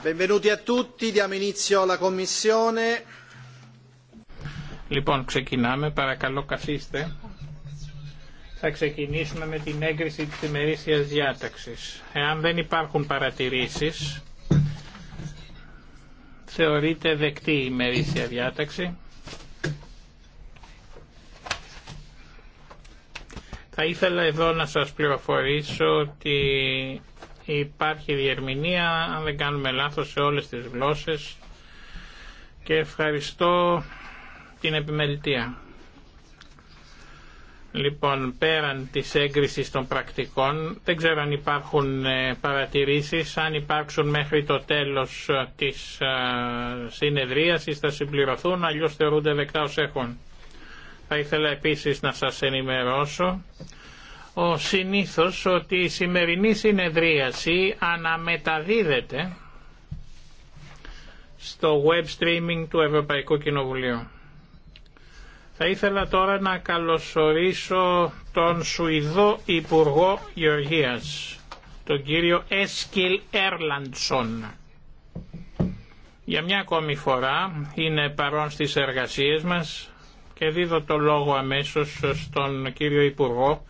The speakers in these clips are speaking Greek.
Benvenuti a tutti, diamo inizio alla Λοιπόν, ξεκινάμε. Παρακαλώ, καθίστε. Θα ξεκινήσουμε με την έγκριση της ημερήσιας διάταξης. Εάν δεν υπάρχουν παρατηρήσεις, θεωρείται δεκτή η ημερήσια διάταξη. Θα ήθελα εδώ να σας πληροφορήσω ότι υπάρχει διερμηνία, αν δεν κάνουμε λάθος, σε όλες τις γλώσσες και ευχαριστώ την επιμελητία. Λοιπόν, πέραν της έγκρισης των πρακτικών, δεν ξέρω αν υπάρχουν ε, παρατηρήσεις, αν υπάρξουν μέχρι το τέλος ε, της ε, συνεδρίασης θα συμπληρωθούν, αλλιώς θεωρούνται δεκτά ως έχουν. Θα ήθελα επίσης να σας ενημερώσω ο συνήθως ότι η σημερινή συνεδρίαση αναμεταδίδεται στο web streaming του Ευρωπαϊκού Κοινοβουλίου. Θα ήθελα τώρα να καλωσορίσω τον Σουηδό Υπουργό Γεωργίας, τον κύριο Έσκιλ Έρλαντσον. Για μια ακόμη φορά είναι παρόν στις εργασίες μας και δίδω το λόγο αμέσως στον κύριο Υπουργό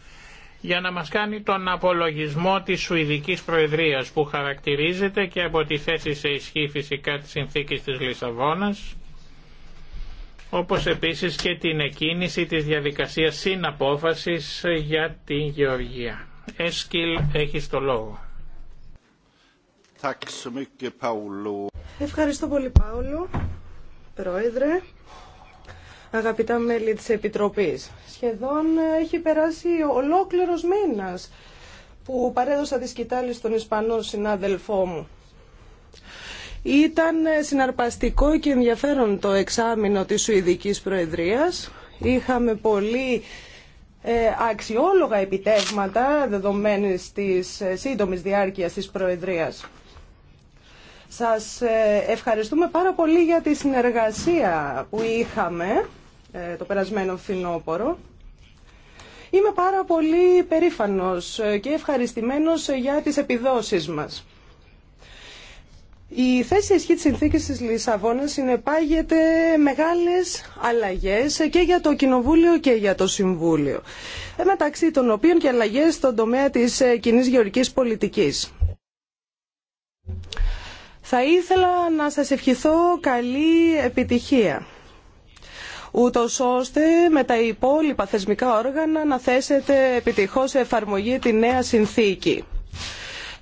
για να μας κάνει τον απολογισμό της Σουηδικής Προεδρίας που χαρακτηρίζεται και από τη θέση σε ισχύ φυσικά της συνθήκης της Λισαβόνας όπως επίσης και την εκκίνηση της διαδικασίας συναπόφασης για την Γεωργία. Εσκυλ, έχει το λόγο. Ευχαριστώ πολύ Πάολο, Πρόεδρε, αγαπητά μέλη της Επιτροπής. Σχεδόν έχει περάσει ολόκληρος μήνας που παρέδωσα τη σκητάλη στον Ισπανό συνάδελφό μου. Ήταν συναρπαστικό και ενδιαφέρον το εξάμεινο της Σουηδικής Προεδρίας. Είχαμε πολύ ε, αξιόλογα επιτεύγματα δεδομένης της ε, σύντομης διάρκειας της Προεδρίας. Σας ε, ευχαριστούμε πάρα πολύ για τη συνεργασία που είχαμε ε, το περασμένο φθινόπωρο. Είμαι πάρα πολύ περήφανος ε, και ευχαριστημένος ε, για τις επιδόσεις μας. Η θέση ισχύ της συνθήκης της Λισαβόνας συνεπάγεται μεγάλες αλλαγές και για το Κοινοβούλιο και για το Συμβούλιο. Μεταξύ των οποίων και αλλαγές στον τομέα της κοινή γεωργικής πολιτικής. Θα ήθελα να σας ευχηθώ καλή επιτυχία ούτως ώστε με τα υπόλοιπα θεσμικά όργανα να θέσετε επιτυχώς σε εφαρμογή τη νέα συνθήκη.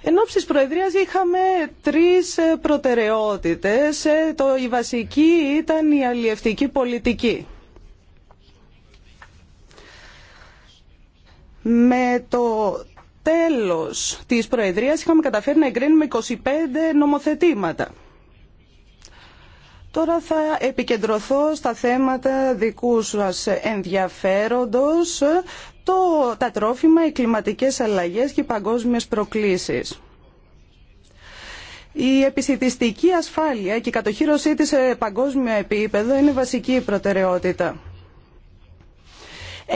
Εν ώψη προεδρία Προεδρίας είχαμε τρεις προτεραιότητες. Ε, το, η βασική ήταν η αλλιευτική πολιτική. Με το τέλος της Προεδρίας είχαμε καταφέρει να εγκρίνουμε 25 νομοθετήματα. Τώρα θα επικεντρωθώ στα θέματα δικού σας ενδιαφέροντος, το, τα τρόφιμα, οι κλιματικές αλλαγές και οι παγκόσμιες προκλήσεις. Η επισητιστική ασφάλεια και η κατοχήρωσή της σε παγκόσμιο επίπεδο είναι βασική προτεραιότητα. 9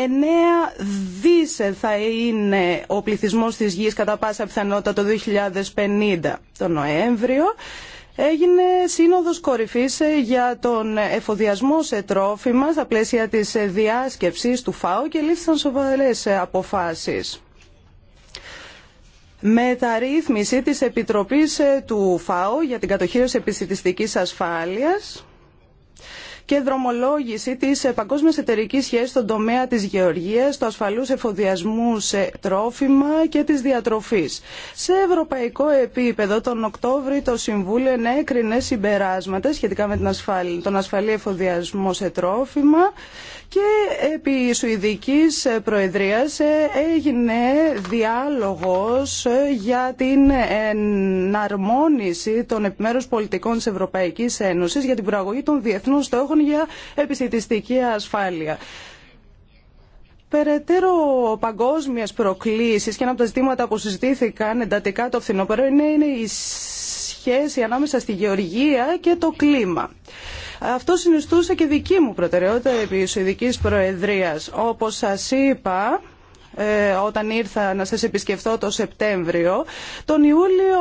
δις θα είναι ο πληθυσμός της γης κατά πάσα πιθανότητα το 2050 το Νοέμβριο έγινε σύνοδος κορυφής ε, για τον εφοδιασμό σε τρόφιμα στα πλαίσια της ε, διάσκεψης του ΦΑΟ και λήφθησαν σοβαρές ε, αποφάσεις. Μεταρρύθμιση της Επιτροπής του ΦΑΟ για την κατοχήρωση επιστήτιστικής ασφάλειας και δρομολόγηση τη παγκόσμια εταιρική σχέση στον τομέα τη γεωργία, του ασφαλού εφοδιασμού σε τρόφιμα και τη διατροφή. Σε ευρωπαϊκό επίπεδο, τον Οκτώβριο, το Συμβούλιο ενέκρινε συμπεράσματα σχετικά με τον ασφαλή εφοδιασμό σε τρόφιμα και επί Σουηδικής Προεδρίας έγινε διάλογος για την εναρμόνιση των επιμέρους πολιτικών της Ευρωπαϊκής Ένωσης για την προαγωγή των διεθνών στόχων Λοιπόν για επιστημιστική ασφάλεια. Περαιτέρω παγκόσμιε προκλήσει και ένα από τα ζητήματα που συζητήθηκαν εντατικά το φθινόπωρο είναι, η σχέση ανάμεσα στη γεωργία και το κλίμα. Αυτό συνιστούσε και δική μου προτεραιότητα επί Σουηδική Προεδρίας. Όπως σας είπα, ε, όταν ήρθα να σας επισκεφθώ το Σεπτέμβριο. Τον Ιούλιο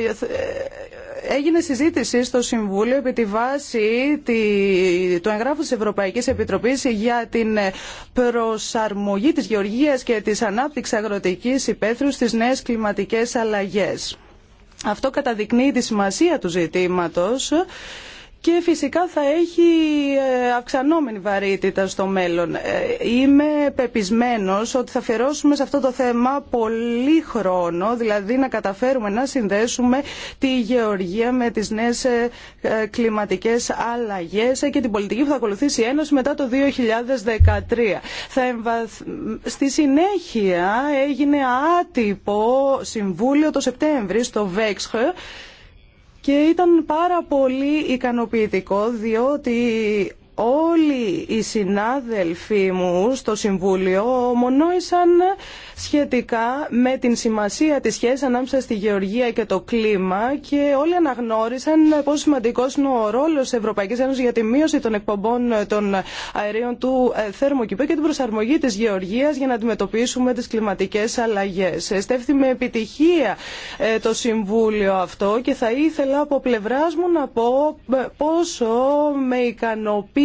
ε, ε, έγινε συζήτηση στο Συμβούλιο επί τη βάση του εγγράφου της Ευρωπαϊκής Επιτροπής για την προσαρμογή της γεωργίας και της ανάπτυξης αγροτικής υπαίθρου στις νέες κλιματικές αλλαγές. Αυτό καταδεικνύει τη σημασία του ζητήματος και φυσικά θα έχει ε, αυξανόμενη βαρύτητα στο μέλλον. Ε, είμαι πεπισμένος ότι θα αφιερώσουμε σε αυτό το θέμα πολύ χρόνο, δηλαδή να καταφέρουμε να συνδέσουμε τη γεωργία με τις νέες ε, κλιματικές αλλαγές και την πολιτική που θα ακολουθήσει η Ένωση μετά το 2013. Θα εμβαθ... Στη συνέχεια έγινε άτυπο συμβούλιο το Σεπτέμβρη στο Βέξχε και ήταν πάρα πολύ ικανοποιητικό διότι όλοι οι συνάδελφοί μου στο Συμβούλιο ομονόησαν σχετικά με την σημασία της σχέσης ανάμεσα στη γεωργία και το κλίμα και όλοι αναγνώρισαν πόσο σημαντικός είναι ο ρόλος της Ευρωπαϊκής Ένωσης για τη μείωση των εκπομπών ε, των αερίων του ε, θερμοκηπίου και την προσαρμογή της γεωργίας για να αντιμετωπίσουμε τις κλιματικές αλλαγές. Ε, στέφθη με επιτυχία το Συμβούλιο αυτό και θα ήθελα από πλευράς μου να πω πόσο με ικανοποιεί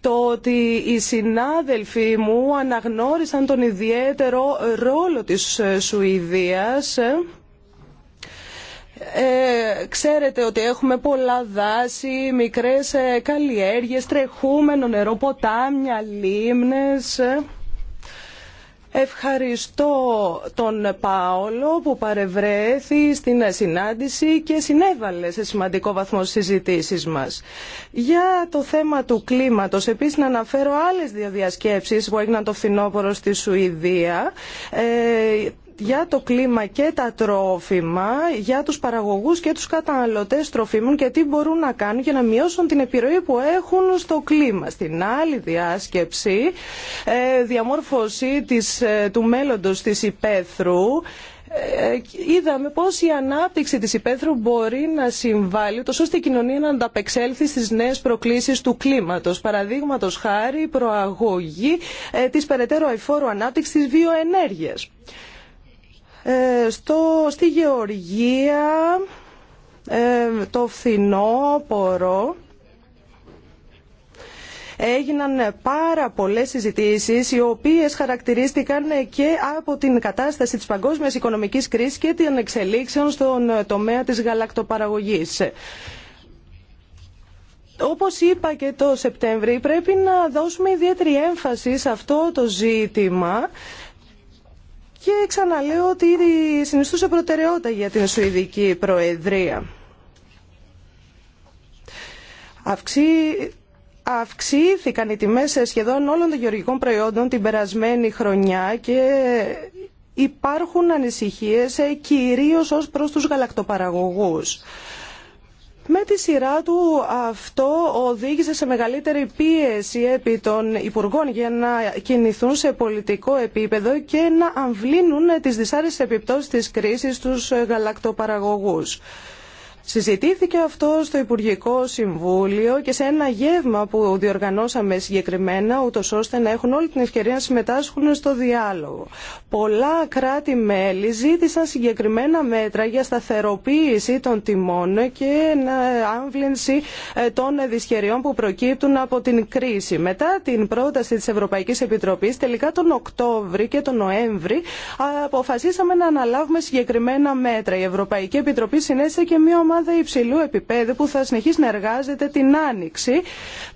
το ότι οι συνάδελφοί μου αναγνώρισαν τον ιδιαίτερο ρόλο της Σουηδίας ε, ξέρετε ότι έχουμε πολλά δάση, μικρές ε, καλλιέργειες, τρεχούμενο νερό, ποτάμια, λίμνες. Ευχαριστώ τον Πάολο που παρευρέθη στην συνάντηση και συνέβαλε σε σημαντικό βαθμό συζητήσει συζητήσεις μας. Για το θέμα του κλίματος, επίσης να αναφέρω άλλες δύο που έγιναν το φθινόπωρο στη Σουηδία. Ε, για το κλίμα και τα τρόφιμα, για τους παραγωγούς και τους καταναλωτές τροφίμων και τι μπορούν να κάνουν για να μειώσουν την επιρροή που έχουν στο κλίμα. Στην άλλη διάσκεψη, ε, διαμόρφωση της, ε, του μέλλοντος της υπαίθρου, ε, είδαμε πώς η ανάπτυξη της υπαίθρου μπορεί να συμβάλλει τόσο ώστε η κοινωνία να ανταπεξέλθει στις νέες προκλήσεις του κλίματος. Παραδείγματος χάρη προαγωγή της περαιτέρω αηφόρου ανάπτυξης της βιοενέργειας. Ε, στο, στη Γεωργία ε, το φθινόπορο έγιναν πάρα πολλές συζητήσεις οι οποίες χαρακτηρίστηκαν και από την κατάσταση της παγκόσμιας οικονομικής κρίσης και των εξελίξεων στον τομέα της γαλακτοπαραγωγής. Όπως είπα και το Σεπτέμβρη, πρέπει να δώσουμε ιδιαίτερη έμφαση σε αυτό το ζήτημα και ξαναλέω ότι ήδη συνιστούσε προτεραιότητα για την Σουηδική Προεδρία. Αυξή... Αυξήθηκαν οι τιμές σχεδόν όλων των γεωργικών προϊόντων την περασμένη χρονιά και υπάρχουν ανησυχίες ε, κυρίως ως προς τους γαλακτοπαραγωγούς. Με τη σειρά του αυτό οδήγησε σε μεγαλύτερη πίεση επί των Υπουργών για να κινηθούν σε πολιτικό επίπεδο και να αμβλύνουν τις δυσάρεσες επιπτώσεις της κρίσης στους γαλακτοπαραγωγούς. Συζητήθηκε αυτό στο Υπουργικό Συμβούλιο και σε ένα γεύμα που διοργανώσαμε συγκεκριμένα, ούτω ώστε να έχουν όλη την ευκαιρία να συμμετάσχουν στο διάλογο. Πολλά κράτη-μέλη ζήτησαν συγκεκριμένα μέτρα για σταθεροποίηση των τιμών και άμβλυνση ε, των δυσχεριών που προκύπτουν από την κρίση. Μετά την πρόταση τη Ευρωπαϊκή Επιτροπή, τελικά τον Οκτώβρη και τον Νοέμβρη, αποφασίσαμε να αναλάβουμε συγκεκριμένα μέτρα. Η Ευρωπαϊκή Επιτροπή συνέστησε και μία ομάδα υψηλού επίπεδου που θα συνεχίσει να εργάζεται την Άνοιξη.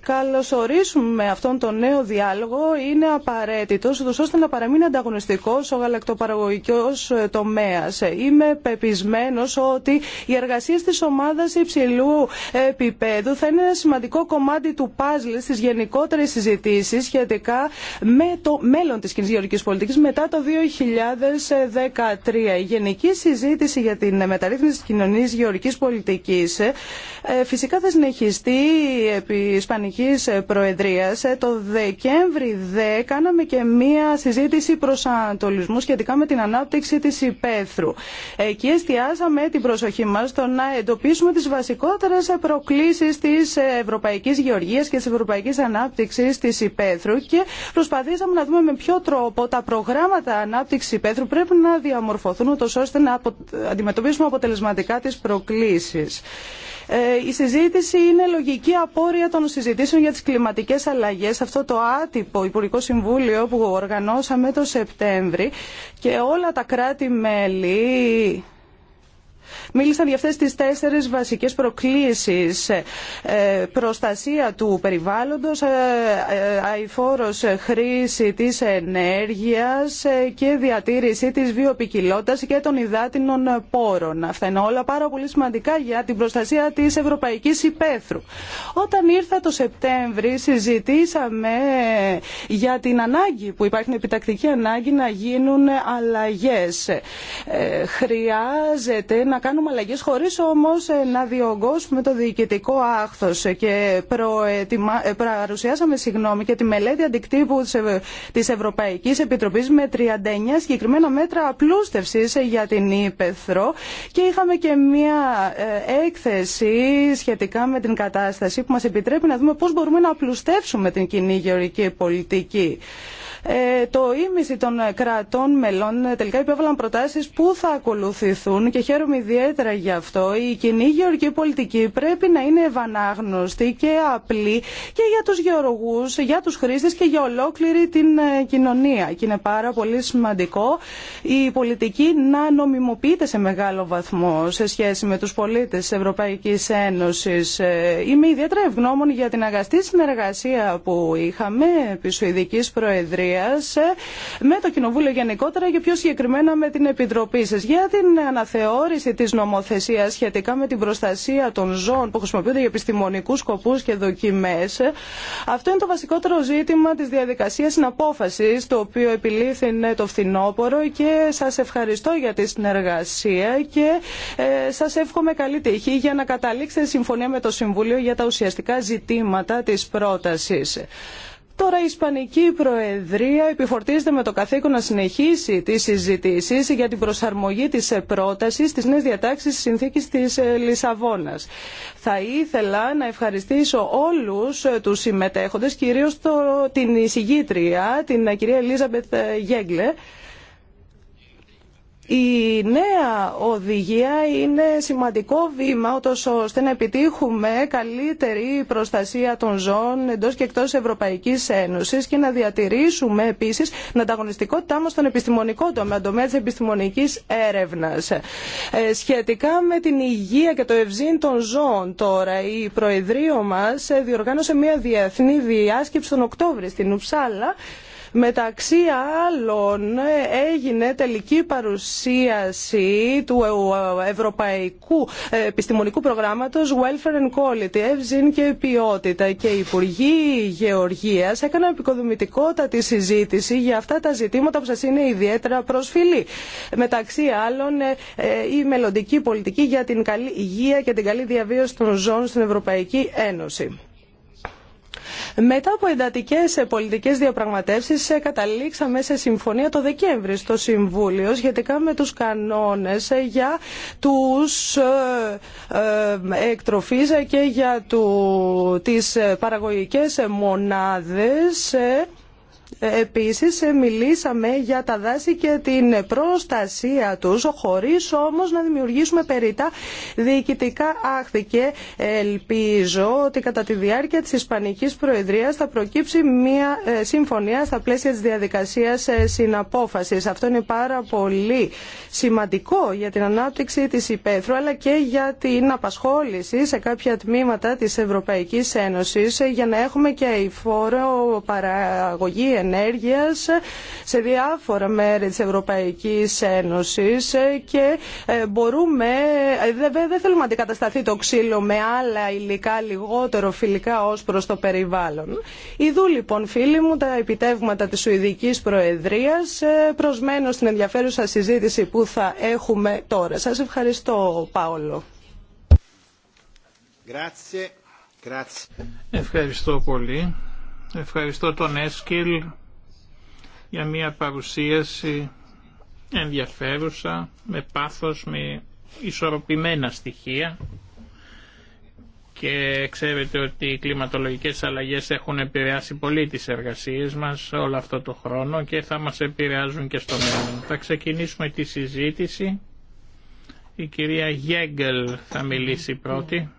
Καλωσορίσουμε αυτόν τον νέο διάλογο. Είναι απαραίτητο ώστε να παραμείνει ανταγωνιστικό ο γαλακτοπαραγωγικό ε, τομέα. Είμαι πεπισμένο ότι οι εργασίε τη ομάδα υψηλού επίπεδου θα είναι ένα σημαντικό κομμάτι του παζλ στι γενικότερε συζητήσει σχετικά με το μέλλον τη κοινή γεωργική πολιτική μετά το 2013. Η γενική συζήτηση για την μεταρρύθμιση τη κοινωνική γεωργική πολιτική ε, φυσικά θα συνεχιστεί επί Ισπανική Προεδρία. Ε, το Δεκέμβρη 10 κάναμε και μία συζήτηση προς ανατολισμού σχετικά με την ανάπτυξη τη υπαίθρου. Εκεί εστιάσαμε την προσοχή μα στο να εντοπίσουμε τι βασικότερε προκλήσει τη Ευρωπαϊκή Γεωργία και τη Ευρωπαϊκή ανάπτυξη τη υπαίθρου και προσπαθήσαμε να δούμε με ποιο τρόπο τα προγράμματα ανάπτυξη υπαίθρου πρέπει να διαμορφωθούν ούτω ώστε να αντιμετωπίσουμε αποτελεσματικά τι προκλήσει. Ε, η συζήτηση είναι λογική απόρρια των συζητήσεων για τις κλιματικές αλλαγές. Αυτό το άτυπο Υπουργικό Συμβούλιο που οργανώσαμε το Σεπτέμβρη και όλα τα κράτη-μέλη Μίλησαν για αυτές τις τέσσερις βασικές προκλήσεις. Ε, προστασία του περιβάλλοντος, ε, ε, αηφόρος χρήση της ενέργειας και διατήρηση της βιοπικιλότητας και των υδάτινων πόρων. Αυτά είναι όλα πάρα πολύ σημαντικά για την προστασία της Ευρωπαϊκής Υπαίθρου. Όταν ήρθα το Σεπτέμβρη συζητήσαμε για την ανάγκη που υπάρχει, την επιτακτική ανάγκη να γίνουν αλλαγές. Χρειάζεται να να κάνουμε αλλαγέ χωρίς όμως ε, να διωγγώσουμε το διοικητικό άχθο. Ε, και προετοιμα... Ε, παρουσιάσαμε συγγνώμη και τη μελέτη αντικτύπου της Ευρωπαϊκής Επιτροπής με 39 συγκεκριμένα μέτρα απλούστευση για την Ήπεθρο και είχαμε και μια έκθεση σχετικά με την κατάσταση που μας επιτρέπει να δούμε πώς μπορούμε να απλουστεύσουμε την κοινή γεωρική πολιτική. Ε, το ίμιση των κρατών μελών ε, τελικά υπέβαλαν προτάσεις που θα ακολουθηθούν και χαίρομαι ιδιαίτερα γι' αυτό. Η κοινή γεωργική πολιτική πρέπει να είναι ευανάγνωστη και απλή και για τους γεωργούς, για τους χρήστε και για ολόκληρη την ε, κοινωνία. Και είναι πάρα πολύ σημαντικό η πολιτική να νομιμοποιείται σε μεγάλο βαθμό σε σχέση με τους πολίτες της Ευρωπαϊκής Ένωσης. Είμαι ιδιαίτερα ευγνώμων για την αγαστή συνεργασία που είχαμε επί Σουηδική προεδρία. Ε, με το Κοινοβούλιο γενικότερα και πιο συγκεκριμένα με την Επιτροπή σα για την αναθεώρηση της νομοθεσίας σχετικά με την προστασία των ζώων που χρησιμοποιούνται για επιστημονικούς σκοπούς και δοκιμές. Αυτό είναι το βασικότερο ζήτημα της διαδικασίας συναπόφασης το οποίο επιλήθηνε το φθινόπωρο και σας ευχαριστώ για τη συνεργασία και ε, σας εύχομαι καλή τύχη για να καταλήξετε συμφωνία με το Συμβούλιο για τα ουσιαστικά ζητήματα της πρότασης. Τώρα η Ισπανική Προεδρία επιφορτίζεται με το καθήκον να συνεχίσει τις συζητήσεις για την προσαρμογή της πρότασης της νέες διατάξεις της συνθήκης της ε, Λισαβόνας. Θα ήθελα να ευχαριστήσω όλους ε, τους συμμετέχοντες, κυρίως το, την εισηγήτρια, την ε, κυρία Μπετ Γέγκλε, η νέα οδηγία είναι σημαντικό βήμα ώστε να επιτύχουμε καλύτερη προστασία των ζώων εντός και εκτός Ευρωπαϊκής Ένωσης και να διατηρήσουμε επίσης την ανταγωνιστικότητά μας στον επιστημονικό τομέα, τομέα της επιστημονικής έρευνας. Ε, σχετικά με την υγεία και το ευζήν των ζώων τώρα, η Προεδρείο μας ε, διοργάνωσε μια διεθνή διάσκεψη τον Οκτώβριο στην Ουψάλα Μεταξύ άλλων έγινε τελική παρουσίαση του Ευρωπαϊκού Επιστημονικού Προγράμματος Welfare and Quality, Ευζήν και Ποιότητα και οι Υπουργοί Γεωργίας έκαναν επικοδομητικότατη συζήτηση για αυτά τα ζητήματα που σας είναι ιδιαίτερα προσφυλή. Μεταξύ άλλων ε, η μελλοντική πολιτική για την καλή υγεία και την καλή διαβίωση των ζώων στην Ευρωπαϊκή Ένωση. Μετά από εντατικέ ε, πολιτικέ διαπραγματεύσεις ε, καταλήξαμε σε συμφωνία το Δεκέμβρη στο Συμβούλιο σχετικά με τους κανόνες ε, για του εκτροφείς και για τις παραγωγικές μονάδες Επίσης ε, μιλήσαμε για τα δάση και την προστασία τους χωρίς όμως να δημιουργήσουμε περίτα διοικητικά άχθη και ελπίζω ότι κατά τη διάρκεια της Ισπανικής Προεδρίας θα προκύψει μια ε, συμφωνία στα πλαίσια της διαδικασίας ε, συναπόφασης. Αυτό είναι πάρα πολύ σημαντικό για την ανάπτυξη της υπαίθρου αλλά και για την απασχόληση σε κάποια τμήματα της Ευρωπαϊκής Ένωσης για να έχουμε και η φόρο παραγωγή ενέργειας σε διάφορα μέρη της Ευρωπαϊκής Ένωσης και ε, μπορούμε, ε, δεν θέλουμε να αντικατασταθεί το ξύλο με άλλα υλικά λιγότερο φιλικά ως προς το περιβάλλον. Ιδού λοιπόν φίλοι μου τα επιτεύγματα της Σουηδικής Προεδρίας ε, προσμένω στην ενδιαφέρουσα συζήτηση που θα έχουμε τώρα. Σας ευχαριστώ Πάολο. Ευχαριστώ πολύ. Ευχαριστώ τον Έσκυλ για μια παρουσίαση ενδιαφέρουσα, με πάθος, με ισορροπημένα στοιχεία και ξέρετε ότι οι κλιματολογικές αλλαγές έχουν επηρεάσει πολύ τις εργασίες μας όλο αυτό το χρόνο και θα μας επηρεάζουν και στο μέλλον. Θα ξεκινήσουμε τη συζήτηση. Η κυρία Γέγκελ θα μιλήσει πρώτη.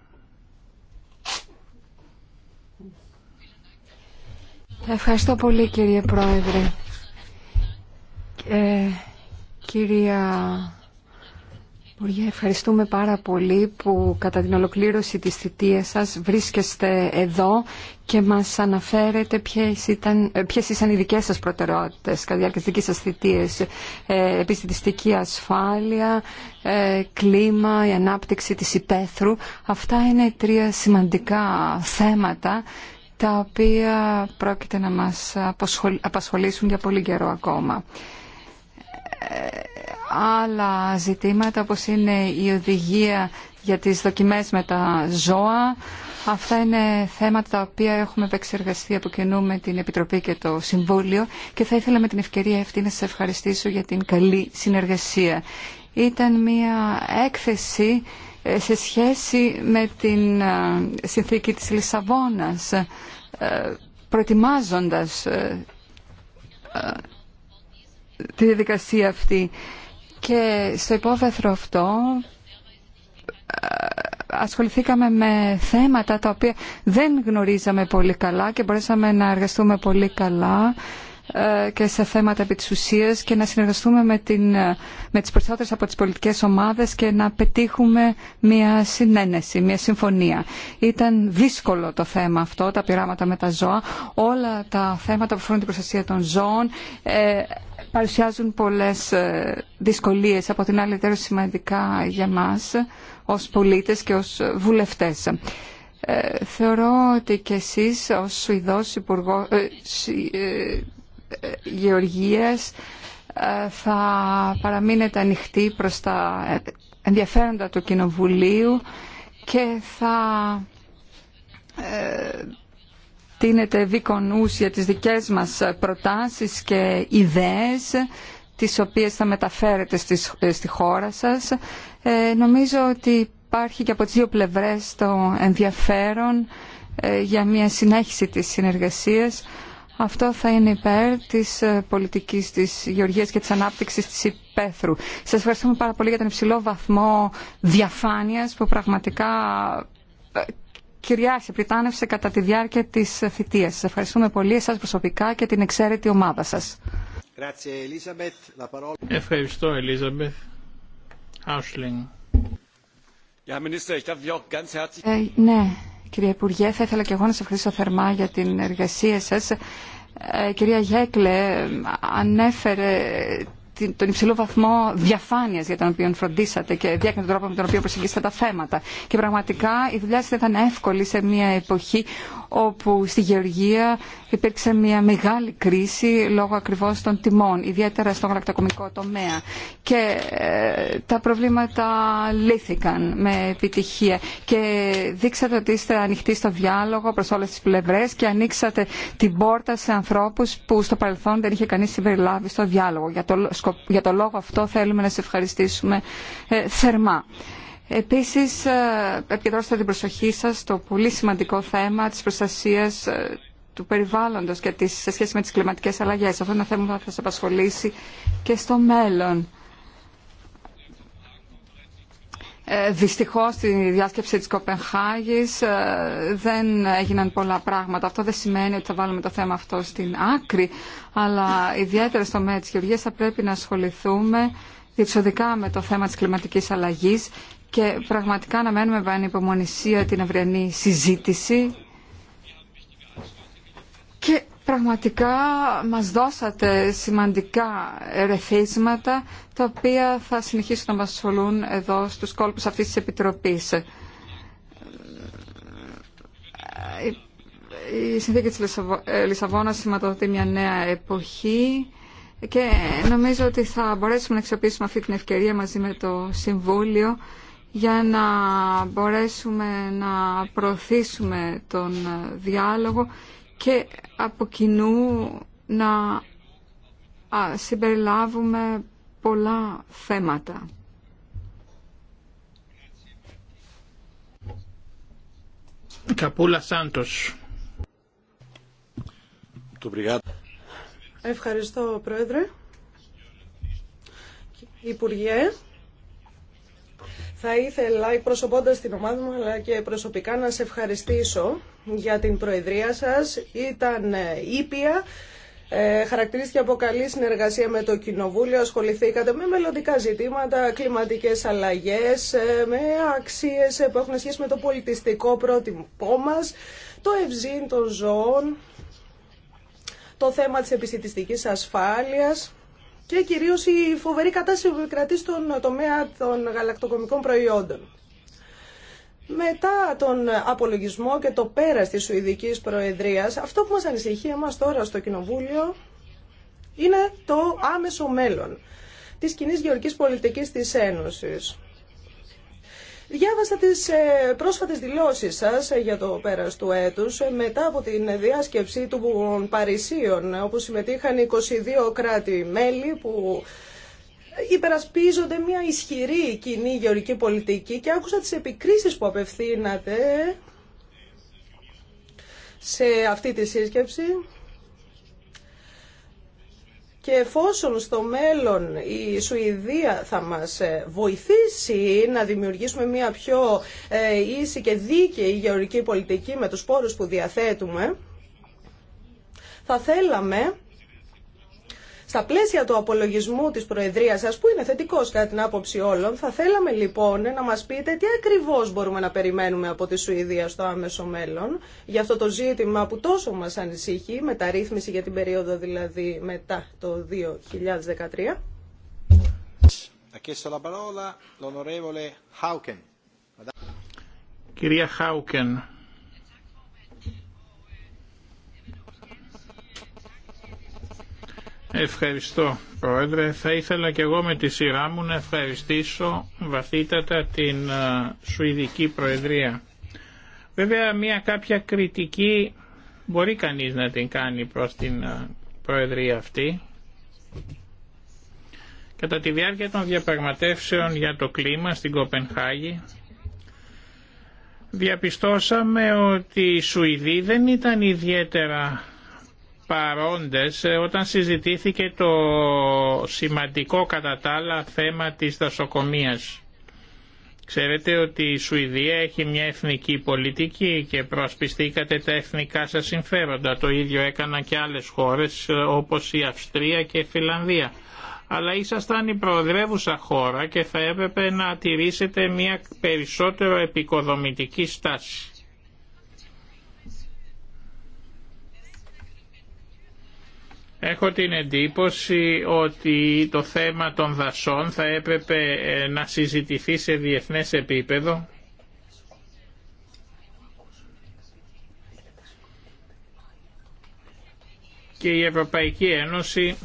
Ευχαριστώ πολύ κύριε Πρόεδρε. Ε, κυρία Υπουργέ, ευχαριστούμε πάρα πολύ που κατά την ολοκλήρωση της θητείας σας βρίσκεστε εδώ και μας αναφέρετε ποιες, ήταν, ε, ποιες ήταν οι δικές σας προτεραιότητες κατά τη διάρκεια της δικής σας θητείας. Ε, επιστημιστική ασφάλεια, ε, κλίμα, η ανάπτυξη της υπαίθρου. Αυτά είναι τρία σημαντικά θέματα τα οποία πρόκειται να μας απασχολήσουν για πολύ καιρό ακόμα. Ε, άλλα ζητήματα όπως είναι η οδηγία για τις δοκιμές με τα ζώα, αυτά είναι θέματα τα οποία έχουμε επεξεργαστεί από κοινού με την Επιτροπή και το Συμβούλιο και θα ήθελα με την ευκαιρία αυτή να σας ευχαριστήσω για την καλή συνεργασία. Ήταν μια έκθεση ε, σε σχέση με την ε, συνθήκη της Λισαβόνας, ε, προετοιμάζοντας τη διαδικασία αυτή. Και στο υπόβεθρο αυτό ασχοληθήκαμε με θέματα τα οποία δεν γνωρίζαμε πολύ καλά και μπορέσαμε να εργαστούμε πολύ καλά ε, και σε θέματα επί της ουσίας και να συνεργαστούμε με, την, ε, με τις περισσότερες από τις πολιτικές ομάδες και να πετύχουμε μια συνένεση, μια συμφωνία. Ήταν δύσκολο το θέμα αυτό, τα πειράματα με τα ζώα. Όλα τα θέματα που αφορούν την προστασία των ζώων ε, παρουσιάζουν πολλές δυσκολίες. Από την άλλη, τέλος, σημαντικά για μας ως πολίτες και ως βουλευτές. θεωρώ ότι και εσείς ως Σουηδός Υπουργός, γεωργίας ε, θα παραμείνετε ανοιχτοί προς τα ενδιαφέροντα του Κοινοβουλίου και θα ε, τίνετε δίκον για τις δικές μας προτάσεις και ιδέες τις οποίες θα μεταφέρετε ε, στη χώρα σας. Νομίζω ότι υπάρχει και από τις δύο πλευρές το ενδιαφέρον για μια συνέχιση της συνεργασίας αυτό θα είναι υπέρ τη ε, πολιτικής της γεωργίας και της ανάπτυξης της υπαίθρου. Σα ευχαριστούμε πάρα πολύ για τον υψηλό βαθμό διαφάνειας που πραγματικά ε, κυριάρχησε, πριτάνευσε κατά τη διάρκεια της θητείας. Σα ευχαριστούμε πολύ εσά προσωπικά και την εξαίρετη ομάδα σας. Ευχαριστώ Ελίζαμπεθ. Minister, ich auch ganz herzlich... Ε, ναι. Κύριε Υπουργέ, θα ήθελα και εγώ να σας ευχαριστήσω θερμά για την εργασία σας. Ε, κυρία Γέκλε, ανέφερε τον υψηλό βαθμό διαφάνεια για τον οποίο φροντίσατε και διέκρινε τον τρόπο με τον οποίο προσεγγίσατε τα θέματα. Και πραγματικά η δουλειά σα ήταν εύκολη σε μια εποχή όπου στη Γεωργία υπήρξε μια μεγάλη κρίση λόγω ακριβώς των τιμών, ιδιαίτερα στον γαλακτοκομικό τομέα. Και ε, τα προβλήματα λύθηκαν με επιτυχία και δείξατε ότι είστε ανοιχτοί στο διάλογο προς όλες τις πλευρές και ανοίξατε την πόρτα σε ανθρώπους που στο παρελθόν δεν είχε κανείς συμπεριλάβει στο διάλογο. Για το, λόγο αυτό θέλουμε να σε ευχαριστήσουμε ε, θερμά. Επίσης, ε, επικεντρώστε την προσοχή σας στο πολύ σημαντικό θέμα της προστασίας ε, του περιβάλλοντος και της, σε σχέση με τις κλιματικές αλλαγές. Αυτό είναι ένα θέμα που θα σας απασχολήσει και στο μέλλον. Ε, δυστυχώς στη διάσκεψη της Κοπενχάγης ε, δεν έγιναν πολλά πράγματα. Αυτό δεν σημαίνει ότι θα βάλουμε το θέμα αυτό στην άκρη, αλλά ιδιαίτερα στο μέτρο της Γεωργίας θα πρέπει να ασχοληθούμε διεξοδικά με το θέμα της κλιματικής αλλαγής και πραγματικά να μένουμε με ανυπομονησία την αυριανή συζήτηση και πραγματικά μας δώσατε σημαντικά ερεθίσματα τα οποία θα συνεχίσουν να μας ασχολούν εδώ στους κόλπους αυτής της Επιτροπής. Η συνθήκη της ε, Λισαβόνας σηματοδοτεί μια νέα εποχή και νομίζω ότι θα μπορέσουμε να αξιοποιήσουμε αυτή την ευκαιρία μαζί με το Συμβούλιο για να μπορέσουμε να προωθήσουμε τον διάλογο και από κοινού να συμπεριλάβουμε πολλά θέματα. Καπούλα Σάντος. Ευχαριστώ, Πρόεδρε. Υπουργέ, θα ήθελα, προσωπώντα την ομάδα μου, αλλά και προσωπικά, να σε ευχαριστήσω για την Προεδρία σας. Ήταν ε, ήπια. Ε, χαρακτηρίστηκε από καλή συνεργασία με το Κοινοβούλιο. Ασχοληθήκατε με μελλοντικά ζητήματα, κλιματικές αλλαγές, ε, με αξίες ε, που έχουν σχέση με το πολιτιστικό πρότυπό μας, το ευζήν των ζώων, το θέμα της επιστημιστικής ασφάλειας και κυρίω η φοβερή κατάσταση που επικρατεί στον τομέα των γαλακτοκομικών προϊόντων. Μετά τον απολογισμό και το πέρας της Σουηδικής Προεδρίας, αυτό που μας ανησυχεί εμά τώρα στο Κοινοβούλιο είναι το άμεσο μέλλον της κοινή γεωργικής πολιτικής της Ένωσης. Διάβασα τις ε, πρόσφατες δηλώσεις σας ε, για το πέρας του έτους ε, μετά από την διάσκεψη του Παρισίων όπου συμμετείχαν 22 κράτη-μέλη που υπερασπίζονται μια ισχυρή κοινή γεωρική πολιτική και άκουσα τις επικρίσεις που απευθύνατε σε αυτή τη σύσκεψη και εφόσον στο μέλλον η Σουηδία θα μας ε, βοηθήσει να δημιουργήσουμε μια πιο ε, ίση και δίκαιη γεωρική πολιτική με τους πόρους που διαθέτουμε, θα θέλαμε στα πλαίσια του απολογισμού της Προεδρίας σας, που είναι θετικός κατά την άποψη όλων, θα θέλαμε λοιπόν να μας πείτε τι ακριβώς μπορούμε να περιμένουμε από τη Σουηδία στο άμεσο μέλλον, για αυτό το ζήτημα που τόσο μας ανησύχει, μεταρρύθμιση για την περίοδο δηλαδή μετά το 2013. Κυρία Χάουκεν, Ευχαριστώ Πρόεδρε. Θα ήθελα και εγώ με τη σειρά μου να ευχαριστήσω βαθύτατα την ε, Σουηδική Προεδρία. Βέβαια μια κάποια κριτική μπορεί κανείς να την κάνει προς την ε, Προεδρία αυτή. Κατά τη διάρκεια των διαπραγματεύσεων για το κλίμα στην Κοπενχάγη διαπιστώσαμε ότι οι Σουηδοί δεν ήταν ιδιαίτερα παρόντες ε, όταν συζητήθηκε το σημαντικό κατά τα άλλα θέμα της δασοκομείας. Ξέρετε ότι η Σουηδία έχει μια εθνική πολιτική και προασπιστήκατε τα εθνικά σας συμφέροντα. Το ίδιο έκαναν και άλλες χώρες ε, όπως η Αυστρία και η Φιλανδία. Αλλά ήσασταν η προοδρεύουσα χώρα και θα έπρεπε να τηρήσετε μια περισσότερο επικοδομητική στάση. Έχω την εντύπωση ότι το θέμα των δασών θα έπρεπε ε, να συζητηθεί σε διεθνές επίπεδο και η Ευρωπαϊκή Ένωση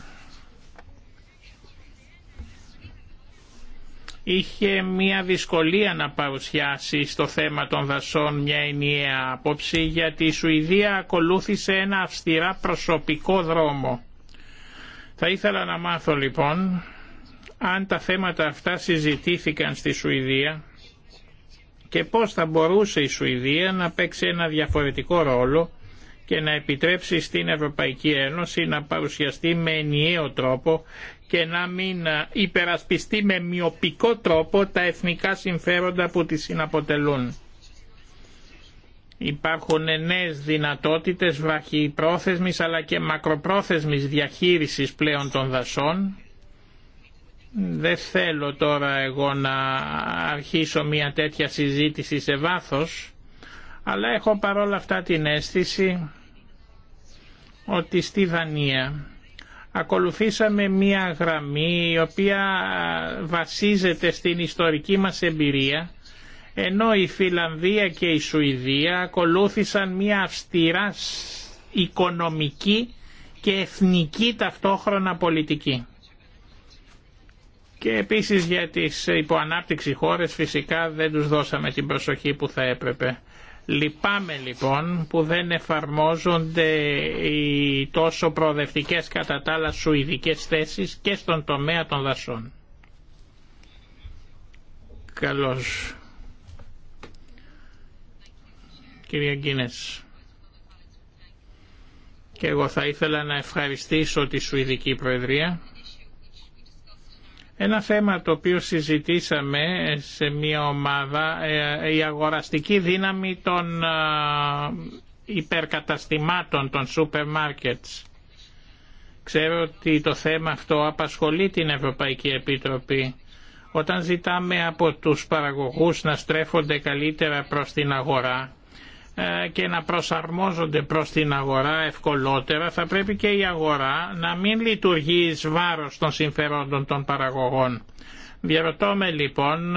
είχε μια δυσκολία να παρουσιάσει στο θέμα των δασών μια ενιαία άποψη γιατί η Σουηδία ακολούθησε ένα αυστηρά προσωπικό δρόμο. Θα ήθελα να μάθω λοιπόν αν τα θέματα αυτά συζητήθηκαν στη Σουηδία και πώς θα μπορούσε η Σουηδία να παίξει ένα διαφορετικό ρόλο και να επιτρέψει στην Ευρωπαϊκή Ένωση να παρουσιαστεί με ενιαίο τρόπο και να μην ε, υπερασπιστεί με μειοπικό τρόπο τα εθνικά συμφέροντα που τη συναποτελούν. Υπάρχουν νέες δυνατότητες βραχυπρόθεσμης αλλά και μακροπρόθεσμης διαχείρισης πλέον των δασών. Δεν θέλω τώρα εγώ να αρχίσω μια τέτοια συζήτηση σε βάθος, αλλά έχω παρόλα αυτά την αίσθηση ότι στη Δανία ακολουθήσαμε μία γραμμή η οποία βασίζεται στην ιστορική μας εμπειρία ενώ η Φιλανδία και η Σουηδία ακολούθησαν μία αυστηρά οικονομική και εθνική ταυτόχρονα πολιτική. Και επίσης για τις υποανάπτυξη χώρες φυσικά δεν τους δώσαμε την προσοχή που θα έπρεπε. Λυπάμαι λοιπόν που δεν εφαρμόζονται οι τόσο προοδευτικές κατά τα άλλα θέσεις και στον τομέα των δασών. Καλώς. Κυρία Γκίνες. Και εγώ θα ήθελα να ευχαριστήσω τη Σουηδική Προεδρία ένα θέμα το οποίο συζητήσαμε σε μια ομάδα, ε, η αγοραστική δύναμη των ε, υπερκαταστημάτων, των σούπερ μάρκετς. Ξέρω ότι το θέμα αυτό απασχολεί την Ευρωπαϊκή Επίτροπη. Όταν ζητάμε από τους παραγωγούς να στρέφονται καλύτερα προς την αγορά, ε, και να προσαρμόζονται προς την αγορά ευκολότερα θα πρέπει και η αγορά να μην λειτουργεί εις βάρος των συμφερόντων των παραγωγών. Διαρωτώ με λοιπόν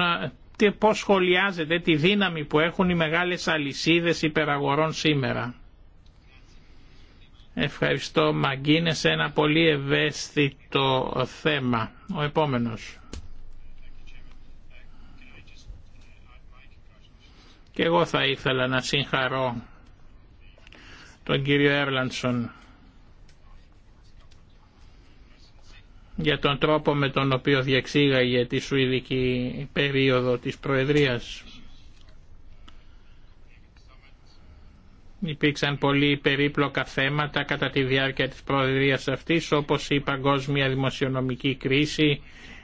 πώς σχολιάζεται τη δύναμη που έχουν οι μεγάλες αλυσίδες υπεραγορών σήμερα. Ευχαριστώ Μαγκίνε σε ένα πολύ ευαίσθητο θέμα. Ο επόμενος. Και εγώ θα ήθελα να συγχαρώ τον κύριο Έρλαντσον για τον τρόπο με τον οποίο διεξήγαγε τη Σουηδική περίοδο της Προεδρίας. Υπήρξαν πολύ περίπλοκα θέματα κατά τη διάρκεια της Προεδρίας αυτής, όπως η παγκόσμια δημοσιονομική κρίση,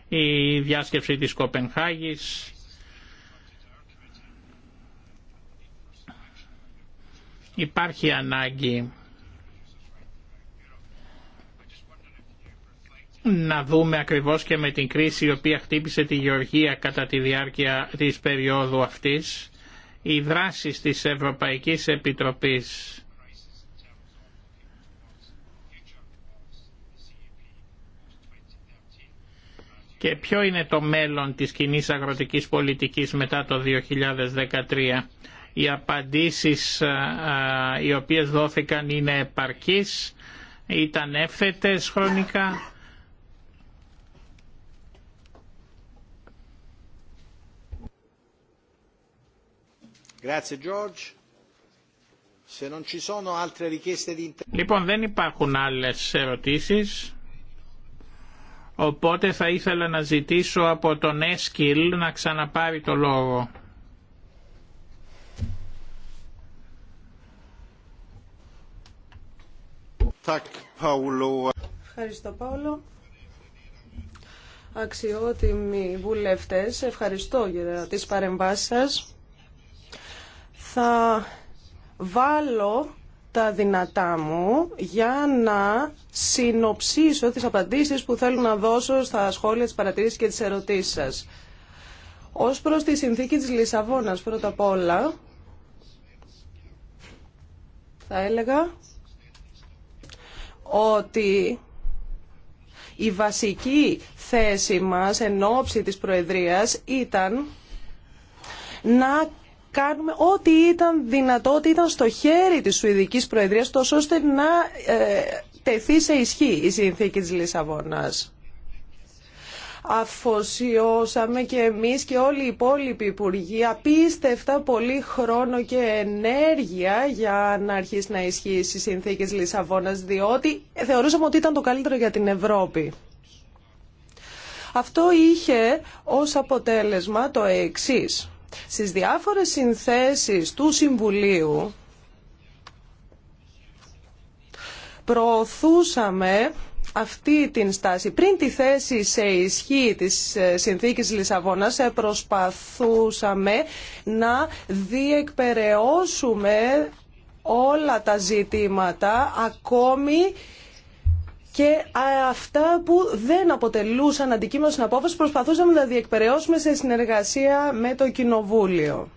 η διάσκεψη της Κοπενχάγης, Υπάρχει ανάγκη να δούμε ακριβώς και με την κρίση η οποία χτύπησε τη Γεωργία κατά τη διάρκεια της περίοδου αυτής οι δράσεις της Ευρωπαϊκής Επιτροπής και ποιο είναι το μέλλον της κοινή αγροτικής πολιτικής μετά το 2013 οι απαντήσεις οι οποίες δόθηκαν είναι επαρκείς, ήταν εύθετες χρονικά. Λοιπόν, δεν υπάρχουν άλλες ερωτήσεις. Οπότε θα ήθελα να ζητήσω από τον Έσκιλ να ξαναπάρει το λόγο. Ευχαριστώ, Παύλο. Αξιότιμοι βουλευτές, ευχαριστώ για τις παρεμβάσεις σας. Θα βάλω τα δυνατά μου για να συνοψίσω τις απαντήσεις που θέλω να δώσω στα σχόλια, της παρατηρήσεις και τις ερωτήσεις σας. Ως προς τη συνθήκη της Λισαβόνας, πρώτα απ' όλα, θα έλεγα ότι η βασική θέση μας εν ώψη της Προεδρίας ήταν να κάνουμε ό,τι ήταν δυνατό, ό,τι ήταν στο χέρι της Σουηδικής Προεδρίας, τόσο ώστε να ε, τεθεί σε ισχύ η συνθήκη της Λισαβόνας αφοσιώσαμε και εμείς και όλοι οι υπόλοιποι υπουργοί απίστευτα πολύ χρόνο και ενέργεια για να αρχίσει να ισχύει η συνθήκη Λισαβόνας διότι θεωρούσαμε ότι ήταν το καλύτερο για την Ευρώπη. Αυτό είχε ως αποτέλεσμα το εξής. Στις διάφορες συνθέσεις του Συμβουλίου προωθούσαμε αυτή την στάση. Πριν τη θέση σε ισχύ της ε, συνθήκης Λισαβόνας ε, προσπαθούσαμε να διεκπεραιώσουμε όλα τα ζητήματα ακόμη και αυτά που δεν αποτελούσαν αντικείμενο στην απόφαση προσπαθούσαμε να διεκπεραιώσουμε σε συνεργασία με το Κοινοβούλιο.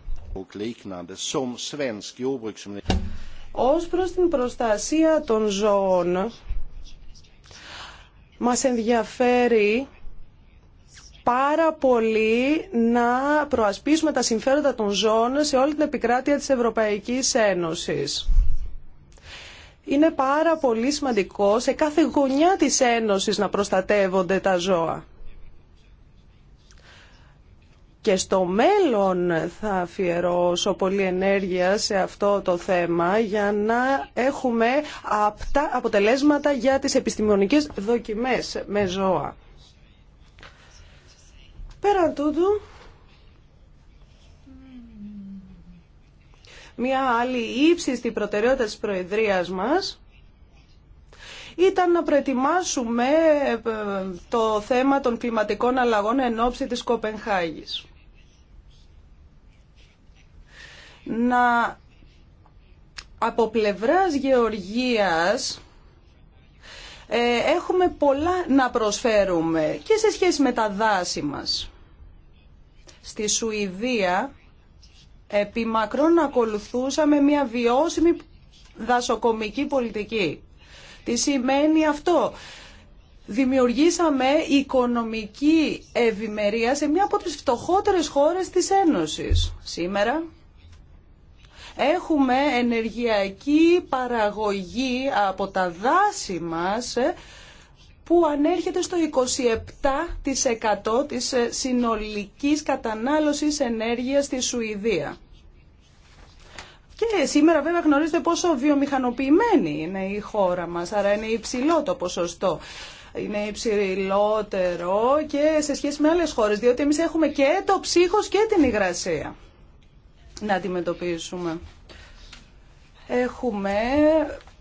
Ως προς την προστασία των ζώων, μας ενδιαφέρει πάρα πολύ να προασπίσουμε τα συμφέροντα των ζώων σε όλη την επικράτεια της Ευρωπαϊκής Ένωσης. Είναι πάρα πολύ σημαντικό σε κάθε γωνιά της Ένωσης να προστατεύονται τα ζώα και στο μέλλον θα αφιερώσω πολύ ενέργεια σε αυτό το θέμα για να έχουμε απτά αποτελέσματα για τις επιστημονικές δοκιμές με ζώα. Πέραν τούτου, μια άλλη ύψιστη προτεραιότητα της Προεδρίας μας ήταν να προετοιμάσουμε ε, το θέμα των κλιματικών αλλαγών εν ώψη της Κοπενχάγης. να από πλευράς γεωργίας ε, έχουμε πολλά να προσφέρουμε και σε σχέση με τα δάση μας. Στη Σουηδία επί μακρόν ακολουθούσαμε μια βιώσιμη δασοκομική πολιτική. Τι σημαίνει αυτό. Δημιουργήσαμε οικονομική ευημερία σε μια από τις φτωχότερες χώρες της Ένωσης. Σήμερα Έχουμε ενεργειακή παραγωγή από τα δάση μας ε, που ανέρχεται στο 27% της ε, συνολικής κατανάλωσης ενέργειας στη Σουηδία. Και σήμερα βέβαια γνωρίζετε πόσο βιομηχανοποιημένη είναι η χώρα μας, άρα είναι υψηλό το ποσοστό. Είναι υψηλότερο και σε σχέση με άλλες χώρες, διότι εμείς έχουμε και το ψύχος και την υγρασία να αντιμετωπίσουμε. Έχουμε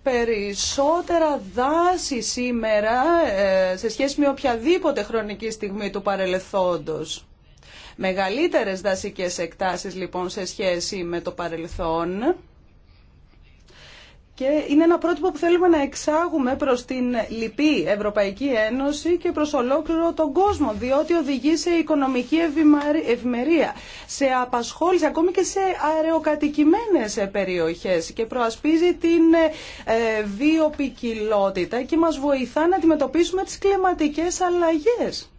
περισσότερα δάση σήμερα ε, σε σχέση με οποιαδήποτε χρονική στιγμή του παρελθόντος. Μεγαλύτερες δασικές εκτάσεις λοιπόν σε σχέση με το παρελθόν και είναι ένα πρότυπο που θέλουμε να εξάγουμε προς την λυπή Ευρωπαϊκή Ένωση και προς ολόκληρο τον κόσμο, διότι οδηγεί σε οικονομική ευημερία, σε απασχόληση, ακόμη και σε αεροκατοικημένες ε, περιοχές και προασπίζει την ε, ε, βιοπικιλότητα και μας βοηθά να αντιμετωπίσουμε τις κλιματικές αλλαγές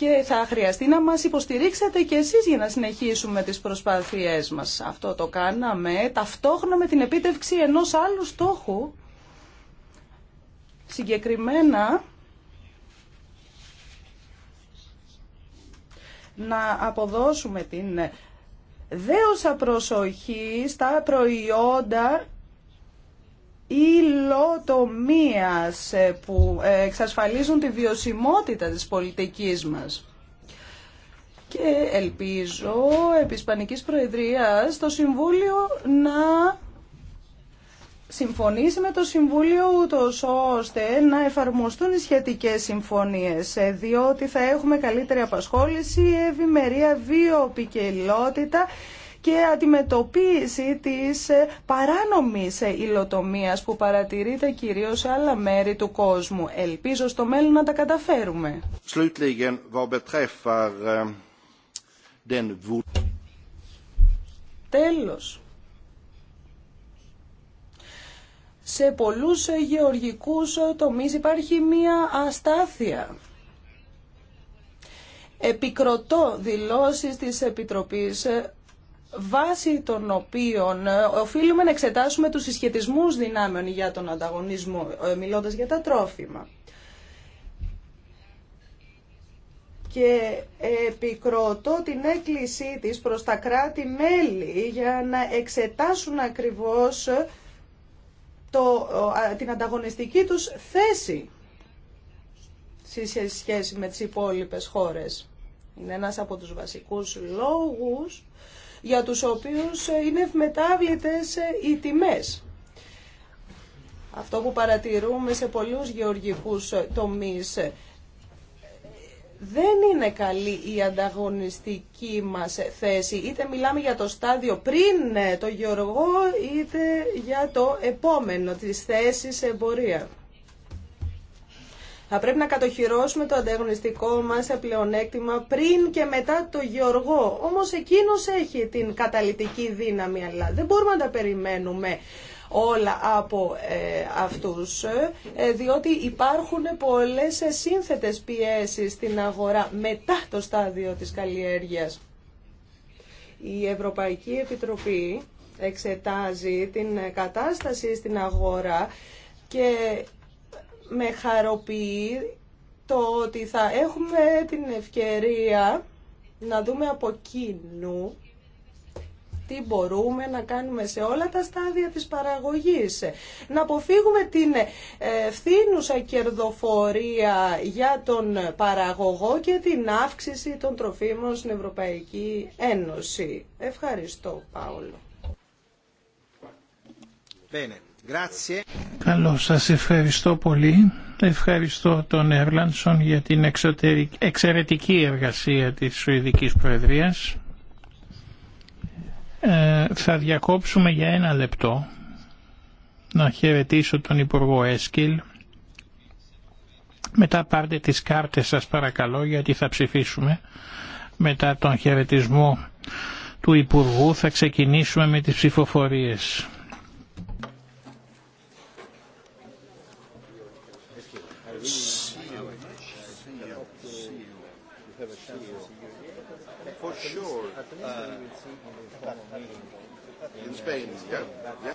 και θα χρειαστεί να μας υποστηρίξετε και εσείς για να συνεχίσουμε τις προσπάθειές μας. Αυτό το κάναμε ταυτόχρονα με την επίτευξη ενός άλλου στόχου. Συγκεκριμένα, να αποδώσουμε την δέωσα προσοχή στα προϊόντα υλοτομίας ε, που ε, εξασφαλίζουν τη βιωσιμότητα της πολιτικής μας. Και ελπίζω επί Ισπανικής Προεδρίας το Συμβούλιο να συμφωνήσει με το Συμβούλιο ούτως ώστε να εφαρμοστούν οι σχετικές συμφωνίες ε, διότι θα έχουμε καλύτερη απασχόληση, ευημερία, βιοπικελότητα και αντιμετωπίση της ε, παράνομης ε, υλοτομίας που παρατηρείται κυρίως σε άλλα μέρη του κόσμου. Ελπίζω στο μέλλον να τα καταφέρουμε. Eh, Τέλος. σε πολλούς ε, γεωργικούς τομείς υπάρχει μία αστάθεια. Επικροτώ δηλώσεις της Επιτροπής βάσει των οποίων ε, οφείλουμε να εξετάσουμε τους συσχετισμούς δυνάμεων για τον ανταγωνισμό, ε, μιλώντας για τα τρόφιμα. και επικροτώ την έκκλησή της προς τα κράτη-μέλη για να εξετάσουν ακριβώς ε, το, την ανταγωνιστική τους θέση σε σχέση με τις υπόλοιπες χώρες. Είναι ένας από τους βασικούς λόγους για τους οποίους ε, είναι ευμετάβλητες ε, οι τιμές. Αυτό που παρατηρούμε σε πολλούς γεωργικούς ε, τομείς δεν είναι καλή η ανταγωνιστική μας θέση. Είτε μιλάμε για το στάδιο πριν το γεωργό, είτε για το επόμενο, της θέσεις εμπορία. Θα πρέπει να κατοχυρώσουμε το ανταγωνιστικό μας πλεονέκτημα πριν και μετά το Γεωργό. Όμως εκείνος έχει την καταλητική δύναμη, αλλά δεν μπορούμε να περιμένουμε όλα από ε, αυτούς, ε, διότι υπάρχουν πολλές σύνθετες πιέσεις στην αγορά μετά το στάδιο της καλλιέργειας. Η Ευρωπαϊκή Επιτροπή εξετάζει την κατάσταση στην αγορά και με χαροποιεί το ότι θα έχουμε την ευκαιρία να δούμε από κοινού τι μπορούμε να κάνουμε σε όλα τα στάδια της παραγωγής. Να αποφύγουμε την φθήνουσα κερδοφορία για τον παραγωγό και την αύξηση των τροφίμων στην Ευρωπαϊκή Ένωση. Ευχαριστώ, Πάολο. Bene. Καλώ σα ευχαριστώ πολύ. Ευχαριστώ τον Ερλάνσον για την εξαιρετική εργασία της Σουηδικής Προεδρίας. Ε, θα διακόψουμε για ένα λεπτό να χαιρετήσω τον Υπουργό Έσκυλ. Μετά πάρτε τις κάρτες σας παρακαλώ γιατί θα ψηφίσουμε. Μετά τον χαιρετισμό του Υπουργού θα ξεκινήσουμε με τις ψηφοφορίες. For sure. In Spain, yeah. you.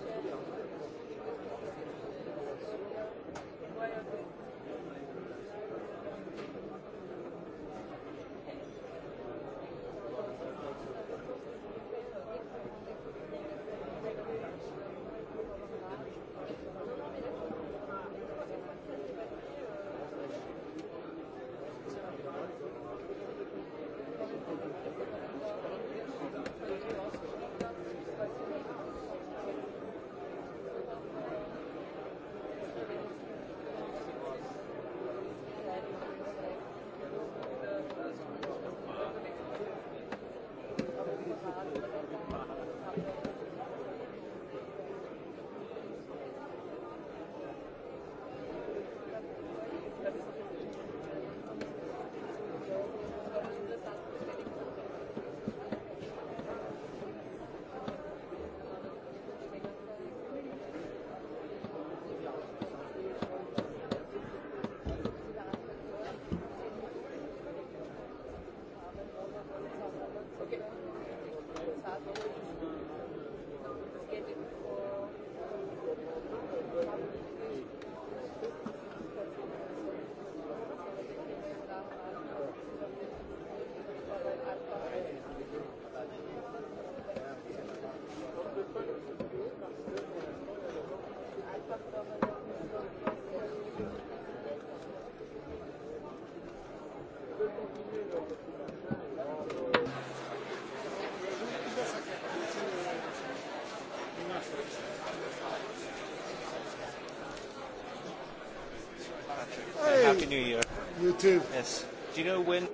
to... Yes. Do you know when...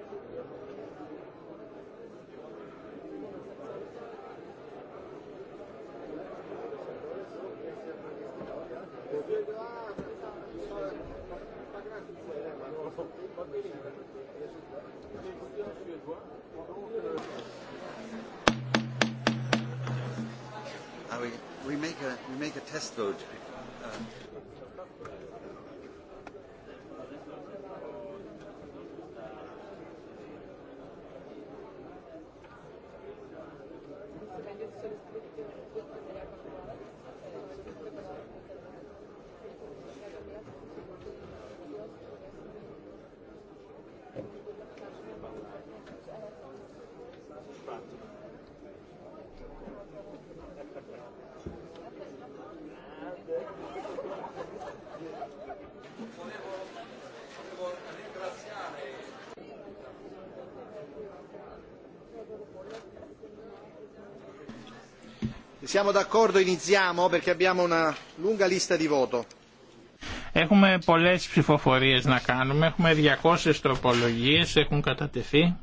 Έχουμε πολλές ψηφοφορίες να κάνουμε, έχουμε 200 τροπολογίες, έχουν κατατεθεί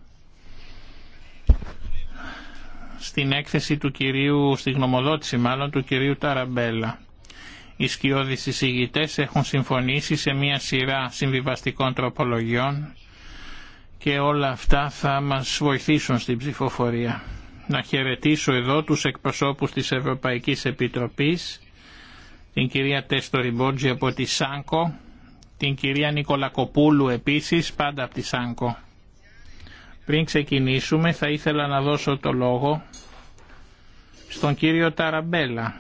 στην έκθεση του κυρίου, στη γνωμοδότηση μάλλον, του κυρίου Ταραμπέλα. Οι σκιώδεις εισηγητές έχουν συμφωνήσει σε μια σειρά συμβιβαστικών τροπολογιών και όλα αυτά θα μας βοηθήσουν στην ψηφοφορία να χαιρετήσω εδώ τους εκπροσώπους της Ευρωπαϊκής Επιτροπής, την κυρία Τέστο από τη ΣΑΝΚΟ, την κυρία Νικολακοπούλου επίσης, πάντα από τη ΣΑΝΚΟ. Πριν ξεκινήσουμε θα ήθελα να δώσω το λόγο στον κύριο Ταραμπέλα,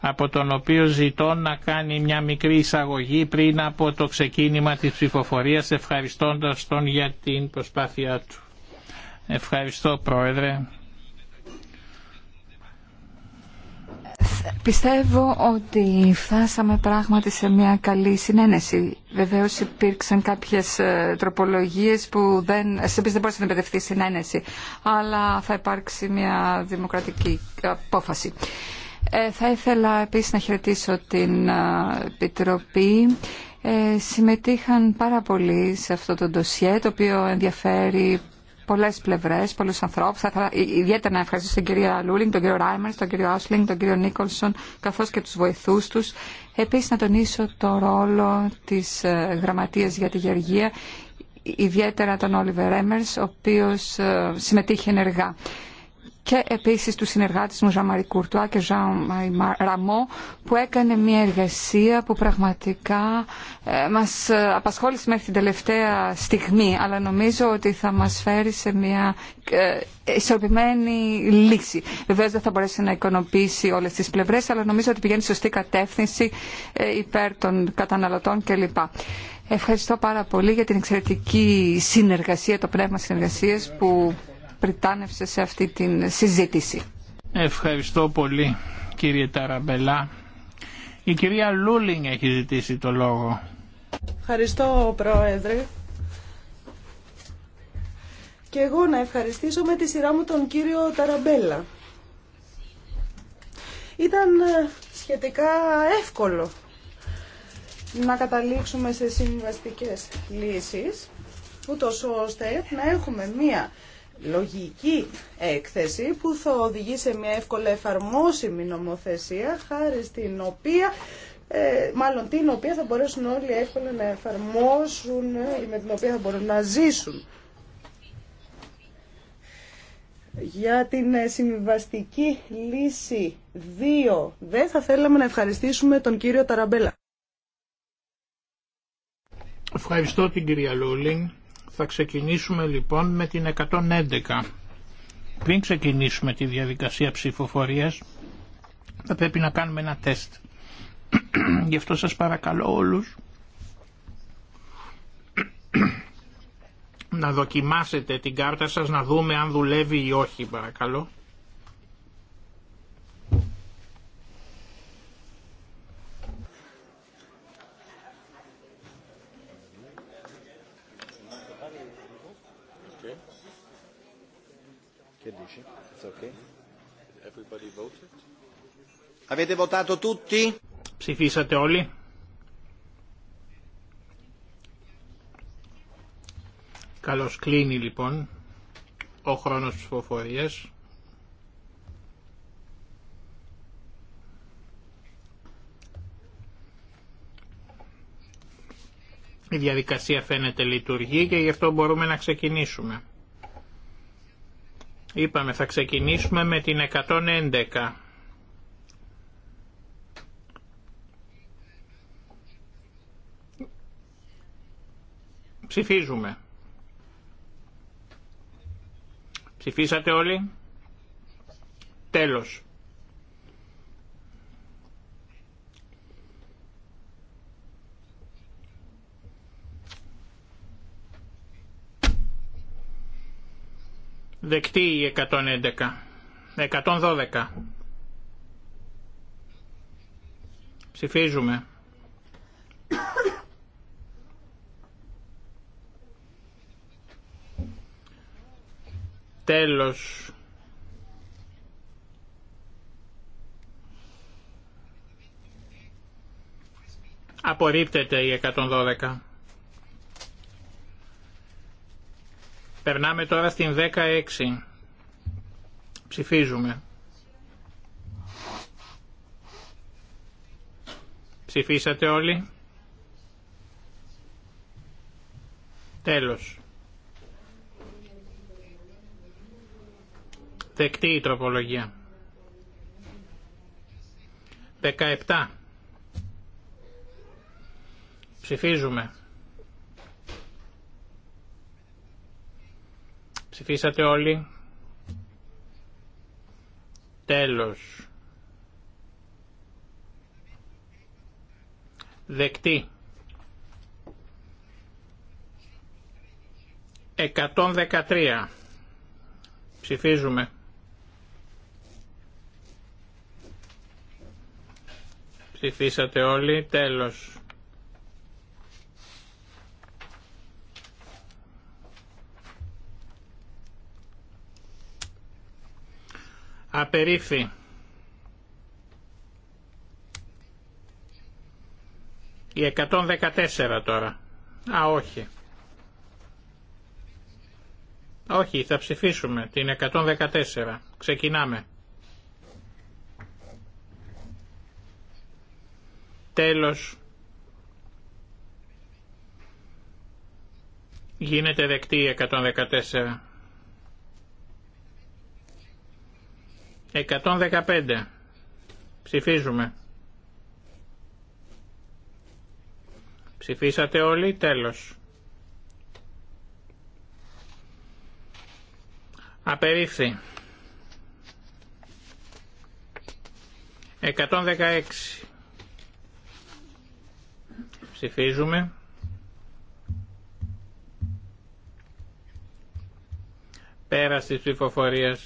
από τον οποίο ζητώ να κάνει μια μικρή εισαγωγή πριν από το ξεκίνημα της ψηφοφορίας ευχαριστώντας τον για την προσπάθειά του. Ευχαριστώ Πρόεδρε. Πιστεύω ότι φτάσαμε πράγματι σε μια καλή συνένεση. Βεβαίως υπήρξαν κάποιες ε, τροπολογίες που δεν, στις δεν μπορούσε να επιτευχθεί συνένεση, αλλά θα υπάρξει μια δημοκρατική απόφαση. Ε, θα ήθελα επίσης να χαιρετήσω την ε, Επιτροπή. Ε, συμμετείχαν πάρα πολύ σε αυτό το ντοσιέ, το οποίο ενδιαφέρει Πολλέ πλευρές, πολλού ανθρώπους. Θα ήθελα ιδιαίτερα να ευχαριστήσω την κυρία Λούλινγκ, τον κύριο Ράιμερ, τον κύριο Άσλινγκ, τον κύριο Νίκολσον, καθώς και τους βοηθούς τους. Επίση να τονίσω το ρόλο της ε, Γραμματείας για τη Γεωργία, ιδιαίτερα τον Όλιβερ Έμερ, ο οποίος ε, συμμετείχε ενεργά και επίσης του συνεργάτη μου Ζαμαρή Κουρτουά και Ζαν Ραμό που έκανε μια εργασία που πραγματικά ε, μας ε, απασχόλησε μέχρι την τελευταία στιγμή αλλά νομίζω ότι θα μας φέρει σε μια ε, ισορροπημένη λύση. Βεβαίως δεν θα μπορέσει να εικονοποιήσει όλες τις πλευρές αλλά νομίζω ότι πηγαίνει σωστή κατεύθυνση υπέρ των καταναλωτών κλπ. Ευχαριστώ πάρα πολύ για την εξαιρετική συνεργασία, το πνεύμα συνεργασίας που πριτάνευσε σε αυτή την συζήτηση. Ευχαριστώ πολύ κύριε Ταραμπελά. Η κυρία Λούλινγκ έχει ζητήσει το λόγο. Ευχαριστώ πρόεδρε. Και εγώ να ευχαριστήσω με τη σειρά μου τον κύριο Ταραμπέλα. Ήταν ε, σχετικά εύκολο να καταλήξουμε σε συμβαστικές λύσεις, ούτως ώστε να έχουμε μία λογική έκθεση που θα οδηγεί σε μια εύκολα εφαρμόσιμη νομοθεσία χάρη στην οποία ε, μάλλον την οποία θα μπορέσουν όλοι εύκολα να εφαρμόσουν ε, ή με την οποία θα μπορούν να ζήσουν. Για την ε, συμβιβαστική λύση 2 δεν θα θέλαμε να ευχαριστήσουμε τον κύριο Ταραμπέλα. Ευχαριστώ την κυρία θα ξεκινήσουμε λοιπόν με την 111. Πριν ξεκινήσουμε τη διαδικασία ψηφοφορίας θα πρέπει να κάνουμε ένα τεστ. Γι' αυτό σας παρακαλώ όλους να δοκιμάσετε την κάρτα σας να δούμε αν δουλεύει ή όχι παρακαλώ. Avete votato tutti? Ψηφίσατε όλοι. Καλώς κλείνει λοιπόν ο χρόνος ψηφοφορία. Η διαδικασία φαίνεται λειτουργεί και γι' αυτό μπορούμε να ξεκινήσουμε. Είπαμε θα ξεκινήσουμε με την 111. Ψηφίζουμε. Ψηφίσατε όλοι. Τέλος. Δεκτή η 111. 112. Ψηφίζουμε. Τέλος. Απορρίπτεται η 112. Περνάμε τώρα στην 16. Ψηφίζουμε. Ψηφίσατε όλοι. Τέλος. Δεκτή η τροπολογία. 17. Ψηφίζουμε. Ψηφίσατε όλοι. Τέλος. Δεκτή. 113. Ψηφίζουμε. Ψηφίσατε όλοι. Τέλος. Απερίφη. Η 114 τώρα. Α, όχι. Όχι, θα ψηφίσουμε την 114. Ξεκινάμε. Τέλος. Γίνεται δεκτή 114. 115. Ψηφίζουμε. Ψηφίσατε όλοι, τέλος. Απερίφθη. 116. Ψηφίζουμε. Πέρα τη ψηφοφορία.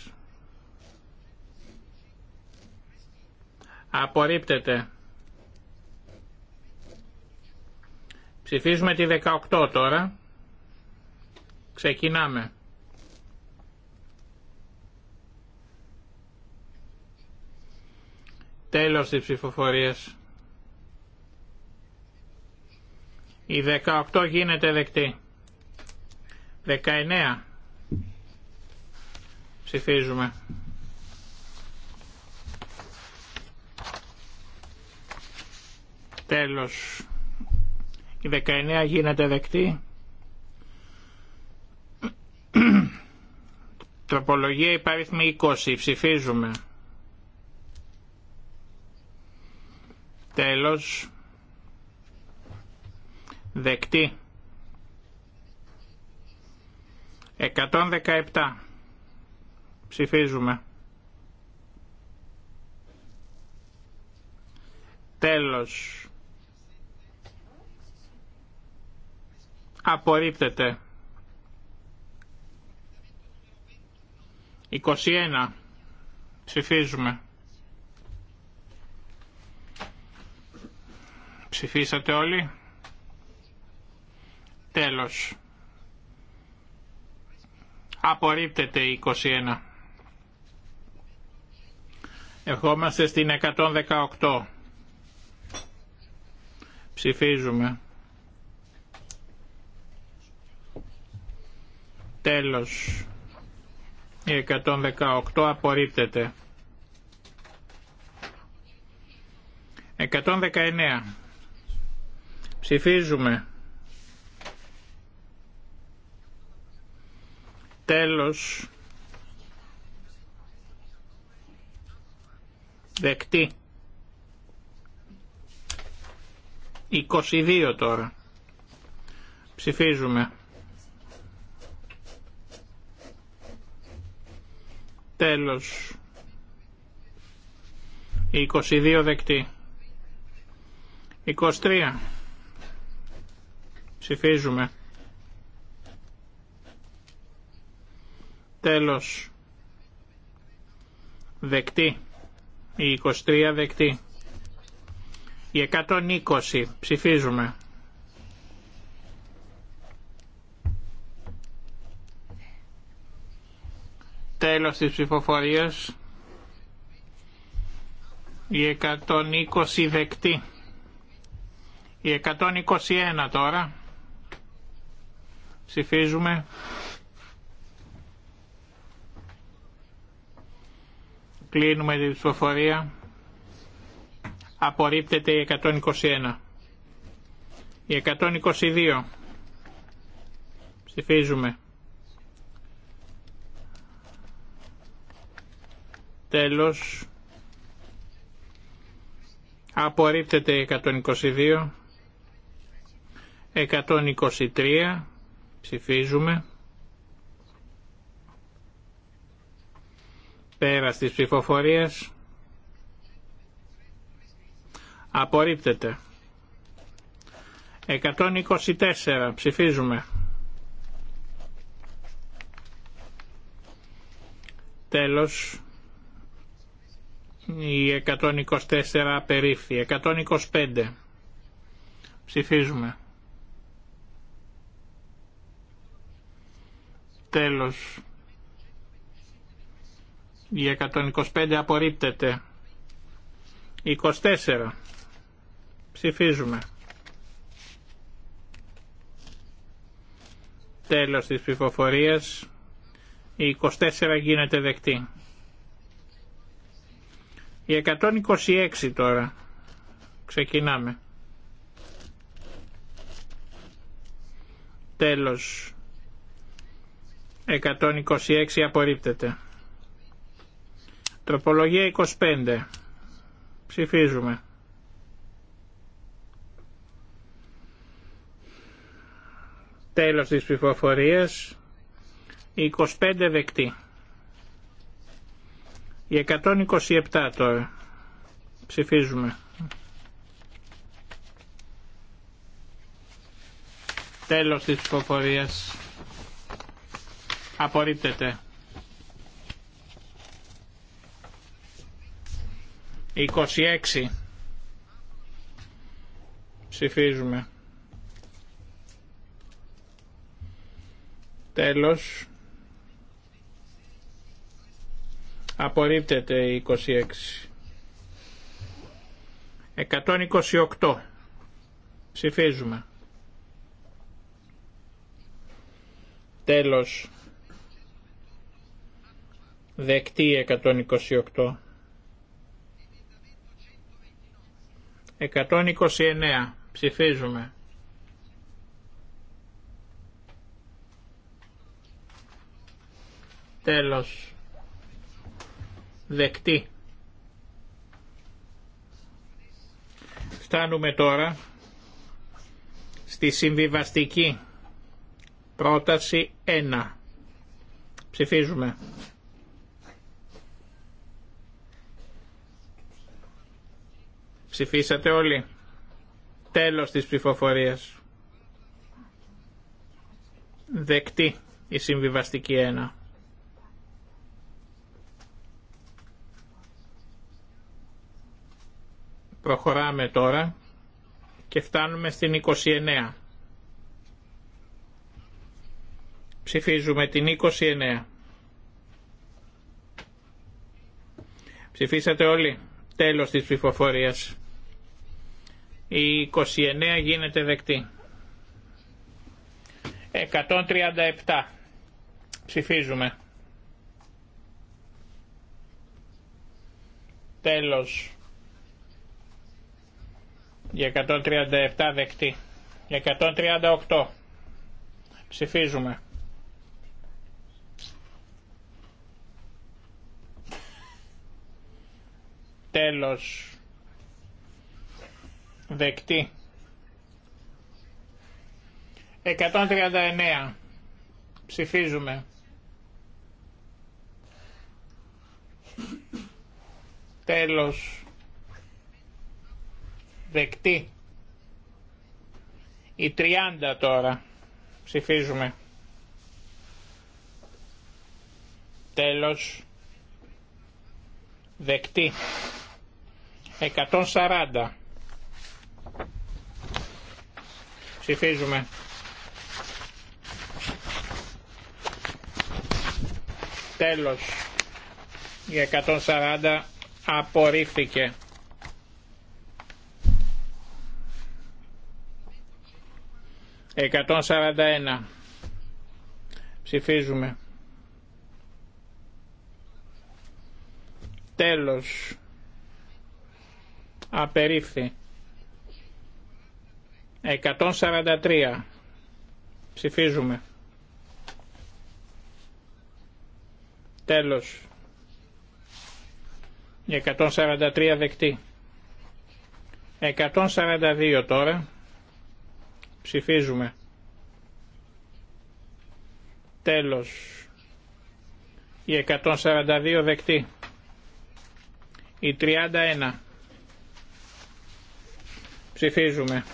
Απορρίπτεται. Ψηφίζουμε τη 18 τώρα. Ξεκινάμε. Τέλος της ψηφοφορίας. Η 18 γίνεται δεκτή. 19. Ψηφίζουμε. Τέλος. Η 19 γίνεται δεκτή. Τροπολογία υπάριθμη 20. Ψηφίζουμε. Τέλος δεκτή 117 ψηφίζουμε τέλος απορρίπτεται 21 ψηφίζουμε ψηφίσατε όλοι Τέλος. Απορρίπτεται 21. Ερχόμαστε στην 118. Ψηφίζουμε. Τέλος. Η 118 απορρίπτεται. 119. Ψηφίζουμε. Τέλος. Δεκτή. 22 τώρα. Ψηφίζουμε. Τέλος. 22 δεκτή. 23. Ψηφίζουμε. Τέλος. Δεκτή. Η 23 δεκτή. Η 120 ψηφίζουμε. Τέλος της ψηφοφορίας. Η 120 δεκτή. Η 121 τώρα. Ψηφίζουμε. Κλείνουμε την ψηφοφορία. Απορρίπτεται η 121. Η 122. Ψηφίζουμε. Τέλος. Απορρίπτεται η 122. 123. Ψηφίζουμε. πέρα στις ψηφοφορίες Απορρίπτεται. 124. Ψηφίζουμε. Τέλος. Η 124 απερίφθη. 125. Ψηφίζουμε. Τέλος. Η 125 απορρίπτεται. 24. Ψηφίζουμε. Τέλος της ψηφοφορίας. Η 24 γίνεται δεκτή. Η 126 τώρα. Ξεκινάμε. Τέλος. 126 απορρίπτεται. Τροπολογία 25. Ψηφίζουμε. Τέλος της ψηφοφορίας. 25 δεκτή. Η 127 τώρα. Ψηφίζουμε. Τέλος της ψηφοφορίας. Απορρίπτεται. 26. Ψηφίζουμε. Τέλος. Απορρίπτεται 26. 128. Ψηφίζουμε. Τέλος. Δεκτή 128. 129. Ψηφίζουμε. Τέλος. Δεκτή. Φτάνουμε τώρα στη συμβιβαστική πρόταση 1. Ψηφίζουμε. Ψηφίσατε όλοι. Τέλος της ψηφοφορίας. Δεκτή η συμβιβαστική ένα. Προχωράμε τώρα και φτάνουμε στην 29. Ψηφίζουμε την 29. Ψηφίσατε όλοι. Τέλος της ψηφοφορίας. Η 29 γίνεται δεκτή. 137. Ψηφίζουμε. Τέλος. Για 137 δεκτή. 138. Ψηφίζουμε. Τέλος δεκτή. 139. Ψηφίζουμε. Τέλος. Δεκτή. Η 30 τώρα. Ψηφίζουμε. Τέλος. Δεκτή. 140. Ψηφίζουμε. Τέλος. Η 140 απορρίφθηκε. Εκατόν σαράντα ένα. Ψηφίζουμε. Τέλος. Απερίφθη. 143. Ψηφίζουμε. Τέλος. 143 δεκτή. 142 τώρα. Ψηφίζουμε. Τέλος. Η 142 δεκτή. Η 31. Ψηφίζουμε.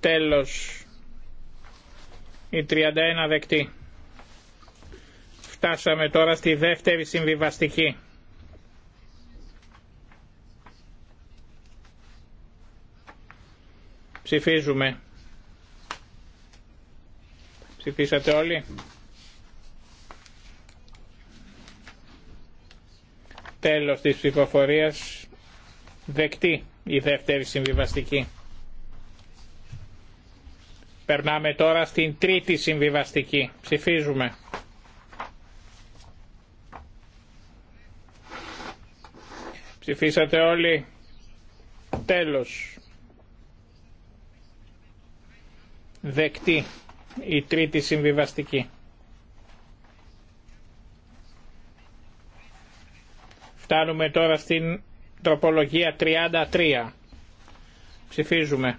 Τέλος. Η 31 δεκτή. Φτάσαμε τώρα στη δεύτερη συμβιβαστική. Ψηφίζουμε. Ψηφίσατε όλοι. Τέλος της ψηφοφορίας. Δεκτή η δεύτερη συμβιβαστική. Περνάμε τώρα στην τρίτη συμβιβαστική. Ψηφίζουμε. Ψηφίσατε όλοι. Τέλος. Δεκτή η τρίτη συμβιβαστική. Φτάνουμε τώρα στην τροπολογία 33. Ψηφίζουμε.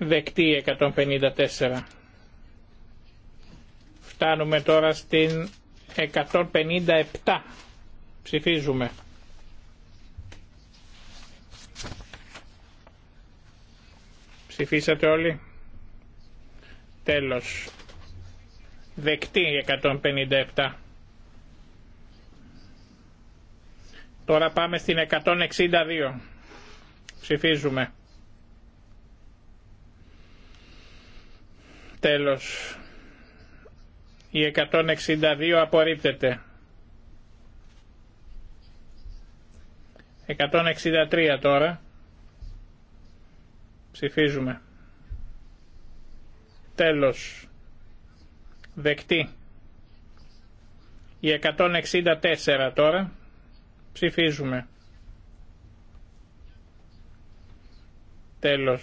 Δεκτή 154. Φτάνουμε τώρα στην 157. Ψηφίζουμε. Ψηφίσατε όλοι. Τέλος. Δεκτή 157. Τώρα πάμε στην 162. Ψηφίζουμε. Τέλος. Η 162 απορρίπτεται. 163 τώρα. Ψηφίζουμε. Τέλος. Δεκτή. Η 164 τώρα. Ψηφίζουμε. Τέλος.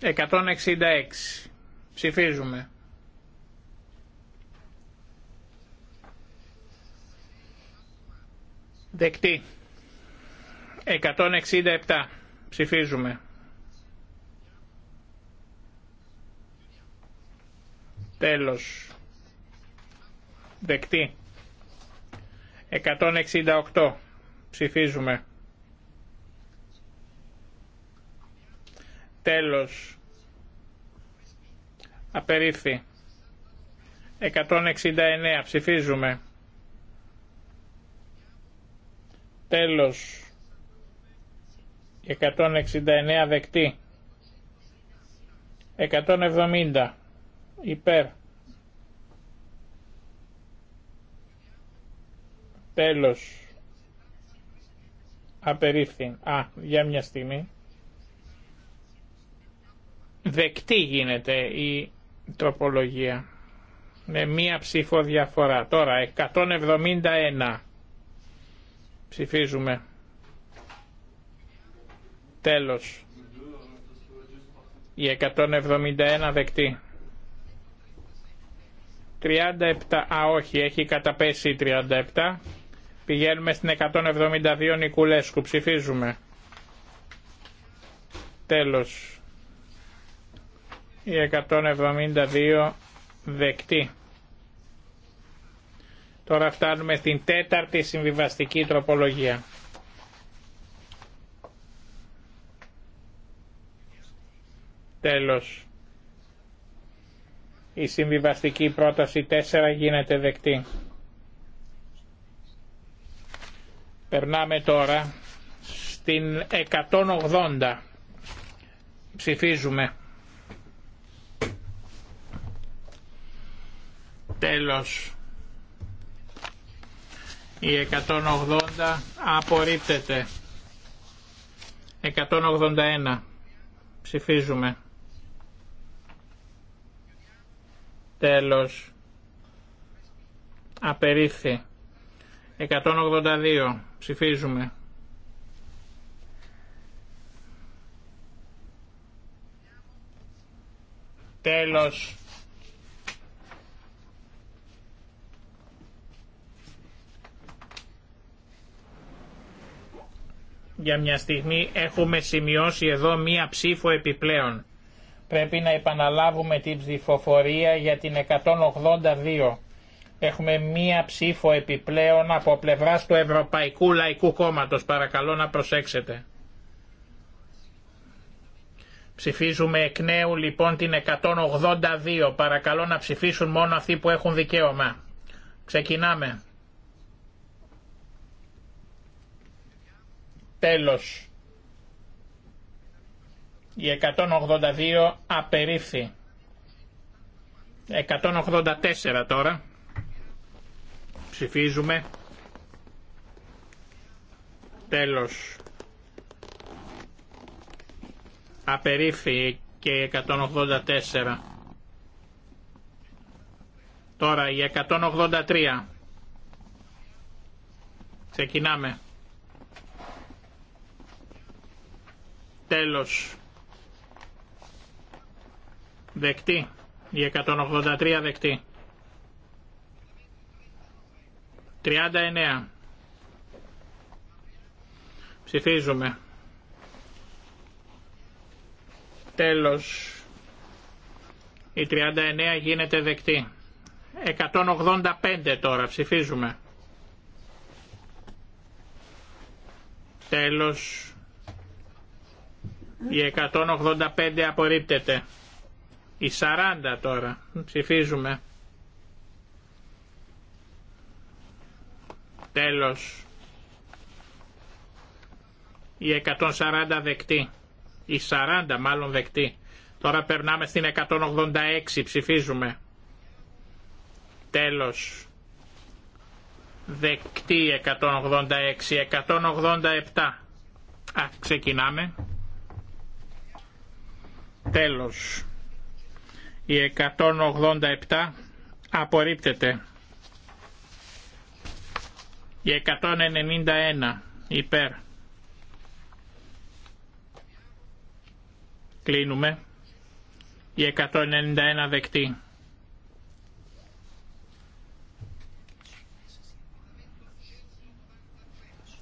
166. Ψηφίζουμε. Δεκτή. 167. Ψηφίζουμε. Τέλος. Δεκτή. 168. Ψηφίζουμε. Τέλος. Απερίφθη. 169. Ψηφίζουμε. Τέλος. 169 δεκτή. 170 υπέρ. Τέλος. Απερίφθη. Α, για μια στιγμή. Δεκτή γίνεται η τροπολογία με μία ψήφο διαφορά. Τώρα 171 ψηφίζουμε. Τέλος. Η 171 δεκτή. 37, α όχι, έχει καταπέσει η 37. Πηγαίνουμε στην 172 Νικουλέσκου, ψηφίζουμε. Τέλος. Η 172 δεκτή. Τώρα φτάνουμε στην τέταρτη συμβιβαστική τροπολογία. Τέλος. Η συμβιβαστική πρόταση 4 γίνεται δεκτή. Περνάμε τώρα στην 180. Ψηφίζουμε. Τέλος. Η 180 απορρίπτεται. 181. Ψηφίζουμε. Τέλος. Απερίφθη. 182. Ψηφίζουμε. Τέλος. για μια στιγμή έχουμε σημειώσει εδώ μία ψήφο επιπλέον. Πρέπει να επαναλάβουμε την ψηφοφορία για την 182. Έχουμε μία ψήφο επιπλέον από πλευράς του Ευρωπαϊκού Λαϊκού Κόμματος. Παρακαλώ να προσέξετε. Ψηφίζουμε εκ νέου λοιπόν την 182. Παρακαλώ να ψηφίσουν μόνο αυτοί που έχουν δικαίωμα. Ξεκινάμε. Τέλος. Η 182 απερίφθη. 184 τώρα. Ψηφίζουμε. Τέλος. Απερίφθη και 184. Τώρα η 183. Ξεκινάμε. Τέλος. Δεκτή. Η 183 δεκτή. 39. Ψηφίζουμε. Τέλος. Η 39 γίνεται δεκτή. 185 τώρα ψηφίζουμε. Τέλος. Η 185 απορρίπτεται. Η 40 τώρα. Ψηφίζουμε. Τέλος. Η 140 δεκτή. Η 40 μάλλον δεκτή. Τώρα περνάμε στην 186. Ψηφίζουμε. Τέλος. Δεκτή 186. 187. Α, ξεκινάμε. Τέλος. Η 187 απορρίπτεται. Η 191 υπέρ. Κλείνουμε. Η 191 δεκτή.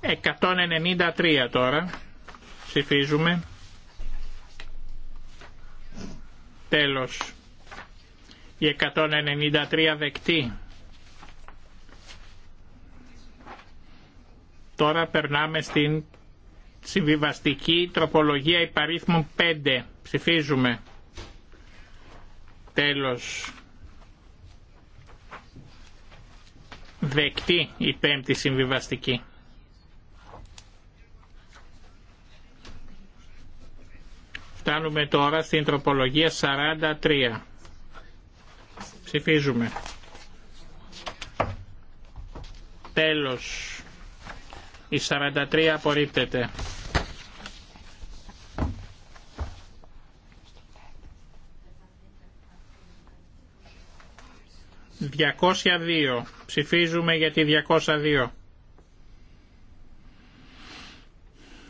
193 τώρα ψηφίζουμε. Τέλος. Η 193 δεκτή. Τώρα περνάμε στην συμβιβαστική τροπολογία υπαρίθμων 5. Ψηφίζουμε. Τέλος. Δεκτή η πέμπτη συμβιβαστική. Φτάνουμε τώρα στην τροπολογία 43. Ψηφίζουμε. Τέλος. Η 43 απορρίπτεται. 202. Ψηφίζουμε για τη 202.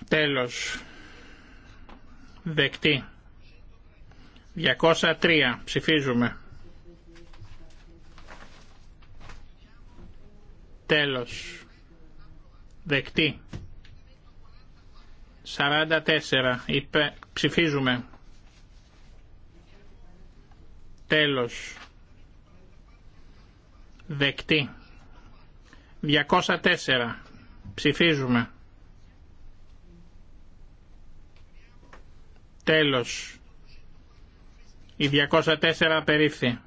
Τέλος. Δεκτή. 203. Ψηφίζουμε. Τέλος. Δεκτή. 44. Υπε... Ψηφίζουμε. Τέλος. Δεκτή. 204. Ψηφίζουμε. Τέλος. Η 204 απερίφθη.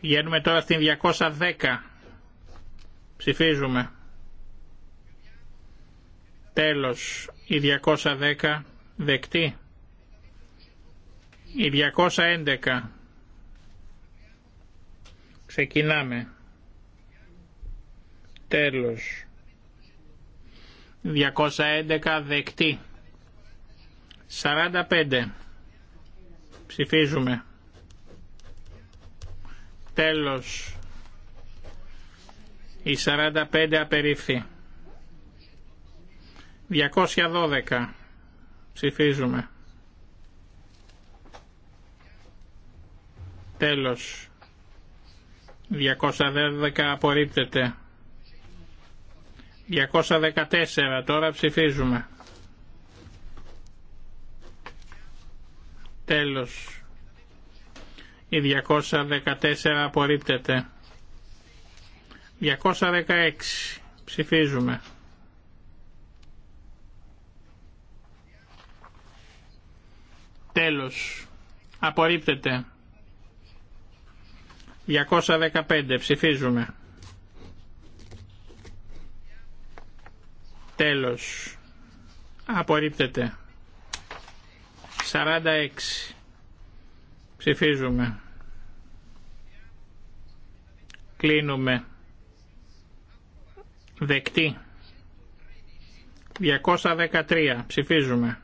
Πηγαίνουμε τώρα στην 210. Ψηφίζουμε. Τέλος. Η 210 δεκτή. Η 211. Ξεκινάμε. Τέλος. 211 δεκτή. 45. Ψηφίζουμε. Τέλος. Η 45 απερίφθη. 212. Ψηφίζουμε. Τέλος. 212 απορρίπτεται. 214 τώρα ψηφίζουμε. Τέλος. Η 214 απορρίπτεται. 216 ψηφίζουμε. Τέλος. Απορρίπτεται. 215 ψηφίζουμε. Τέλος. Απορρίπτεται. 46. Ψηφίζουμε. Κλείνουμε. Δεκτή. 213. Ψηφίζουμε.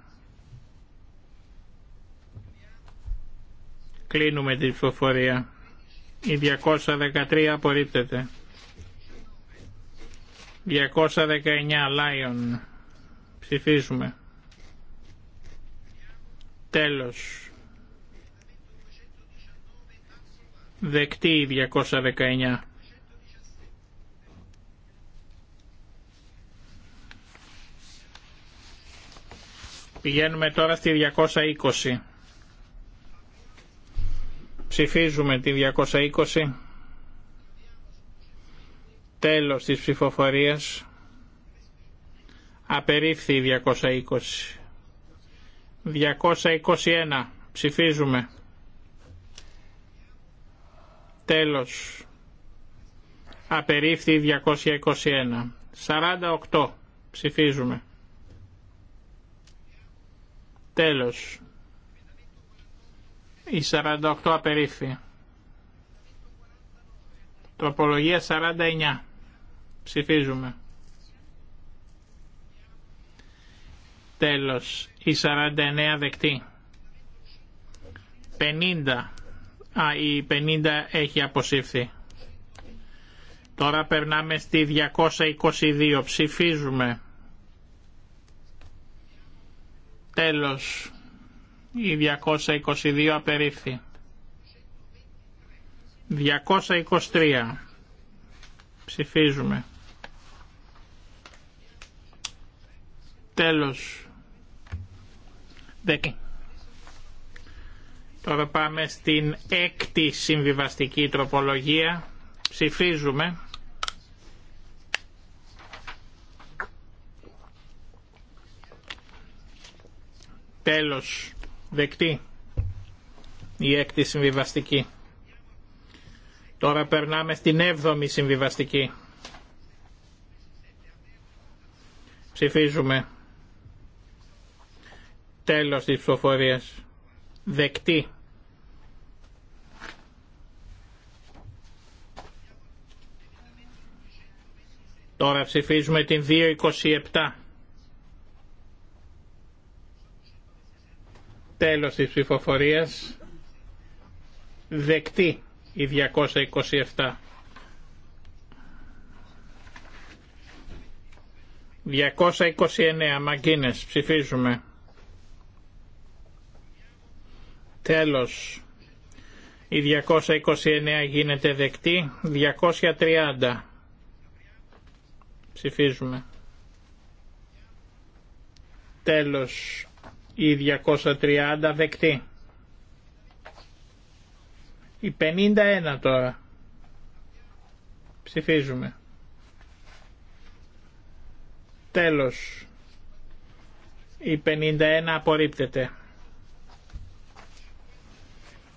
Κλείνουμε την ψηφοφορία. Η 213 απορρίπτεται. 219 Lion. Ψηφίζουμε. Τέλος. Δεκτή 219. Πηγαίνουμε τώρα στη 220. Ψηφίζουμε τη 220. Τέλος της ψηφοφορίας. Απερίφθη 220. 221. Ψηφίζουμε. Τέλος. Απερίφθη 221. 48. Ψηφίζουμε. Τέλος. Η 48 απερίφθη. Τροπολογία 49. Ψηφίζουμε. Τέλος. Η 49 δεκτή. 50. Α, η 50 έχει αποσύρθει. Τώρα περνάμε στη 222. Ψηφίζουμε. Τέλος. Η 222 απερίφθη. 223. Ψηφίζουμε. Τέλος. Τώρα πάμε στην έκτη συμβιβαστική τροπολογία. Ψηφίζουμε. Τέλος. Δεκτή. Η έκτη συμβιβαστική. Τώρα περνάμε στην έβδομη συμβιβαστική. Ψηφίζουμε. Τέλος της ψηφοφορίας. Δεκτή. Τώρα ψηφίζουμε την 227. Τέλος της ψηφοφορίας. Δεκτή η 227. 229 Μαγκίνες ψηφίζουμε. Τέλος. Η 229 γίνεται δεκτή. 230. Ψηφίζουμε. Τέλος. Η 230 δεκτή. Η 51 τώρα. Ψηφίζουμε. Τέλος. Η 51 απορρίπτεται.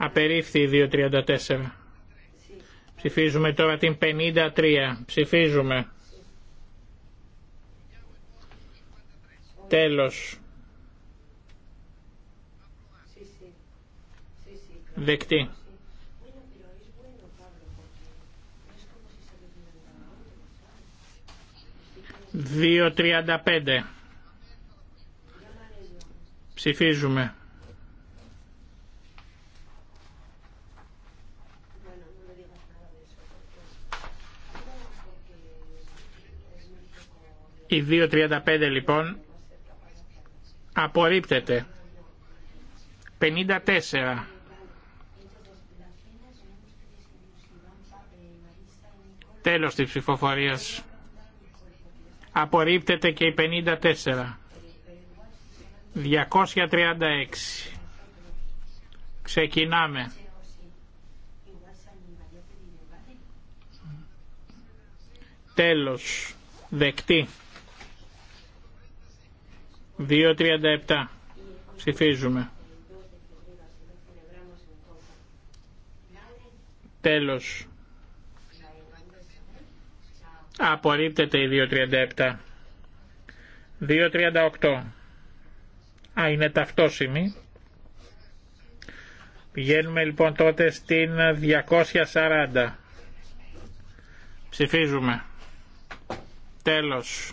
Απερίφθη 2.34. Ψηφίζουμε τώρα την 53. Ψηφίζουμε. Τέλος. Δεκτή. Δύο τριάντα πέντε. Ψηφίζουμε. Η 2.35 λοιπόν απορρίπτεται. 54. Τέλος της ψηφοφορίας. Απορρίπτεται και η 54. 236. Ξεκινάμε. Τέλος. Δεκτή. 2.37. Ψηφίζουμε. Τέλος. Απορρίπτεται η 2.37. 2.38. Α, είναι ταυτόσημη. Πηγαίνουμε λοιπόν τότε στην 240. Ψηφίζουμε. Τέλος.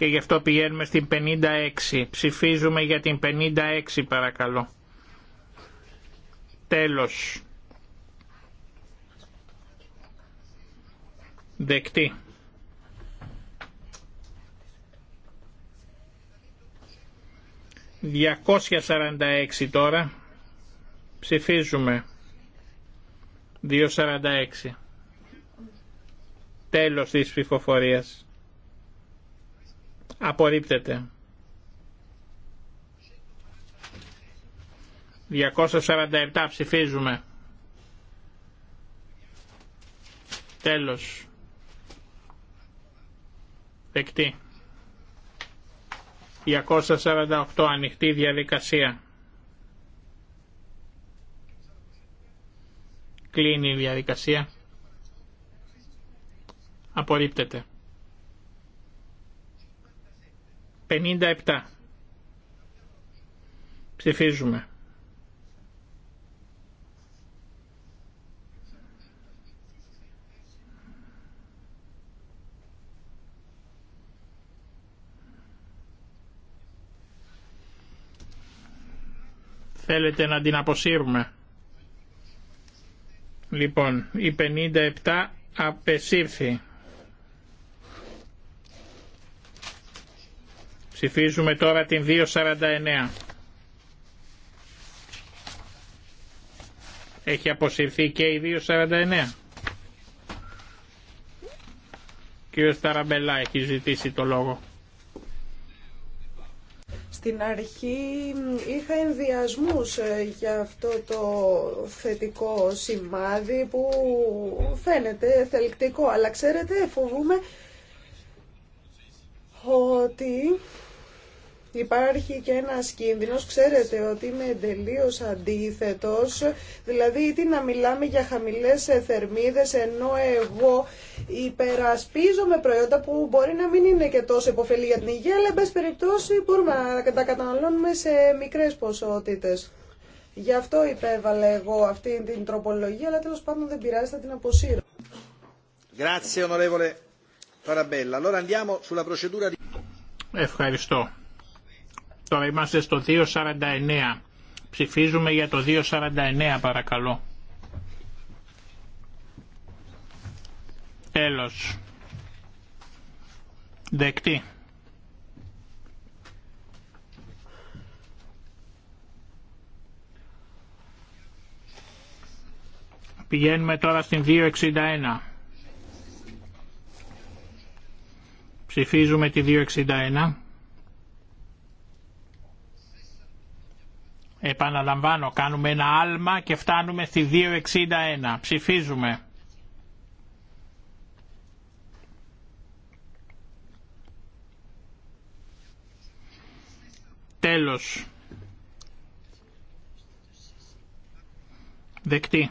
και γι' αυτό πηγαίνουμε στην 56. Ψηφίζουμε για την 56 παρακαλώ. Τέλος. Δεκτή. 246 τώρα. Ψηφίζουμε. 246. Τέλος της ψηφοφορίας. Απορρίπτεται. 247 ψηφίζουμε. Τέλος. Δεκτή. 248 ανοιχτή διαδικασία. Κλείνει η διαδικασία. Απορρίπτεται. 57. Ψηφίζουμε. Θέλετε να την αποσύρουμε. Λοιπόν, η 57 απεσύρθη. Ψηφίζουμε τώρα την 249. Έχει αποσυρθεί και η 249. Κύριο Ταραμπελά έχει ζητήσει το λόγο. Στην αρχή είχα ενδιασμούς ε, για αυτό το θετικό σημάδι που φαίνεται θελκτικό, αλλά ξέρετε φοβούμε ότι Υπάρχει και ένας κίνδυνος, ξέρετε ότι είμαι τελείως αντίθετος, δηλαδή τι να μιλάμε για χαμηλές θερμίδες ενώ εγώ υπερασπίζομαι προϊόντα που μπορεί να μην είναι και τόσο υποφελή για την υγεία, αλλά εν περιπτώσει μπορούμε να τα καταναλώνουμε σε μικρές ποσότητες. Γι' αυτό υπέβαλε εγώ αυτή την τροπολογία, αλλά τέλος πάντων δεν πειράζει, θα την αποσύρω. Ευχαριστώ. Τώρα είμαστε στο 249. Ψηφίζουμε για το 249 παρακαλώ. Τέλος. Δεκτή. Πηγαίνουμε τώρα στην 261. Ψηφίζουμε τη 261. Επαναλαμβάνω, κάνουμε ένα άλμα και φτάνουμε στη 261. Ψηφίζουμε. Τέλος. Δεκτή.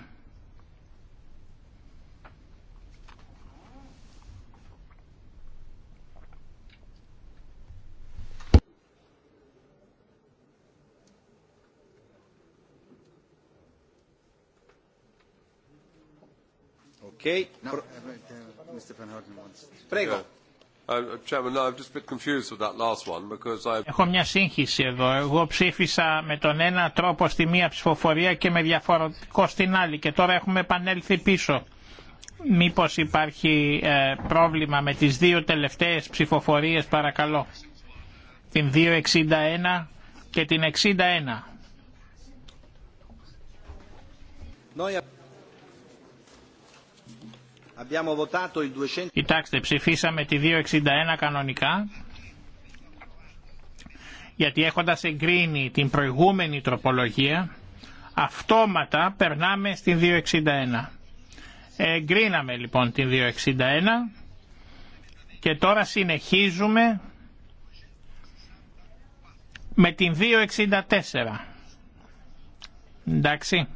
Uh, uh, Έχω μια σύγχυση εδώ. Εγώ ψήφισα με τον ένα τρόπο στη μία ψηφοφορία και με διαφορετικό στην άλλη και τώρα έχουμε επανέλθει πίσω. Μήπως υπάρχει ε, πρόβλημα με τις δύο τελευταίες ψηφοφορίες παρακαλώ. Την 261 και την 61. Κοιτάξτε, ψηφίσαμε τη 261 κανονικά, γιατί έχοντας εγκρίνει την προηγούμενη τροπολογία, αυτόματα περνάμε στην 261. Εγκρίναμε λοιπόν την 261 και τώρα συνεχίζουμε με την 264. Εντάξει.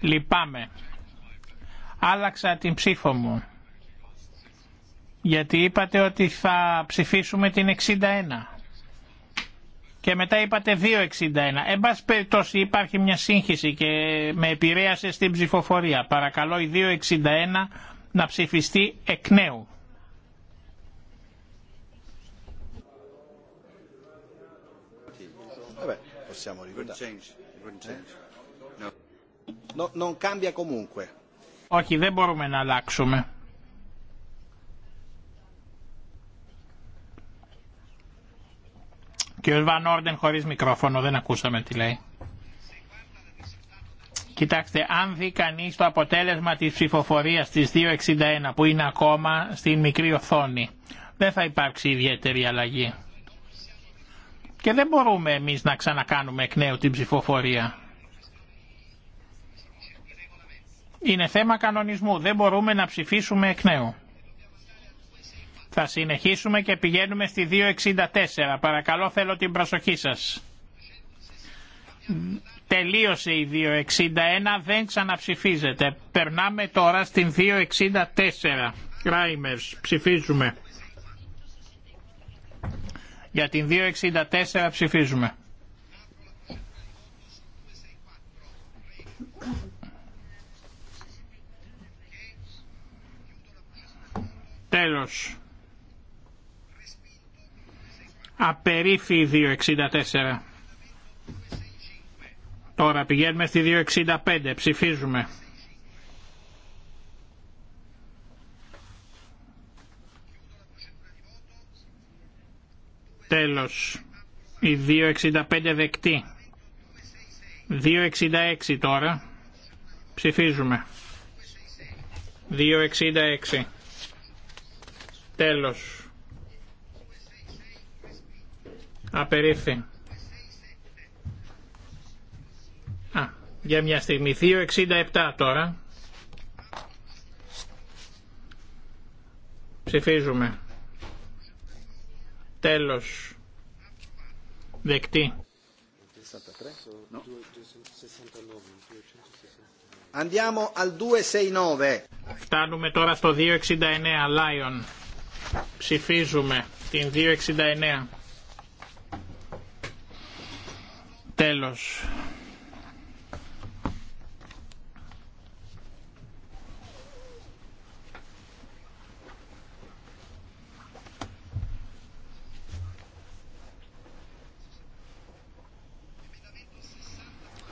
Λυπάμαι άλλαξα την ψήφο μου. Γιατί είπατε ότι θα ψηφίσουμε την 61. Και μετά είπατε 261. Εν πάση περιπτώσει υπάρχει μια σύγχυση και με επηρέασε στην ψηφοφορία. Παρακαλώ η 261 να ψηφιστεί εκ νέου. Ε, ε. Non cambia comunque. Όχι, δεν μπορούμε να αλλάξουμε. Και ο Βαν Όρντεν χωρίς μικρόφωνο, δεν ακούσαμε τι λέει. Κοιτάξτε, αν δει κανεί το αποτέλεσμα της ψηφοφορίας της 261 που είναι ακόμα στην μικρή οθόνη, δεν θα υπάρξει ιδιαίτερη αλλαγή. Και δεν μπορούμε εμείς να ξανακάνουμε εκ νέου την ψηφοφορία. Είναι θέμα κανονισμού. Δεν μπορούμε να ψηφίσουμε εκ νέου. Θα συνεχίσουμε και πηγαίνουμε στη 264. Παρακαλώ θέλω την προσοχή σας. Τελείωσε η 261, δεν ξαναψηφίζεται. Περνάμε τώρα στην 264. Κράιμερς, ψηφίζουμε. Για την 264 ψηφίζουμε. Τέλος. Απερίφη 264. Τώρα πηγαίνουμε στη 265. Ψηφίζουμε. Τέλος. Η 265 δεκτή. 266 τώρα. Ψηφίζουμε. 266. Τέλος. Απερίφθη. Α, για μια στιγμή. 2.67 τώρα. Ψηφίζουμε. Τέλος. Δεκτή. 269. Φτάνουμε τώρα στο 269 Lion. Ψηφίζουμε την 269. Τέλος.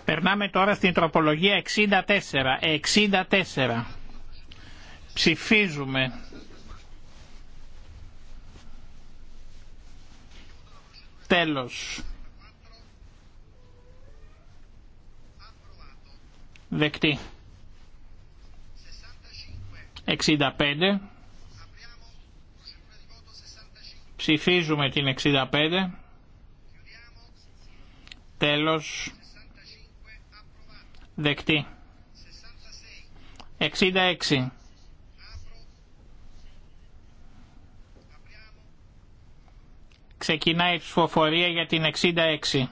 Περνάμε τώρα στην τροπολογία 64. 64. Ψηφίζουμε Τέλος. Δεκτή. 65. Ψηφίζουμε την 65. Τέλος. Δεκτή. 66. Ξεκινάει η ψηφοφορία για την 66.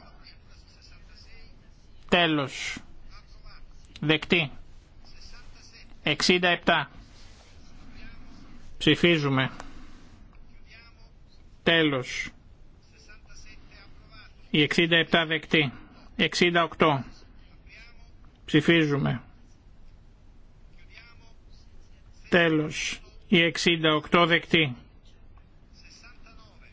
Τέλος. Δεκτή. 67. Ψηφίζουμε. Τέλος. Η 67 δεκτή. 68. Ψηφίζουμε. Τέλος. Η 68 δεκτή.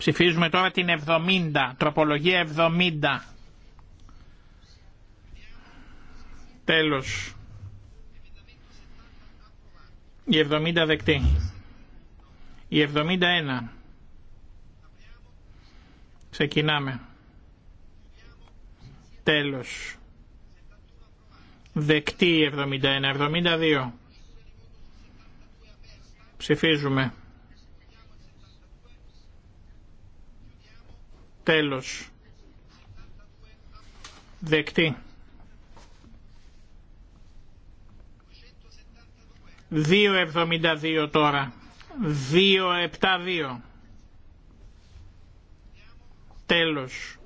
Ψηφίζουμε τώρα την 70, τροπολογία 70. Τέλος. Η 70 δεκτή. Η 71. Ξεκινάμε. Τέλος. Δεκτή η 71. 72. Ψηφίζουμε. Τέλος. Δεκτή. 2.72 τώρα. 2.72. Τέλος.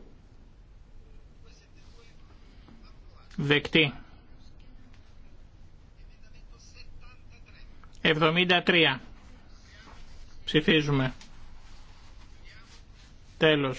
Δεκτή. 73. Ψηφίζουμε. Τέλος.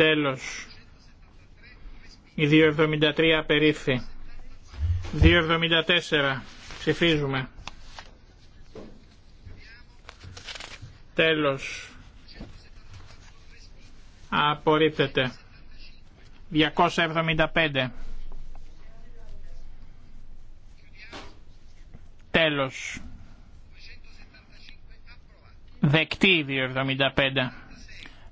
Τέλος. Η 273 περίφη. 274. Ψηφίζουμε. Τέλος. Απορρίπτεται. 275. Τέλος. Δεκτή 275.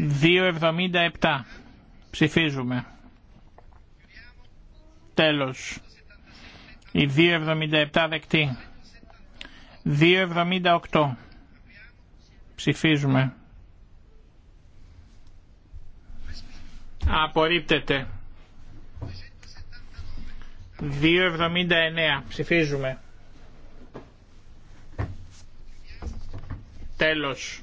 277. Ψηφίζουμε. Τέλος. Η 277 δεκτή. 278. Ψηφίζουμε. Απορρίπτεται. 279. Ψηφίζουμε. Τέλος.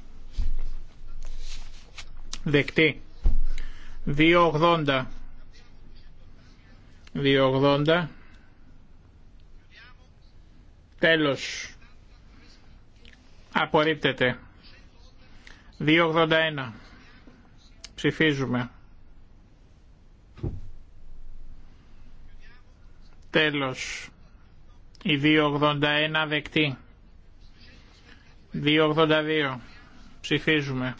Δεκτή. 2.80. 2.80. Τέλος. Απορρίπτεται. 2.81. Ψηφίζουμε. Τέλος. Η 2.81 δεκτή. 2.82. Ψηφίζουμε.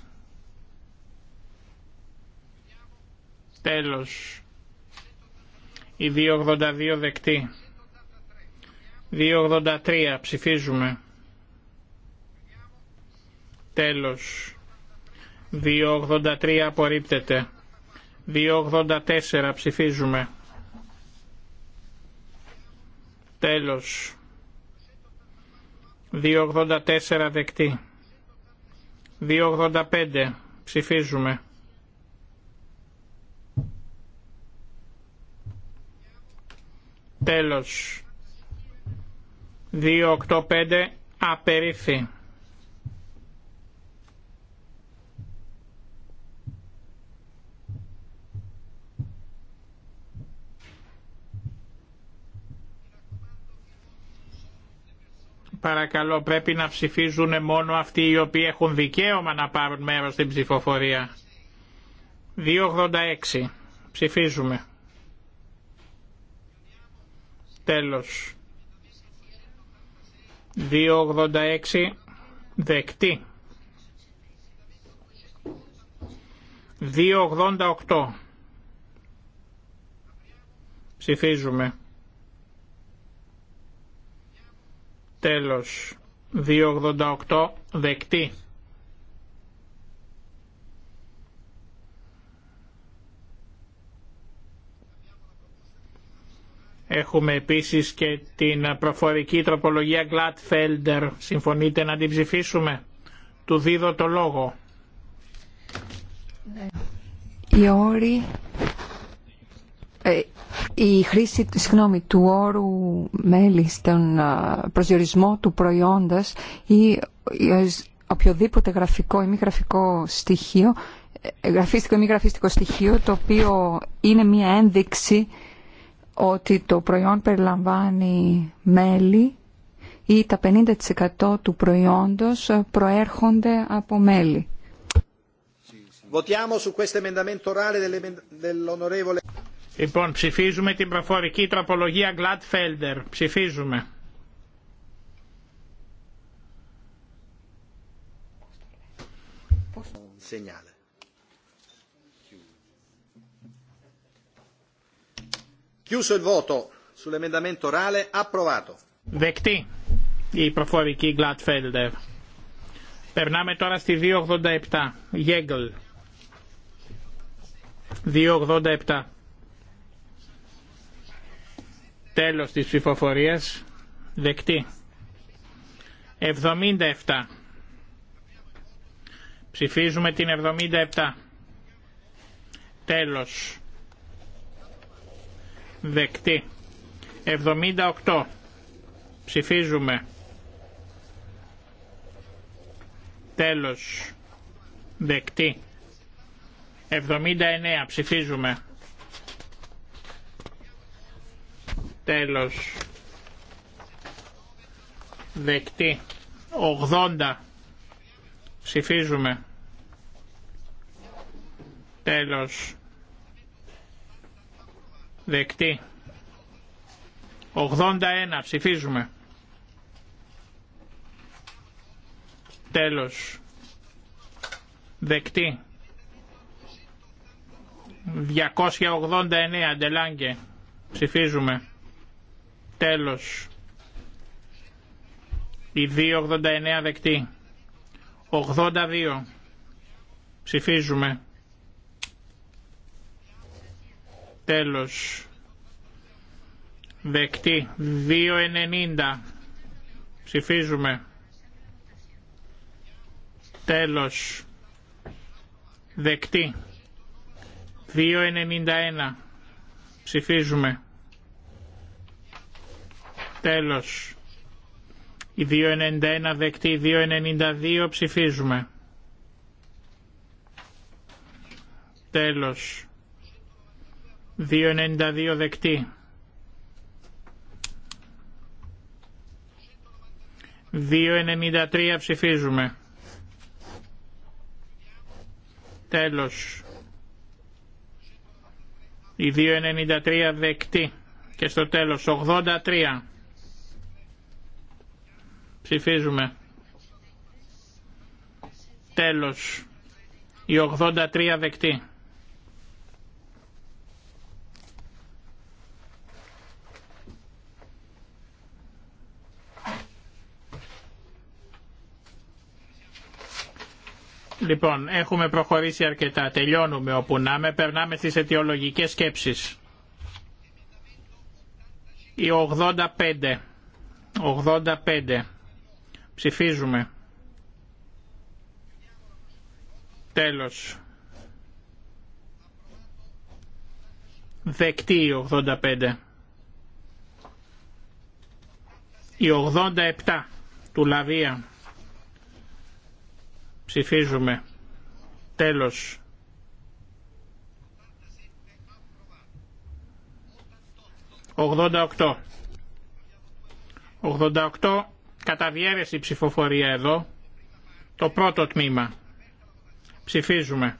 Τέλος. Η 282 δεκτή. 283 ψηφίζουμε. Τέλος. 283 απορρίπτεται. 284 ψηφίζουμε. Τέλος. 284 δεκτή. 285 ψηφίζουμε. Τέλος. 285 απερίφθη. Παρακαλώ πρέπει να ψηφίζουν μόνο αυτοί οι οποίοι έχουν δικαίωμα να πάρουν μέρος στην ψηφοφορία. 286. Ψηφίζουμε. Τέλος. 286 δεκτή. 288. Ψηφίζουμε. Τέλος. 288 δεκτή. Έχουμε επίσης και την προφορική τροπολογία Gladfelder. Συμφωνείτε να την ψηφίσουμε. Του δίδω το λόγο. Η ε, η χρήση συγγνώμη, του όρου μέλη στον προσδιορισμό του προϊόντα ή ε, οποιοδήποτε γραφικό ή μη γραφικό στοιχείο, ε, γραφίστικο ή μη γραφίστικο στοιχείο, το οποίο είναι μία ένδειξη ότι το προϊόν περιλαμβάνει μέλι ή τα 50% του προϊόντος προέρχονται από μέλι. Λοιπόν, ψηφίζουμε την προφορική τροπολογία Gladfelder. Ψηφίζουμε. Segnale. Chiuso Δεκτή η προφορική Gladfelder. Περνάμε τώρα στη 287. Γέγκλ. 287. Τέλος της ψηφοφορίας. Δεκτή. 77. Ψηφίζουμε την 77. Τέλο. Δεκτή. 78. Ψηφίζουμε. Τέλος. Δεκτή. 79. Ψηφίζουμε. Τέλος. Δεκτή. 80. Ψηφίζουμε. Τέλος. Δεκτή. 81 ψηφίζουμε. Τέλος. Δεκτή. 289 αντελάγκε. Ψηφίζουμε. Τέλος. Η 289 δεκτή. 82. Ψηφίζουμε. Τέλος. Δεκτή. 2.90. Ψηφίζουμε. Τέλος. Δεκτή. 2.91. Ψηφίζουμε. Τέλος. Η 2.91 δεκτή, 2.92 ψηφίζουμε. Τέλος. 292 δεκτή. 293 ψηφίζουμε. Τέλος. Η 293 δεκτή. Και στο τέλος 83. Ψηφίζουμε. Τέλος. Η 83 δεκτή. Λοιπόν, έχουμε προχωρήσει αρκετά. Τελειώνουμε όπου να με. Περνάμε στις αιτιολογικές σκέψεις. Η 85. 85. Ψηφίζουμε. Τέλος. Δεκτή η 85. Η 87 του Λαβία. Ψηφίζουμε. Τέλος. 88. 88 κατά ψηφοφορία εδώ. Το πρώτο τμήμα. Ψηφίζουμε.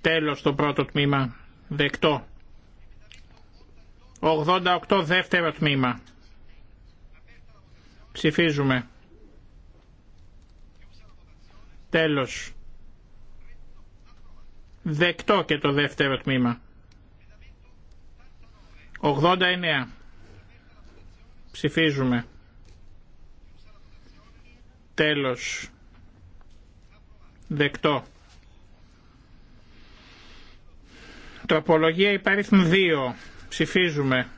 Τέλος το πρώτο τμήμα. Δεκτό. 88 δεύτερο τμήμα. Ψηφίζουμε. Τέλος. Δεκτό και το δεύτερο τμήμα. 89. Ψηφίζουμε. Τέλος. Δεκτό. Τροπολογία υπαρίθμ 2. Ψηφίζουμε.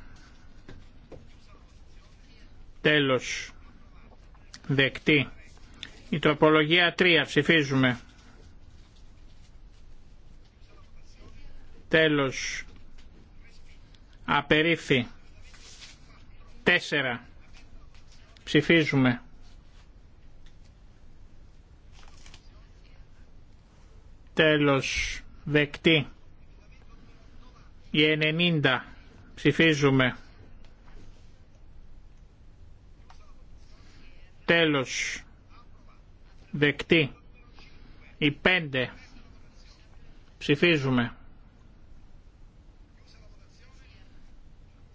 Τέλος. Δεκτή. Η τροπολογία 3. Ψηφίζουμε. Τέλος. Απερίφθη. 4. Ψηφίζουμε. Τέλος. Δεκτή. Η 90. Ψηφίζουμε. Τέλος. Δεκτή. Η 5. Ψηφίζουμε.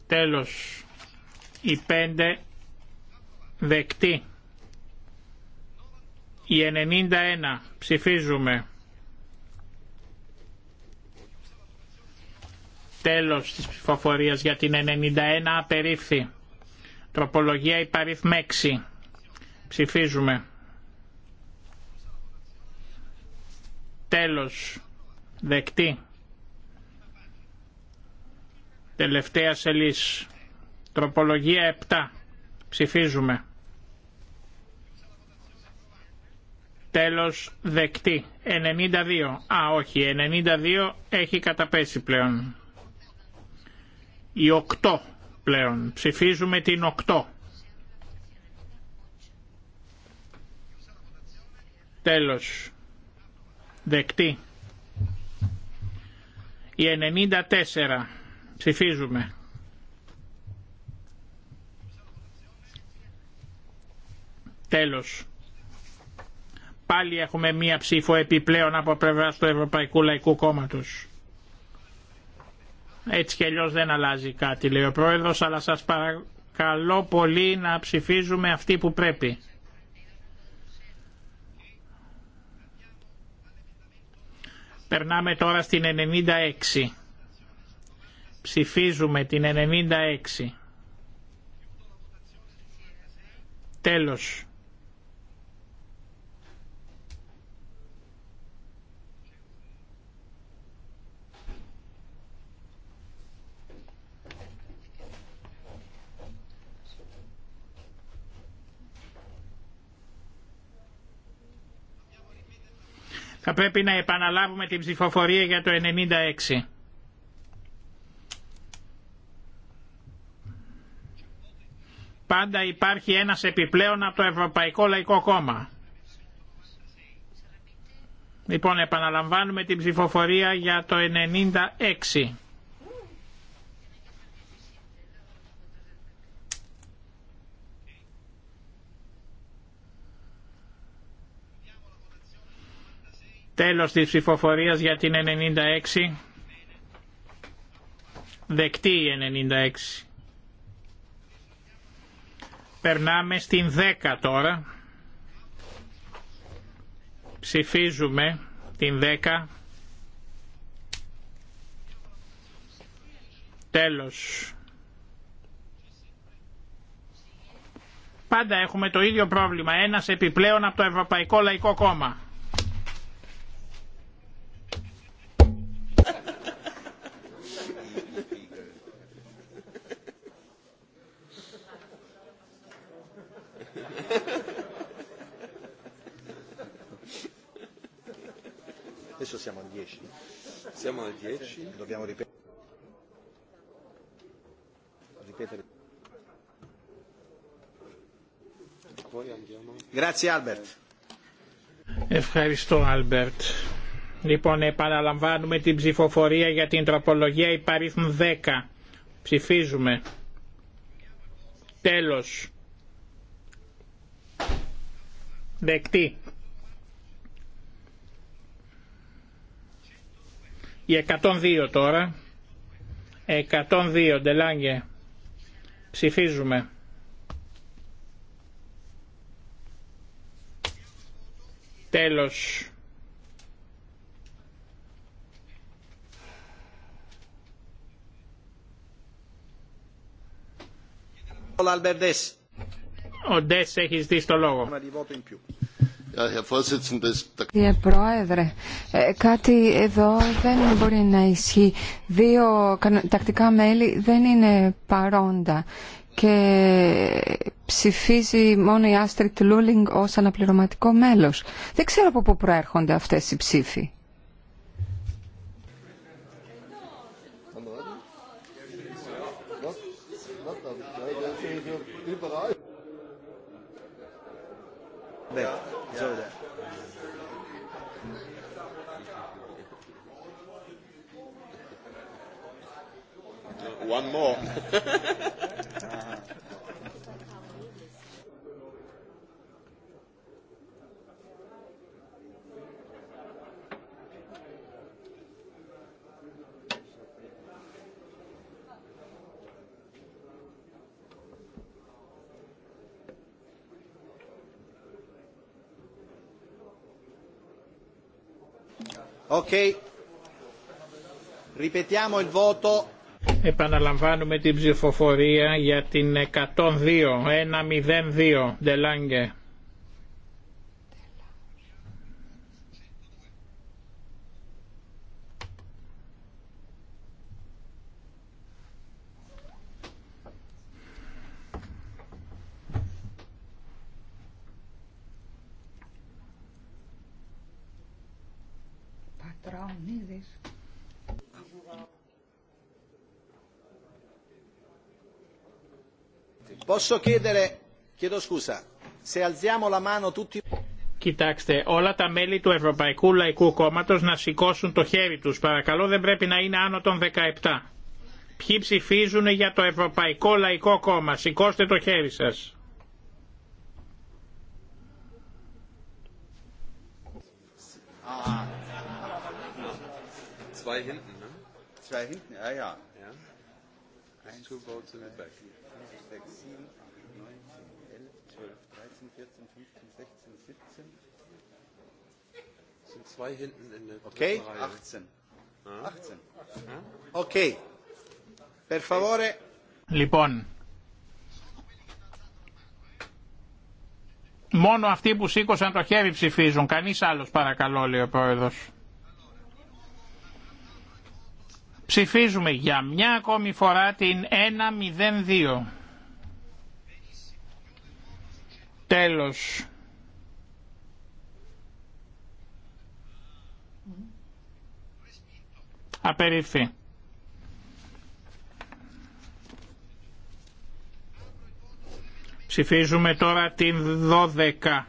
Τέλος. Η 5. Δεκτή. Η 91. Ψηφίζουμε. Τέλος της ψηφοφορίας για την 91 απερίφθη. Τροπολογία υπαρίθμ 6. Ψηφίζουμε. Τέλος. Δεκτή. Τελευταία σελίς. Τροπολογία 7. Ψηφίζουμε. Τέλος δεκτή. 92. Α, όχι. 92 έχει καταπέσει πλέον. Η 8 πλέον. Ψηφίζουμε την 8. Τέλος. Δεκτή. Η 94. Ψηφίζουμε. Τέλος. Πάλι έχουμε μία ψήφο επιπλέον από πλευρά του Ευρωπαϊκού Λαϊκού Κόμματος. Έτσι κι αλλιώς δεν αλλάζει κάτι λέει ο Πρόεδρος, αλλά σας παρακαλώ πολύ να ψηφίζουμε αυτοί που πρέπει. Περνάμε τώρα στην 96. Ψηφίζουμε την 96. Τέλος. Θα πρέπει να επαναλάβουμε την ψηφοφορία για το 96. Πάντα υπάρχει ένας επιπλέον από το Ευρωπαϊκό Λαϊκό Κόμμα. Λοιπόν, επαναλαμβάνουμε την ψηφοφορία για το 96. Τέλος της ψηφοφορίας για την 96. Δεκτή η 96. Περνάμε στην 10 τώρα. Ψηφίζουμε την 10. Τέλος. Πάντα έχουμε το ίδιο πρόβλημα. Ένας επιπλέον από το Ευρωπαϊκό Λαϊκό Κόμμα. 10. Siamo al 10. Dobbiamo ripetere. Ripetere. poi andiamo. Grazie Albert. Ευχαριστώ Άλμπερτ. Λοιπόν, επαναλαμβάνουμε την ψηφοφορία για την τροπολογία υπαρήθμ 10. Ψηφίζουμε. Τέλος. Δεκτή. Η 102 τώρα. 102 Ντελάνγκε. Ψηφίζουμε. Τέλος. Ο Ντες έχει δει το λόγο. Ε, Κύριε Πρόεδρε, ε, κάτι εδώ δεν μπορεί να ισχύει. Δύο τακτικά μέλη δεν είναι παρόντα και ψηφίζει μόνο η Άστριτ Λούλινγκ ως αναπληρωματικό μέλος. Δεν ξέρω από πού προέρχονται αυτές οι ψήφοι. One more. Ripetiamo il voto Επαναλαμβάνουμε την ψηφοφορία για την 102, 102, Ντελάγκε. Κοιτάξτε, όλα τα μέλη του Ευρωπαϊκού Λαϊκού Κόμματος να σηκώσουν το χέρι τους. Παρακαλώ, δεν πρέπει να είναι άνω των 17. Ποιοι ψηφίζουν για το Ευρωπαϊκό Λαϊκό Κόμμα. Σηκώστε το χέρι σας. 6, 7, 8, 9, 10, 11, 12, 13, 14, 15, 16, 17. Sind zwei hinten in der Okay, Reihe. 18. 18. Ja. Okay. Per favore. Λοιπόν, μόνο αυτοί που σήκωσαν το χέρι ψηφίζουν. Κανείς άλλος παρακαλώ, λέει ο Πρόεδρος. Ψηφίζουμε για μια ακόμη φορά την 1-0-2. Τέλος. Απερίφθη. Ψηφίζουμε τώρα την 12.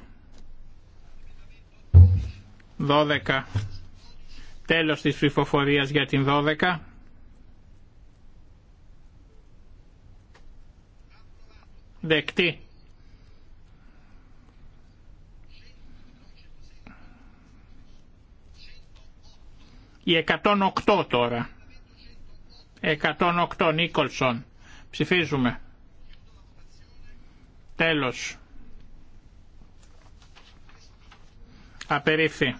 12. Τέλος της ψηφοφορίας για την 12. Δεκτή. Η 108 τώρα. 108 Νίκολσον. Ψηφίζουμε. Τέλος. Απερίφθη.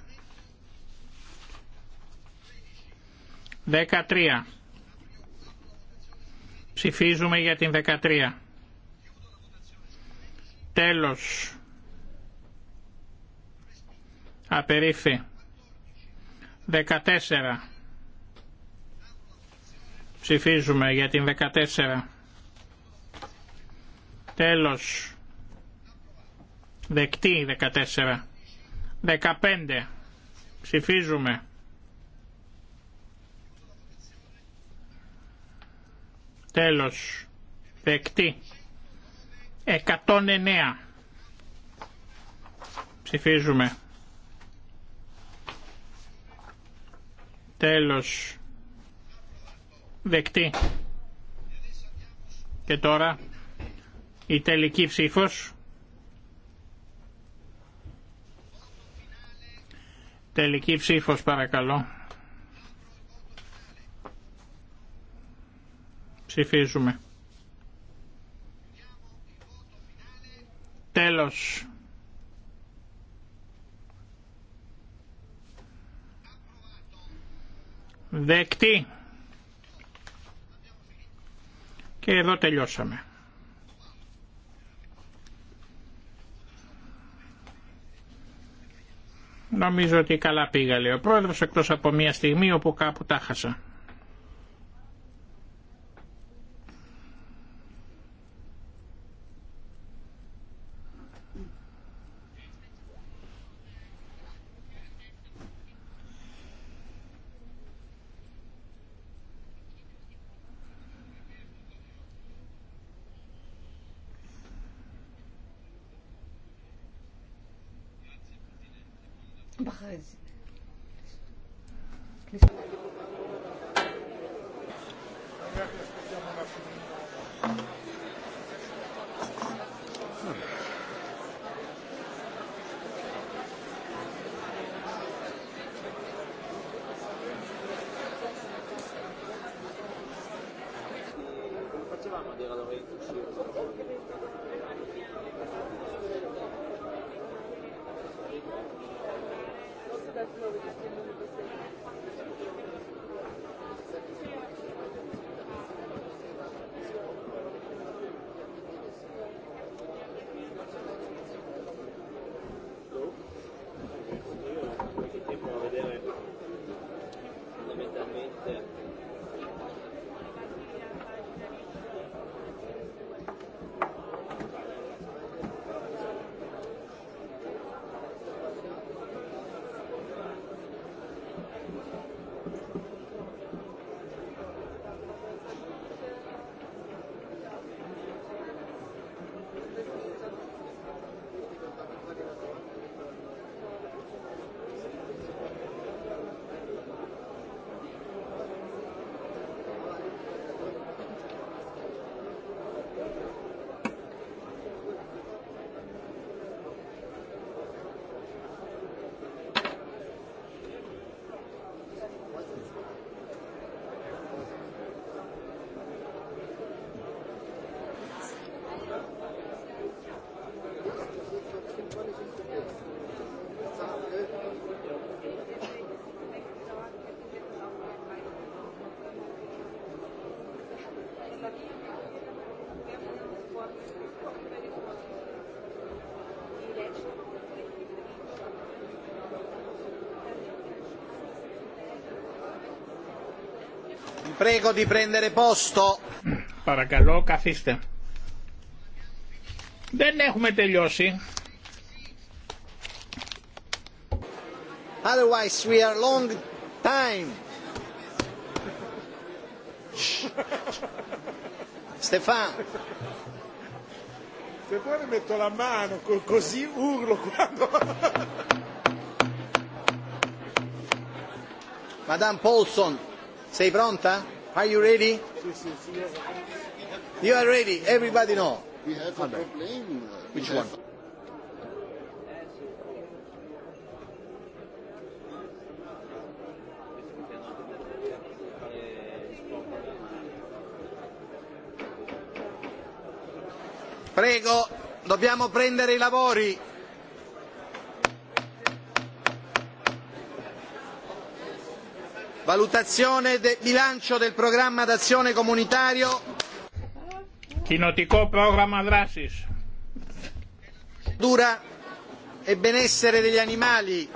13. Ψηφίζουμε για την 13. Τέλος. Απερίφθη. 14. Ψηφίζουμε για την 14. Τέλος. Δεκτή 14. 15. Ψηφίζουμε. Τέλος. Δεκτή. 109. Ψηφίζουμε. Τέλος. Δεκτή. Και τώρα η τελική ψήφος. Τελική ψήφος παρακαλώ. Ψηφίζουμε. Τέλος. Δεκτή. Και εδώ τελειώσαμε. Νομίζω ότι καλά πήγα λέει ο πρόεδρος εκτός από μια στιγμή όπου κάπου τα χάσα. Prego di prendere posto. Παρακαλώ, καθίστε. Δεν έχουμε τελειώσει. Otherwise we are long time. Stefan. Se vuoi metto la mano, così urlo quando... Madame Paulson. Sei pronta? Are you ready? You are ready. Everybody know. We have a problem. Which one? Prego, dobbiamo prendere i lavori. Valutazione del bilancio del programma d'azione comunitario. Κοινοτικό πρόγραμμα δράσης. Dura e benessere degli animali.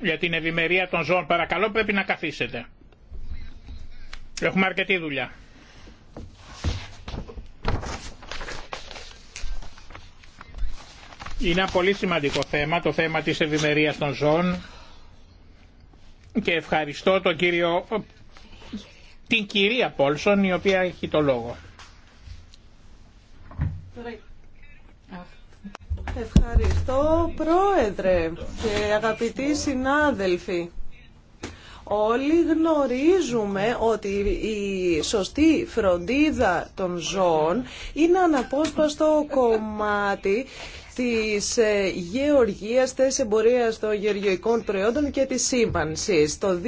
Για την ευημερία των ζώων παρακαλώ πρέπει να καθίσετε. Έχουμε αρκετή δουλειά. Είναι ένα πολύ σημαντικό θέμα, το θέμα της ευημερίας των ζώων και ευχαριστώ τον κύριο, την κυρία Πόλσον η οποία έχει το λόγο. Ευχαριστώ πρόεδρε και αγαπητοί συνάδελφοι. Όλοι γνωρίζουμε ότι η σωστή φροντίδα των ζώων είναι αναπόσπαστο κομμάτι της ε, γεωργίας, της εμπορίας των γεωργικών προϊόντων και της σύμπανσης. Το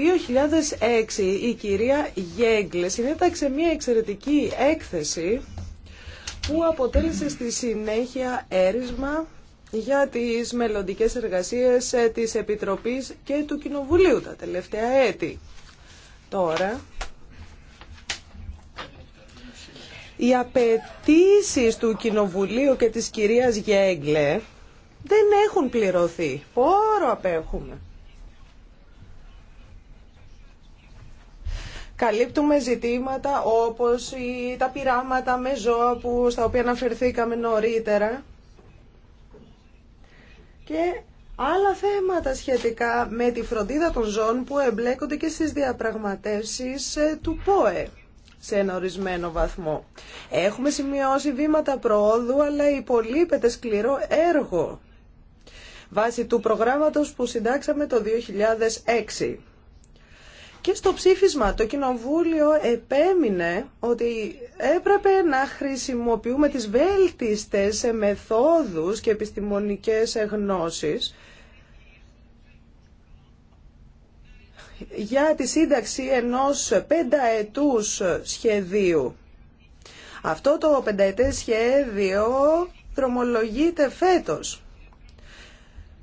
2006 η κυρία Γέγκλε συνέταξε μια εξαιρετική έκθεση που αποτέλεσε στη συνέχεια έρισμα για τις μελλοντικές εργασίες ε, της Επιτροπής και του Κοινοβουλίου τα τελευταία έτη. Τώρα Οι απαιτήσει του Κοινοβουλίου και της κυρίας Γέγκλε δεν έχουν πληρωθεί. Πόρο απέχουμε. Καλύπτουμε ζητήματα όπως τα πειράματα με ζώα που, στα οποία αναφερθήκαμε νωρίτερα και άλλα θέματα σχετικά με τη φροντίδα των ζώων που εμπλέκονται και στις διαπραγματεύσεις ε, του ΠΟΕ σε ένα ορισμένο βαθμό. Έχουμε σημειώσει βήματα προόδου, αλλά υπολείπεται σκληρό έργο βάσει του προγράμματος που συντάξαμε το 2006. Και στο ψήφισμα το Κοινοβούλιο επέμεινε ότι έπρεπε να χρησιμοποιούμε τις βέλτιστες μεθόδους και επιστημονικές γνώσεις για τη σύνταξη ενός πενταετούς σχεδίου. Αυτό το πενταετές σχέδιο δρομολογείται φέτος.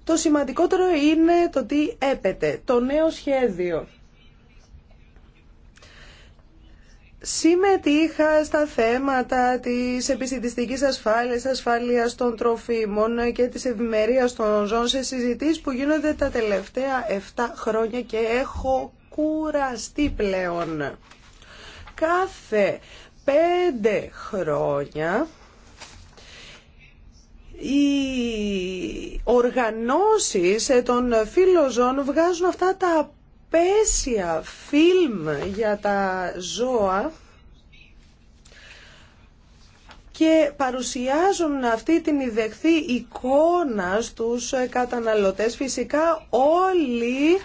Το σημαντικότερο είναι το τι έπεται, το νέο σχέδιο. Συμμετείχα στα θέματα της επιστημιστικής ασφάλειας, ασφάλειας των τροφίμων και της ευημερίας των ζώων σε συζητήσεις που γίνονται τα τελευταία 7 χρόνια και έχω κουραστεί πλέον. Κάθε 5 χρόνια οι οργανώσεις των φίλων βγάζουν αυτά τα πέσια φιλμ για τα ζώα και παρουσιάζουν αυτή την ιδεχθή εικόνα στους καταναλωτές. Φυσικά όλοι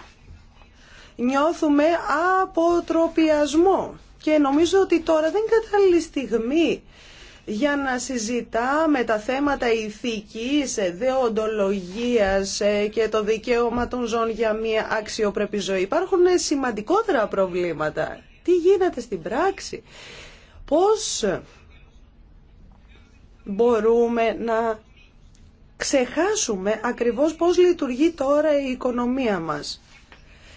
νιώθουμε αποτροπιασμό και νομίζω ότι τώρα δεν είναι κατάλληλη στιγμή για να συζητάμε τα θέματα ηθικής, δεοντολογίας ε, και το δικαίωμα των ζώων για μια αξιοπρεπή ζωή. Υπάρχουν σημαντικότερα προβλήματα. Τι γίνεται στην πράξη. Πώς μπορούμε να ξεχάσουμε ακριβώς πώς λειτουργεί τώρα η οικονομία μας.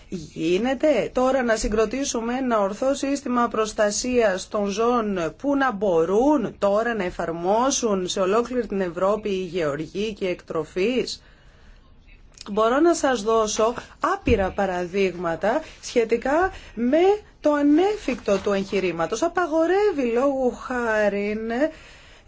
Γίνεται τώρα να συγκροτήσουμε ένα ορθό σύστημα προστασίας των ζώων που να μπορούν τώρα να εφαρμόσουν σε ολόκληρη την Ευρώπη η γεωργία και εκτροφής. εκτροφείς. Μπορώ να σας δώσω άπειρα παραδείγματα σχετικά με το ανέφικτο του εγχειρήματος. Απαγορεύει λόγου χάρη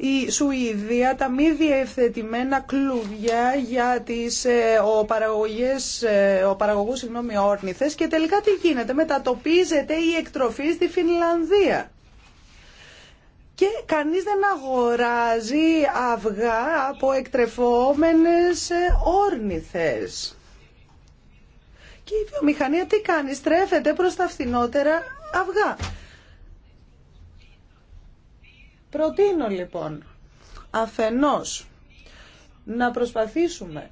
η Σουηδία τα μη διευθετημένα κλουβιά για τις ε, ο παραγωγές, ε, ο παραγωγούς όρνηθες και τελικά τι γίνεται, μετατοπίζεται η εκτροφή στη Φινλανδία. Και κανείς δεν αγοράζει αυγά από εκτρεφόμενες ε, όρνηθες. Και η βιομηχανία τι κάνει, στρέφεται προς τα φθηνότερα αυγά. Προτείνω λοιπόν αφενός να προσπαθήσουμε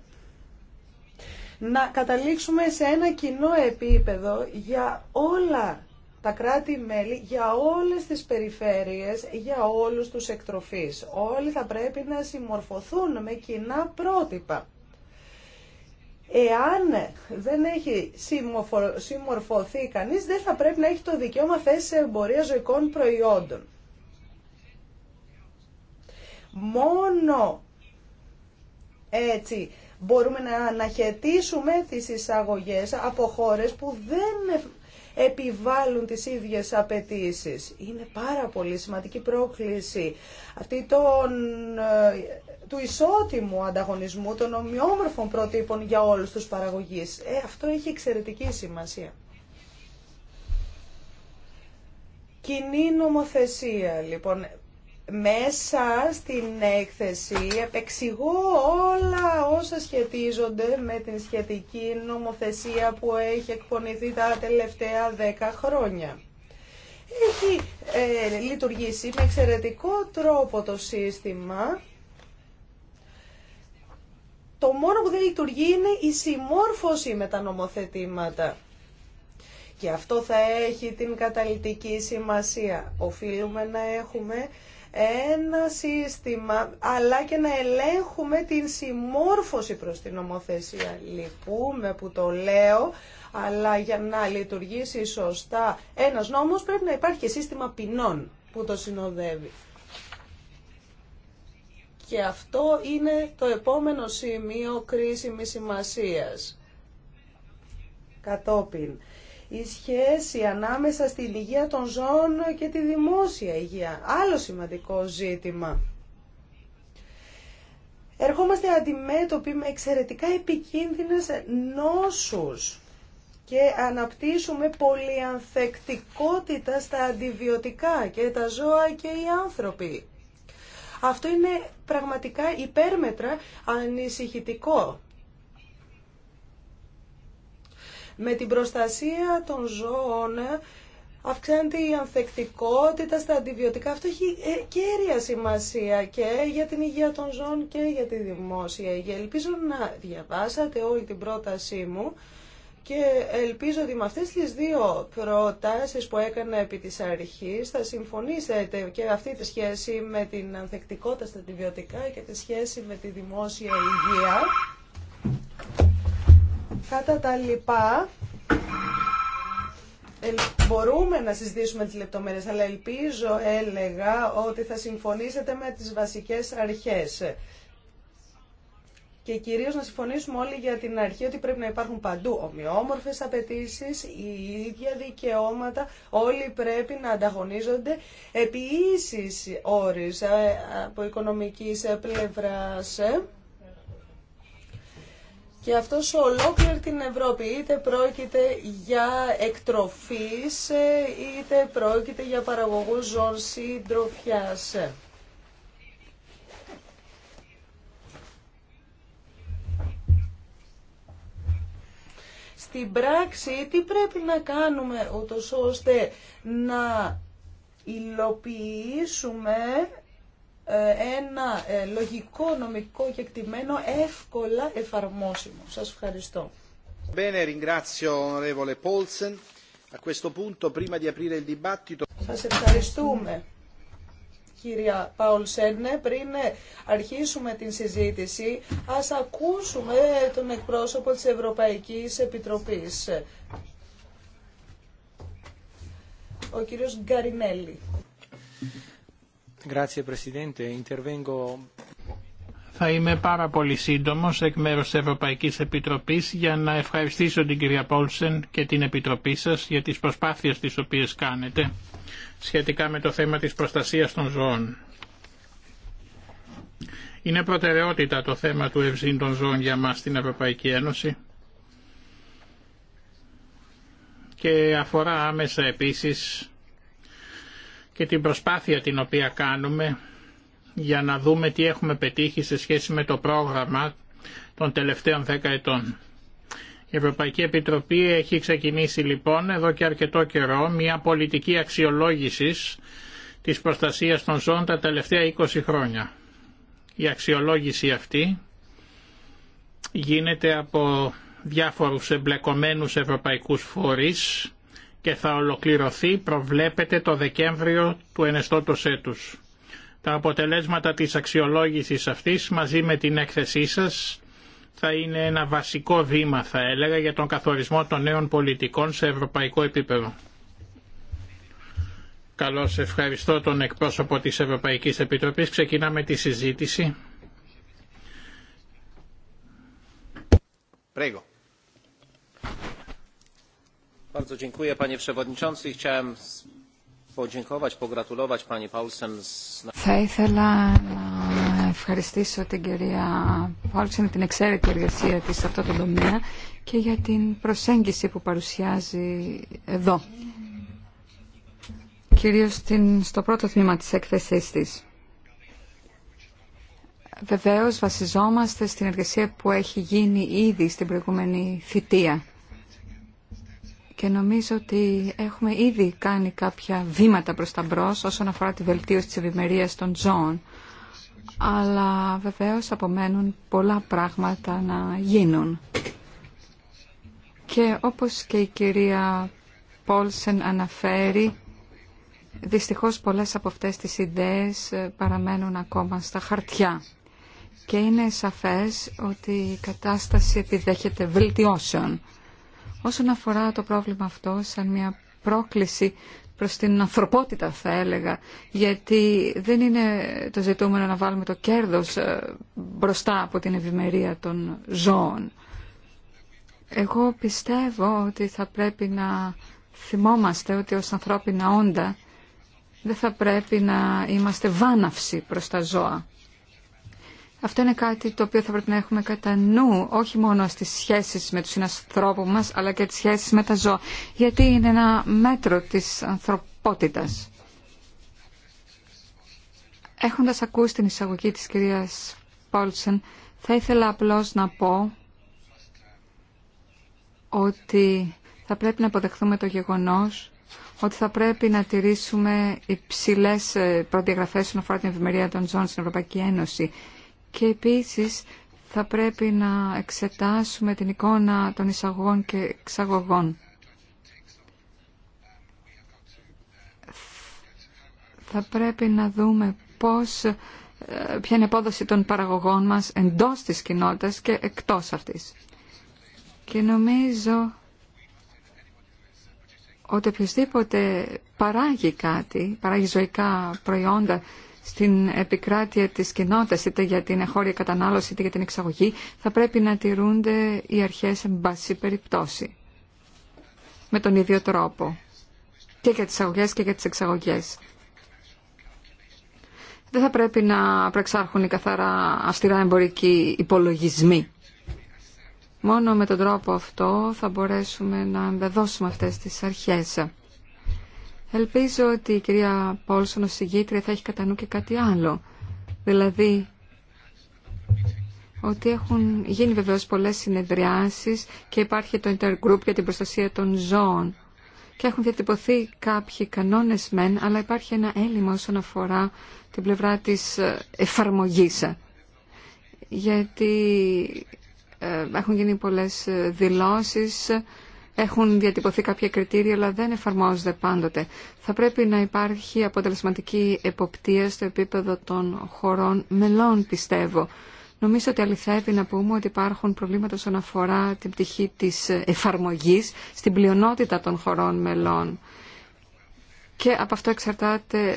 να καταλήξουμε σε ένα κοινό επίπεδο για όλα τα κράτη-μέλη, για όλες τις περιφέρειες, για όλους τους εκτροφείς. Όλοι θα πρέπει να συμμορφωθούν με κοινά πρότυπα. Εάν δεν έχει συμμορφωθεί κανείς, δεν θα πρέπει να έχει το δικαίωμα θέση εμπορία ζωικών προϊόντων. Μόνο έτσι μπορούμε να αναχαιτήσουμε τις εισαγωγές από χώρες που δεν επιβάλλουν τις ίδιες απαιτήσει. Είναι πάρα πολύ σημαντική πρόκληση αυτή των, ε, του ισότιμου ανταγωνισμού των ομοιόμορφων προτύπων για όλους τους παραγωγείς. Ε, αυτό έχει εξαιρετική σημασία. Κοινή νομοθεσία, λοιπόν, μέσα στην έκθεση επεξηγώ όλα όσα σχετίζονται με την σχετική νομοθεσία που έχει εκπονηθεί τα τελευταία δέκα χρόνια. Έχει ε, λειτουργήσει με εξαιρετικό τρόπο το σύστημα. Το μόνο που δεν λειτουργεί είναι η συμμόρφωση με τα νομοθετήματα. Και αυτό θα έχει την καταλητική σημασία. Οφείλουμε να έχουμε ένα σύστημα, αλλά και να ελέγχουμε την συμμόρφωση προς την νομοθεσία. Λυπούμε που το λέω, αλλά για να λειτουργήσει σωστά ένας νόμος πρέπει να υπάρχει και σύστημα ποινών που το συνοδεύει. Και αυτό είναι το επόμενο σημείο κρίσιμης σημασίας. Κατόπιν, η σχέση ανάμεσα στην υγεία των ζώων και τη δημόσια υγεία. Άλλο σημαντικό ζήτημα. Ερχόμαστε αντιμέτωποι με εξαιρετικά επικίνδυνες νόσους και αναπτύσσουμε πολυανθεκτικότητα στα αντιβιωτικά και τα ζώα και οι άνθρωποι. Αυτό είναι πραγματικά υπέρμετρα ανησυχητικό. Με την προστασία των ζώων αυξάνεται η ανθεκτικότητα στα αντιβιωτικά. Αυτό έχει ε, κέρια σημασία και για την υγεία των ζώων και για τη δημόσια υγεία. Ελπίζω να διαβάσατε όλη την πρότασή μου και ελπίζω ότι με αυτές τις δύο προτάσεις που έκανα επί της αρχής θα συμφωνήσετε και αυτή τη σχέση με την ανθεκτικότητα στα αντιβιωτικά και τη σχέση με τη δημόσια υγεία. Κατά τα λοιπά, μπορούμε να συζητήσουμε τις λεπτομέρειες, αλλά ελπίζω, έλεγα, ότι θα συμφωνήσετε με τις βασικές αρχές. Και κυρίως να συμφωνήσουμε όλοι για την αρχή ότι πρέπει να υπάρχουν παντού ομοιόμορφες απαιτήσει, οι ίδια δικαιώματα, όλοι πρέπει να ανταγωνίζονται επί ίσης όρης ε, από οικονομικής ε, πλευράς. Ε και αυτό σε ολόκληρη την Ευρώπη. Είτε πρόκειται για εκτροφής, είτε πρόκειται για παραγωγούς ζώων συντροφιάς. Στην πράξη, τι πρέπει να κάνουμε ούτως ώστε να υλοποιήσουμε ε, ένα ε, λογικό νομικό και εκτιμένο, εύκολα εφαρμόσιμο. Σας ευχαριστώ. Σας ευχαριστούμε κυρία Παουλσένε, πριν αρχίσουμε την συζήτηση, ας ακούσουμε τον εκπρόσωπο της Ευρωπαϊκής Επιτροπής. Ο κύριος Γκαρινέλη. Θα είμαι πάρα πολύ σύντομος εκ μέρους της Ευρωπαϊκής Επιτροπής για να ευχαριστήσω την κυρία Πόλσεν και την Επιτροπή σας για τις προσπάθειες τις οποίες κάνετε σχετικά με το θέμα της προστασίας των ζώων. Είναι προτεραιότητα το θέμα του ευζήν των ζώων για μας στην Ευρωπαϊκή Ένωση και αφορά άμεσα επίσης και την προσπάθεια την οποία κάνουμε για να δούμε τι έχουμε πετύχει σε σχέση με το πρόγραμμα των τελευταίων 10 ετών. Η Ευρωπαϊκή Επιτροπή έχει ξεκινήσει λοιπόν εδώ και αρκετό καιρό μια πολιτική αξιολόγησης της προστασίας των ζώων τα τελευταία 20 χρόνια. Η αξιολόγηση αυτή γίνεται από διάφορους εμπλεκομένους ευρωπαϊκούς φορείς και θα ολοκληρωθεί προβλέπεται το Δεκέμβριο του ενεστώτος έτους. Τα αποτελέσματα της αξιολόγησης αυτής μαζί με την έκθεσή σας θα είναι ένα βασικό βήμα θα έλεγα για τον καθορισμό των νέων πολιτικών σε ευρωπαϊκό επίπεδο. Καλώς ευχαριστώ τον εκπρόσωπο της Ευρωπαϊκής Επιτροπής. Ξεκινάμε τη συζήτηση. Πρέγω θα ήθελα να ευχαριστήσω την κυρία Πάουλσεν την εξαίρετη εργασία τη σε αυτό το τομέα και για την προσέγγιση που παρουσιάζει εδώ. Κυρίω στο πρώτο τμήμα τη έκθεση της. Βεβαίω βασιζόμαστε στην εργασία που έχει γίνει ήδη στην προηγούμενη θητεία και νομίζω ότι έχουμε ήδη κάνει κάποια βήματα προς τα μπρος όσον αφορά τη βελτίωση της ευημερίας των ζώων. Αλλά βεβαίως απομένουν πολλά πράγματα να γίνουν. Και όπως και η κυρία Πόλσεν αναφέρει, δυστυχώς πολλές από αυτές τις ιδέες ε, παραμένουν ακόμα στα χαρτιά. Και είναι σαφές ότι η κατάσταση επιδέχεται βελτιώσεων. Όσον αφορά το πρόβλημα αυτό σαν μια πρόκληση προς την ανθρωπότητα θα έλεγα, γιατί δεν είναι το ζητούμενο να βάλουμε το κέρδος ε, μπροστά από την ευημερία των ζώων. Εγώ πιστεύω ότι θα πρέπει να θυμόμαστε ότι ως ανθρώπινα όντα δεν θα πρέπει να είμαστε βάναυση προς τα ζώα. Αυτό είναι κάτι το οποίο θα πρέπει να έχουμε κατά νου, όχι μόνο στις σχέσεις με τους συνανθρώπους μας, αλλά και τις σχέσεις με τα ζώα, γιατί είναι ένα μέτρο της ανθρωπότητας. Έχοντας ακούσει την εισαγωγή της κυρίας Πόλσεν, θα ήθελα απλώς να πω ότι θα πρέπει να αποδεχθούμε το γεγονός ότι θα πρέπει να τηρήσουμε υψηλές προδιαγραφές όσον αφορά την ευημερία των ζώων στην Ευρωπαϊκή Ένωση και επίσης θα πρέπει να εξετάσουμε την εικόνα των εισαγωγών και εξαγωγών. Θα πρέπει να δούμε πώς, ε, ποια είναι η απόδοση των παραγωγών μας εντός της κοινότητας και εκτός αυτής. Και νομίζω ότι οποιοδήποτε παράγει κάτι, παράγει ζωικά προϊόντα στην επικράτεια της κοινότητας, είτε για την εγχώρια κατανάλωση, είτε για την εξαγωγή, θα πρέπει να τηρούνται οι αρχές μπάση περιπτώσει. Με τον ίδιο τρόπο. Και για τις αγωγές και για τις εξαγωγές. Δεν θα πρέπει να προεξάρχουν οι καθαρά αυστηρά εμπορικοί υπολογισμοί. Μόνο με τον τρόπο αυτό θα μπορέσουμε να εμπεδώσουμε αυτές τις αρχές. Ελπίζω ότι η κυρία Πόλσον ως συγγήτρια θα έχει κατά νου και κάτι άλλο. Δηλαδή ότι έχουν γίνει βεβαίως πολλές συνεδριάσεις και υπάρχει το Intergroup για την προστασία των ζώων και έχουν διατυπωθεί κάποιοι κανόνες μεν, αλλά υπάρχει ένα έλλειμμα όσον αφορά την πλευρά της ε, εφαρμογής. Γιατί ε, έχουν γίνει πολλές ε, δηλώσεις έχουν διατυπωθεί κάποια κριτήρια, αλλά δεν εφαρμόζονται πάντοτε. Θα πρέπει να υπάρχει αποτελεσματική εποπτεία στο επίπεδο των χωρών μελών, πιστεύω. Νομίζω ότι αληθεύει να πούμε ότι υπάρχουν προβλήματα όσον αφορά την πτυχή της εφαρμογής στην πλειονότητα των χωρών μελών. Και από αυτό εξαρτάται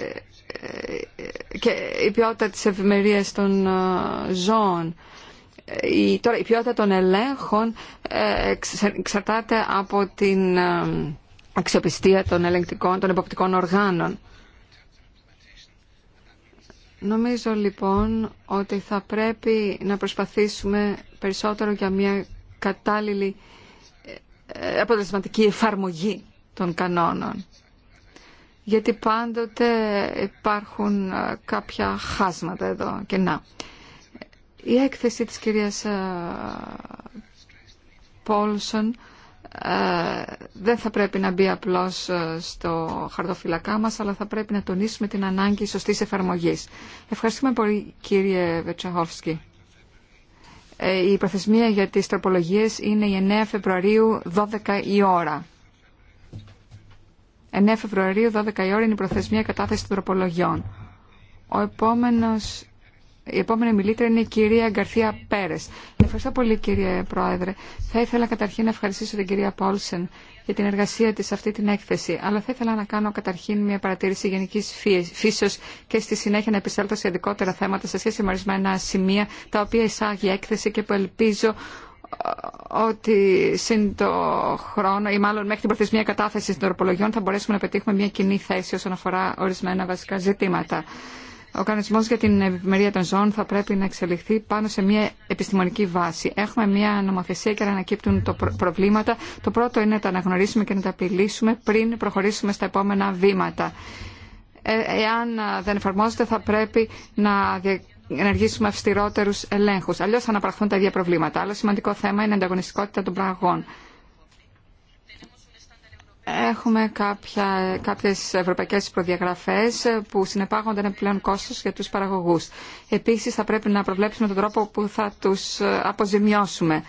ε, ε, και η ποιότητα της ευημερίας των ε, ζώων η, ποιότητα των ελέγχων ε, εξαρτάται από την ε, αξιοπιστία των ελεγκτικών, των εποπτικών οργάνων. Νομίζω λοιπόν ότι θα πρέπει να προσπαθήσουμε περισσότερο για μια κατάλληλη ε, αποτελεσματική εφαρμογή των κανόνων. Γιατί πάντοτε υπάρχουν κάποια χάσματα εδώ και να. Η έκθεση της κυρίας ε, Πόλσον ε, δεν θα πρέπει να μπει απλώς ε, στο χαρτοφυλακά μας, αλλά θα πρέπει να τονίσουμε την ανάγκη σωστής εφαρμογής. Ευχαριστούμε πολύ κύριε Βετσαχόφσκι. Η προθεσμία για τις τροπολογίες είναι η 9 Φεβρουαρίου 12 η ώρα. 9 Φεβρουαρίου 12 η ώρα είναι η προθεσμία κατάθεση των τροπολογιών. Ο επόμενος η επόμενη μιλήτρια είναι η κυρία Γκαρθία Πέρε. Ευχαριστώ πολύ κύριε Πρόεδρε. Θα ήθελα καταρχήν να ευχαριστήσω την κυρία Πόλσεν για την εργασία τη σε αυτή την έκθεση. Αλλά θα ήθελα να κάνω καταρχήν μια παρατήρηση γενική φύσεω και στη συνέχεια να επισέλθω σε ειδικότερα θέματα σε σχέση με ορισμένα σημεία τα οποία εισάγει η έκθεση και που ελπίζω ε, ότι συν χρόνο ή μάλλον μέχρι την προθεσμία κατάθεση των τροπολογιών θα μπορέσουμε να πετύχουμε μια κοινή θέση όσον αφορά ορισμένα βασικά ζητήματα. Ο κανονισμός για την ευημερία των ζώων θα πρέπει να εξελιχθεί πάνω σε μια επιστημονική βάση. Έχουμε μια νομοθεσία και ανακύπτουν το προβλήματα. Το πρώτο είναι να τα αναγνωρίσουμε και να τα απειλήσουμε πριν προχωρήσουμε στα επόμενα βήματα. Ε, εάν δεν εφαρμόζεται θα πρέπει να ενεργήσουμε αυστηρότερου ελέγχου. Αλλιώ θα αναπραχθούν τα ίδια προβλήματα. Άλλο σημαντικό θέμα είναι η ανταγωνιστικότητα των πραγών. Έχουμε κάποια, κάποιες ευρωπαϊκές προδιαγραφές που συνεπάγονται ένα πλέον κόστος για τους παραγωγούς. Επίσης θα πρέπει να προβλέψουμε τον τρόπο που θα τους αποζημιώσουμε.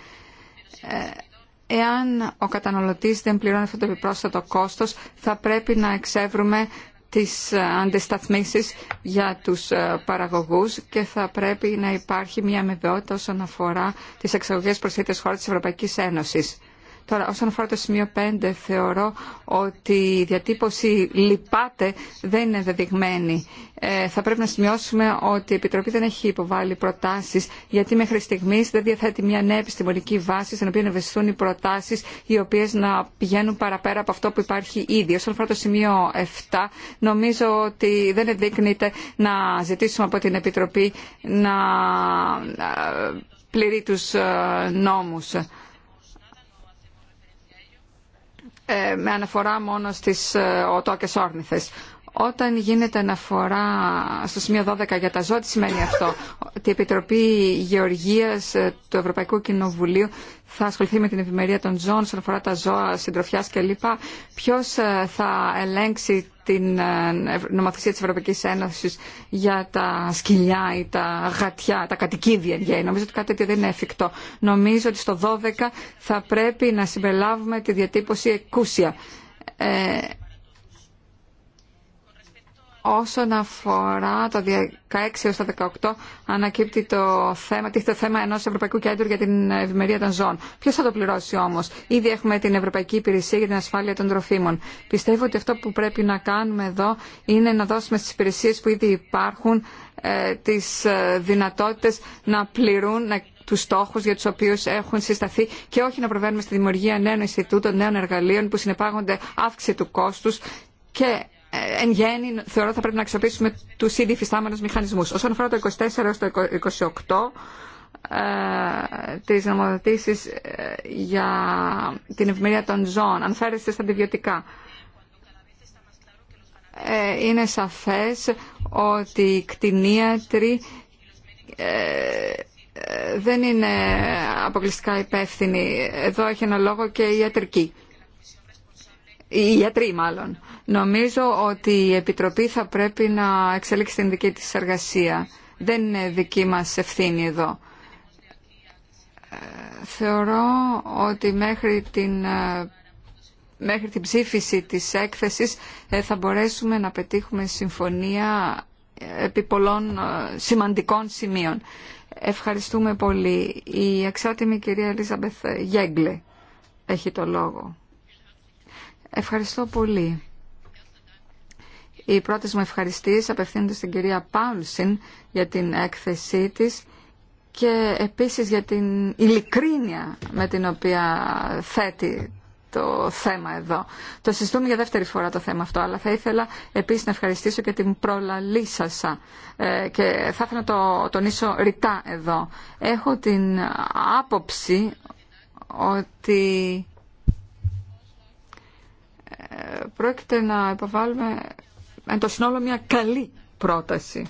Ε, εάν ο καταναλωτής δεν πληρώνει αυτό το επιπρόσθετο κόστος, θα πρέπει να εξεύρουμε τις αντισταθμίσεις για τους ε, παραγωγούς και θα πρέπει να υπάρχει μια αμοιβαιότητα όσον αφορά τις εξαγωγές προς χώρες της Ευρωπαϊκής Ένωσης Τώρα, όσον αφορά το σημείο 5, θεωρώ ότι η διατύπωση «λυπάται» δεν είναι δεδειγμένη. Ε, θα πρέπει να σημειώσουμε ότι η Επιτροπή δεν έχει υποβάλει προτάσεις, γιατί μέχρι στιγμής δεν διαθέτει μια νέα επιστημονική βάση, στην οποία ευαισθούν οι προτάσεις, οι οποίες να πηγαίνουν παραπέρα από αυτό που υπάρχει ήδη. Όσον αφορά το σημείο 7, νομίζω ότι δεν ενδείκνυται να ζητήσουμε από την Επιτροπή να ε, πληρεί τους ε, νόμους Ε, με αναφορά μόνο στις ε, οτόκες όρνηθες. Όταν γίνεται αναφορά στο σημείο 12 για τα ζώα, τι σημαίνει αυτό. Ότι η Επιτροπή Γεωργίας του Ευρωπαϊκού Κοινοβουλίου θα ασχοληθεί με την ευημερία των ζώων, όσον αφορά τα ζώα συντροφιά κλπ. Ποιο ε, θα ελέγξει την ε, νομοθεσία της Ευρωπαϊκής Ένωσης για τα σκυλιά ή τα γατιά, τα κατοικίδια γέννη. Νομίζω ότι κάτι τέτοιο δεν είναι εφικτό. Νομίζω ότι στο 12 θα πρέπει να συμπελάβουμε τη διατύπωση εκούσια. Ε, Όσον αφορά το 16 έως το 18 ανακύπτει το θέμα, το θέμα ενός Ευρωπαϊκού Κέντρου για την Ευημερία των Ζώων. Ποιος θα το πληρώσει όμως. Ήδη έχουμε την Ευρωπαϊκή Υπηρεσία για την Ασφάλεια των Τροφίμων. Πιστεύω ότι αυτό που πρέπει να κάνουμε εδώ είναι να δώσουμε στις υπηρεσίες που ήδη υπάρχουν ε, τις ε, δυνατότητες να πληρούν, να του στόχου για του οποίου έχουν συσταθεί και όχι να προβαίνουμε στη δημιουργία νέων Ινστιτούτων, νέων εργαλείων που συνεπάγονται αύξηση του κόστου και ε, εν γέννη θεωρώ ότι θα πρέπει να αξιοποιήσουμε τους ήδη φυστάμενους μηχανισμούς. Όσον αφορά το 24 έως το 28 ε, τις νομοθετήσεις ε, για την ευημερία των ζώων, αν φέρεστε στα αντιβιωτικά. είναι σαφές ότι οι κτηνίατροι δεν είναι αποκλειστικά υπεύθυνοι. Εδώ έχει ένα λόγο και η ιατρική. Οι ιατροί μάλλον. Νομίζω ότι η Επιτροπή θα πρέπει να εξελίξει την δική της εργασία. Δεν είναι δική μας ευθύνη εδώ. Θεωρώ ότι μέχρι την, ε, μέχρι την ψήφιση της έκθεσης ε, θα μπορέσουμε να πετύχουμε συμφωνία ε, επί πολλών σημαντικών σημείων. Ευχαριστούμε πολύ. Η εξάτιμη κυρία Ελίζαμπεθ Γέγκλε έχει το λόγο. Ευχαριστώ πολύ. Οι πρώτες μου ευχαριστήσει απευθύνονται στην κυρία Πάουλσιν για την έκθεσή της και επίσης για την ειλικρίνεια με την οποία θέτει το θέμα εδώ. Το συζητούμε για δεύτερη φορά το θέμα αυτό, αλλά θα ήθελα επίσης να ευχαριστήσω και την προλαλήσασα ε, και θα ήθελα να το τονίσω ρητά εδώ. Έχω την άποψη ότι ε, πρόκειται να υποβάλουμε εν το συνόλο μια καλή πρόταση.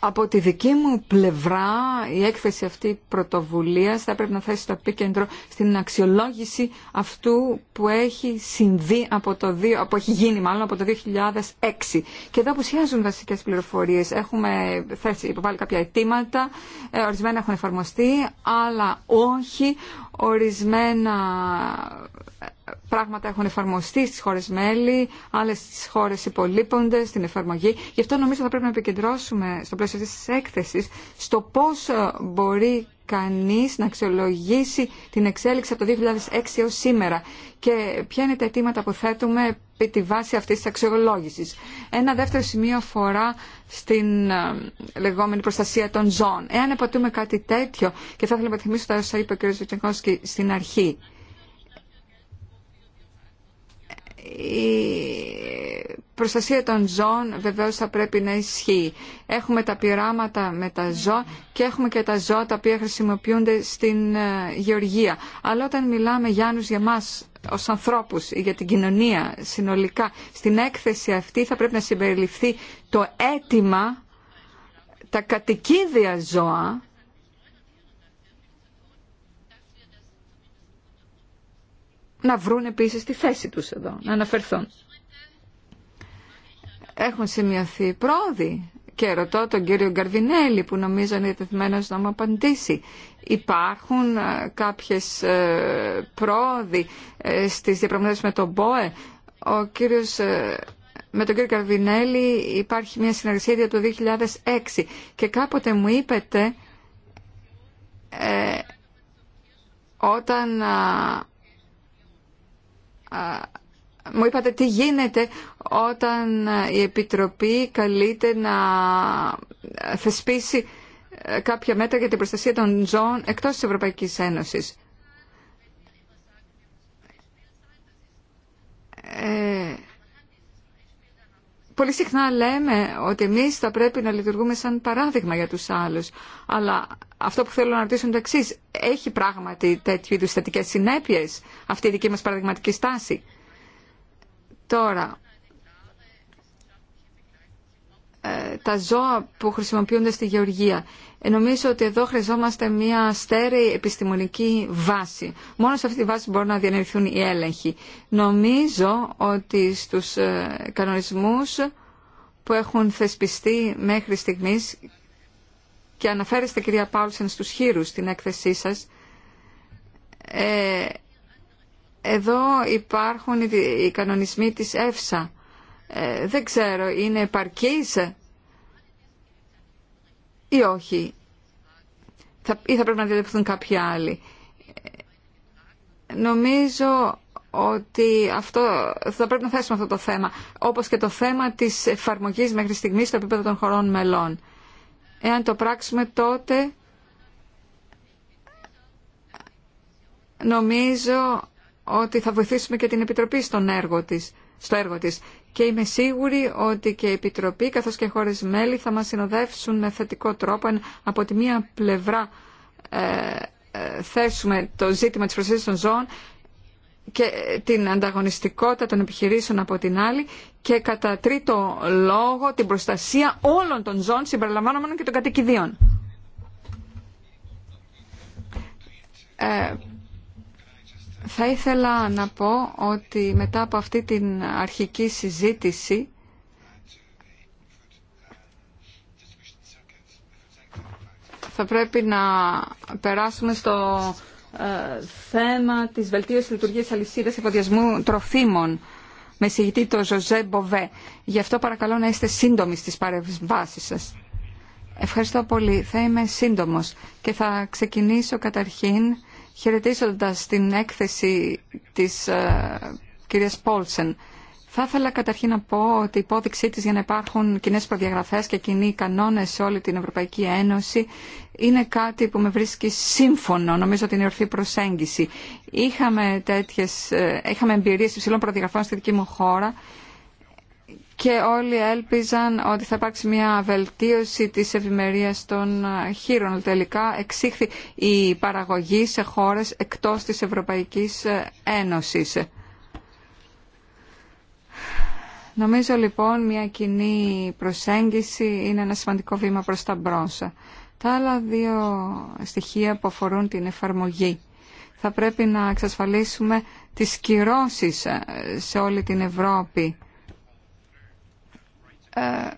Από τη δική μου πλευρά η έκθεση αυτή πρωτοβουλίας θα πρέπει να θέσει το επίκεντρο στην αξιολόγηση αυτού που έχει συμβεί από το που έχει γίνει μάλλον από το 2006. Και εδώ αποσιάζουν βασικές πληροφορίες. Έχουμε θέσει υποβάλει κάποια αιτήματα, ε, ορισμένα έχουν εφαρμοστεί, αλλά όχι ορισμένα πράγματα έχουν εφαρμοστεί στις χώρες μέλη, άλλες στις χώρες υπολείπονται στην εφαρμογή. Γι' αυτό νομίζω θα πρέπει να επικεντρώσουμε στο πλαίσιο αυτής της έκθεσης στο πώς ε, μπορεί κανείς να αξιολογήσει την εξέλιξη από το 2006 έως σήμερα και ποια είναι τα αιτήματα που θέτουμε επί τη βάση αυτής της αξιολόγησης. Ένα δεύτερο σημείο αφορά στην ε, λεγόμενη προστασία των ζώων. Εάν επατούμε κάτι τέτοιο, και θα ήθελα να θυμίσω τα όσα είπε ο κ. στην αρχή, η προστασία των ζώων βεβαίως θα πρέπει να ισχύει. Έχουμε τα πειράματα με τα ζώα και έχουμε και τα ζώα τα οποία χρησιμοποιούνται στην ε, γεωργία. Αλλά όταν μιλάμε Γιάννους για μας ως ανθρώπους ή για την κοινωνία συνολικά, στην έκθεση αυτή θα πρέπει να συμπεριληφθεί το αίτημα τα κατοικίδια ζώα να βρουν επίσης τη θέση τους εδώ, να αναφερθούν. Έχουν σημειωθεί πρόοδοι και ρωτώ τον κύριο Γκαρβινέλη που νομίζω είναι διατεθειμένος να μου απαντήσει. Υπάρχουν ε, κάποιες ε, πρόοδοι ε, στις διαπραγματεύσεις με τον ΠΟΕ. Ο κύριος με τον κύριο Γκαρδινέλη υπάρχει μια συνεργασία για το 2006 και κάποτε μου είπετε ε, όταν μου είπατε τι γίνεται όταν η Επιτροπή καλείται να θεσπίσει ε, κάποια μέτρα για την προστασία των ζώων εκτός της Ευρωπαϊκής Ένωσης. Ε, πολύ συχνά λέμε ότι εμείς θα πρέπει να λειτουργούμε σαν παράδειγμα για τους άλλους. Αλλά αυτό που θέλω να ρωτήσω είναι το εξή. Έχει πράγματι τέτοιου είδους θετικές συνέπειες αυτή η δική μας παραδειγματική στάση. Τώρα, ε, τα ζώα που χρησιμοποιούνται στη γεωργία ε, νομίζω ότι εδώ χρειαζόμαστε μια στέρεη επιστημονική βάση. Μόνο σε αυτή τη βάση μπορούν να διενεργηθούν οι έλεγχοι. Νομίζω ότι στους ε, κανονισμούς που έχουν θεσπιστεί μέχρι στιγμής και αναφέρεστε κυρία Πάουλσεν στους χείρους την έκθεσή σας, ε, εδώ υπάρχουν οι κανονισμοί της ΕΦΣΑ. Ε, δεν ξέρω, είναι επαρκής ή όχι. Θα, ή θα πρέπει να διαδεχθούν κάποιοι άλλοι. Νομίζω ότι αυτό, θα πρέπει να θέσουμε αυτό το θέμα, όπως και το θέμα της εφαρμογής μέχρι στιγμή στο επίπεδο των χωρών μελών. Εάν το πράξουμε τότε, νομίζω ότι θα βοηθήσουμε και την Επιτροπή στον έργο της στο έργο της. Και είμαι σίγουρη ότι και η Επιτροπή καθώς και χώρες μέλη θα μας συνοδεύσουν με θετικό τρόπο από τη μία πλευρά ε, ε, θέσουμε το ζήτημα της προστασίας των ζώων και την ανταγωνιστικότητα των επιχειρήσεων από την άλλη και κατά τρίτο λόγο την προστασία όλων των ζώων συμπεριλαμβανομένων και των κατοικιδίων. Ε, θα ήθελα να πω ότι μετά από αυτή την αρχική συζήτηση θα πρέπει να περάσουμε στο ε, θέμα της βελτίωσης λειτουργίας αλυσίδας εφοδιασμού τροφίμων με συγητή το Ζωζέ Μποβέ. Γι' αυτό παρακαλώ να είστε σύντομοι στις παρεμβάσεις σας. Ευχαριστώ πολύ. Θα είμαι σύντομος και θα ξεκινήσω καταρχήν χαιρετίζοντας την έκθεση της ε, κυρίας Πόλσεν. Θα ήθελα καταρχήν να πω ότι η υπόδειξή της για να υπάρχουν κοινέ προδιαγραφές και κοινοί κανόνες σε όλη την Ευρωπαϊκή Ένωση είναι κάτι που με βρίσκει σύμφωνο, νομίζω ότι την ορθή προσέγγιση. Είχαμε, τέτοιες, ε, είχαμε εμπειρίες υψηλών προδιαγραφών στη δική μου χώρα και όλοι έλπιζαν ότι θα υπάρξει μια βελτίωση της ευημερία των χείρων. Τελικά εξήχθη η παραγωγή σε χώρες εκτός της Ευρωπαϊκής Ένωσης. Νομίζω λοιπόν μια κοινή προσέγγιση είναι ένα σημαντικό βήμα προς τα μπρος. Τα άλλα δύο στοιχεία που αφορούν την εφαρμογή. Θα πρέπει να εξασφαλίσουμε τις κυρώσεις σε όλη την Ευρώπη ε,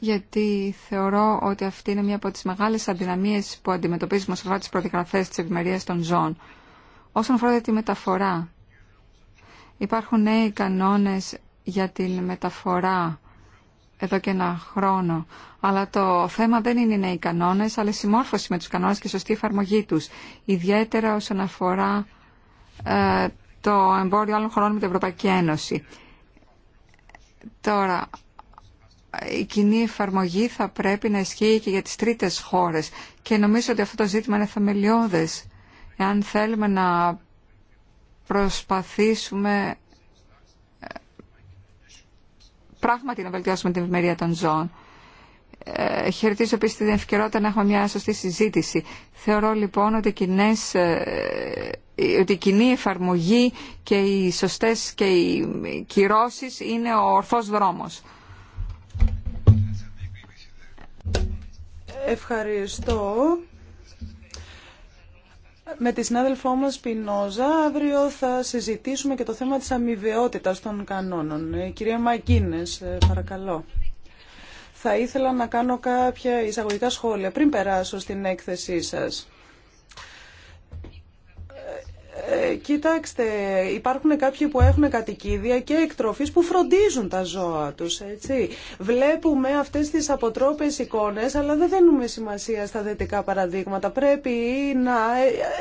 γιατί θεωρώ ότι αυτή είναι μία από τις μεγάλες αντιναμίες που αντιμετωπίζουμε όσον αφορά τις προδιαγραφές της ευημερίας των ζώων. Όσον αφορά τη μεταφορά, υπάρχουν νέοι κανόνες για τη μεταφορά εδώ και ένα χρόνο. Αλλά το θέμα δεν είναι οι νέοι κανόνες, αλλά η συμμόρφωση με τους κανόνες και η σωστή εφαρμογή τους. Ιδιαίτερα όσον αφορά ε, το εμπόριο άλλων χωρών με την Ευρωπαϊκή Ένωση. Τώρα, η κοινή εφαρμογή θα πρέπει να ισχύει και για τις τρίτες χώρες και νομίζω ότι αυτό το ζήτημα είναι θεμελιώδες. Εάν θέλουμε να προσπαθήσουμε ε, πράγματι να βελτιώσουμε την ευημερία των ζώων. Ε, χαιρετίζω επίση την ευκαιρότητα να έχουμε μια σωστή συζήτηση. Θεωρώ λοιπόν ότι, κοινές, ε, ότι η κοινή εφαρμογή και οι σωστές και οι κυρώσεις είναι ο ορθός δρόμος. Ευχαριστώ. Με τη συνάδελφό μας Πινόζα, αύριο θα συζητήσουμε και το θέμα της αμοιβαιότητας των κανόνων. Ε, κυρία Μακίνες, ε, παρακαλώ. Θα ήθελα να κάνω κάποια εισαγωγικά σχόλια πριν περάσω στην έκθεσή σας. Ε, κοιτάξτε, υπάρχουν κάποιοι που έχουν κατοικίδια και εκτροφείς που φροντίζουν τα ζώα τους, έτσι. Βλέπουμε αυτές τις αποτρόπες εικόνες, αλλά δεν δίνουμε σημασία στα δυτικά παραδείγματα. Πρέπει να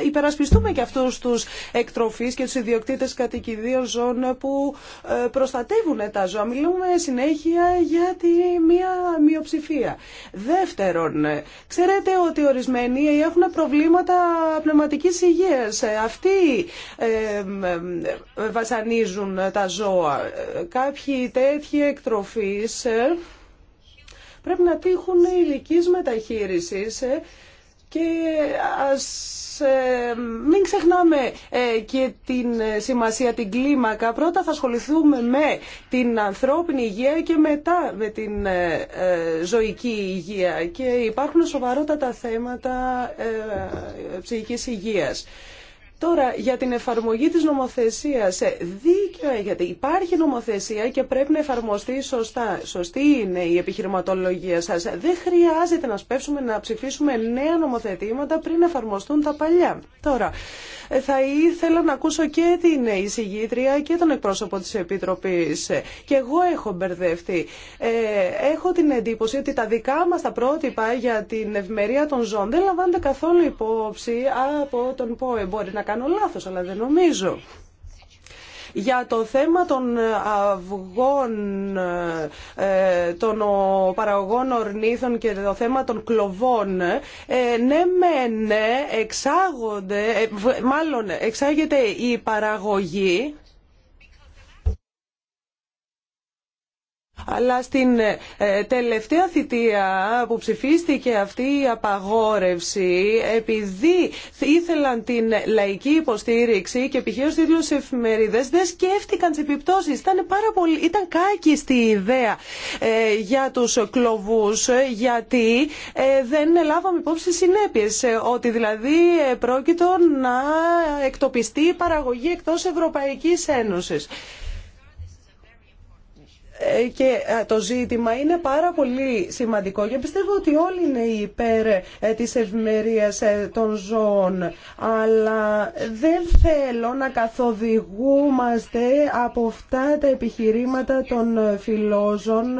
ε, υπερασπιστούμε και αυτούς τους εκτροφείς και τους ιδιοκτήτες κατοικιδίων ζώων που ε, προστατεύουν τα ζώα. Μιλούμε συνέχεια για τη μία μειοψηφία. Δεύτερον, ξέρετε ότι ορισμένοι έχουν προβλήματα πνευματικής υγείας. Αυτοί βασανίζουν τα ζώα. Κάποιοι τέτοιοι εκτροφείς ε, πρέπει να τύχουν ηλικής μεταχείρισης ε, και ας ε, μην ξεχνάμε και την σημασία, την κλίμακα. Πρώτα θα ασχοληθούμε με την ανθρώπινη υγεία και μετά με την ζωική υγεία. Και υπάρχουν σοβαρότατα θέματα ψυχικής υγείας. Τώρα, για την εφαρμογή της νομοθεσίας, ε, δίκιο έχετε. Υπάρχει νομοθεσία και πρέπει να εφαρμοστεί σωστά. Σωστή είναι η επιχειρηματολογία σας. Δεν χρειάζεται να σπεύσουμε να ψηφίσουμε νέα νομοθετήματα πριν εφαρμοστούν τα παλιά. Τώρα, ε, θα ήθελα να ακούσω και την εισηγήτρια και τον εκπρόσωπο της Επιτροπής. Ε, και εγώ έχω μπερδευτεί. έχω την εντύπωση ότι τα δικά μας τα πρότυπα για την ευμερία των ζώων δεν λαμβάνονται καθόλου υπόψη από τον ΠΟΕ. Μπορεί να κάνω λάθος, αλλά δεν νομίζω. Για το θέμα των αυγών, ε, των παραγωγών ορνήθων και το θέμα των κλοβών, ε, ναι μεν ναι, εξάγονται, ε, μάλλον εξάγεται η παραγωγή, αλλά στην ε, τελευταία θητεία που ψηφίστηκε αυτή η απαγόρευση επειδή ήθελαν την λαϊκή υποστήριξη και π.χ. στους ίδιους εφημερίδες δεν σκέφτηκαν τις επιπτώσεις. Ήταν, πάρα πολύ, ήταν κάκιστη η ιδέα ε, για τους κλοβούς ε, γιατί δεν λάβαμε υπόψη συνέπειες ότι δηλαδή πρόκειτο να εκτοπιστεί η παραγωγή εκτός Ευρωπαϊκής Ένωσης. Ε, και ε, το ζήτημα είναι πάρα πολύ σημαντικό και πιστεύω ότι όλοι είναι υπέρ ε, της ευμερίας των ζώων αλλά δεν θέλω να καθοδηγούμαστε από αυτά τα επιχειρήματα των φιλόζων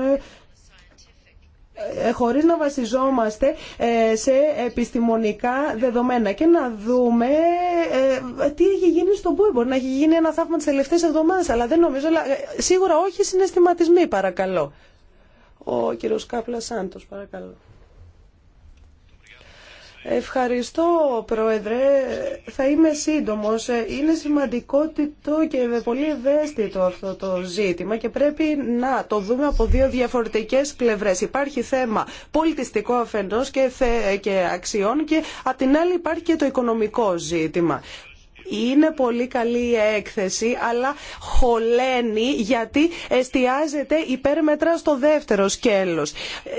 ε, χωρίς να βασιζόμαστε ε, σε επιστημονικά δεδομένα και να δούμε ε, τι έχει γίνει στον Πούι. Μπορεί να έχει γίνει ένα θαύμα τις τελευταίες εβδομάδες, αλλά δεν νομίζω, αλλά σίγουρα όχι συναισθηματισμοί παρακαλώ. Ο κύριος Κάπλα Σάντος παρακαλώ. Ευχαριστώ, Πρόεδρε. Θα είμαι σύντομος. Είναι σημαντικότητο και πολύ ευαίσθητο αυτό το ζήτημα και πρέπει να το δούμε από δύο διαφορετικές πλευρές. Υπάρχει θέμα πολιτιστικό αφεντός και, αξιών και απ' την άλλη υπάρχει και το οικονομικό ζήτημα. Είναι πολύ καλή η έκθεση, αλλά χωλαίνει γιατί εστιάζεται υπέρμετρα στο δεύτερο σκέλος.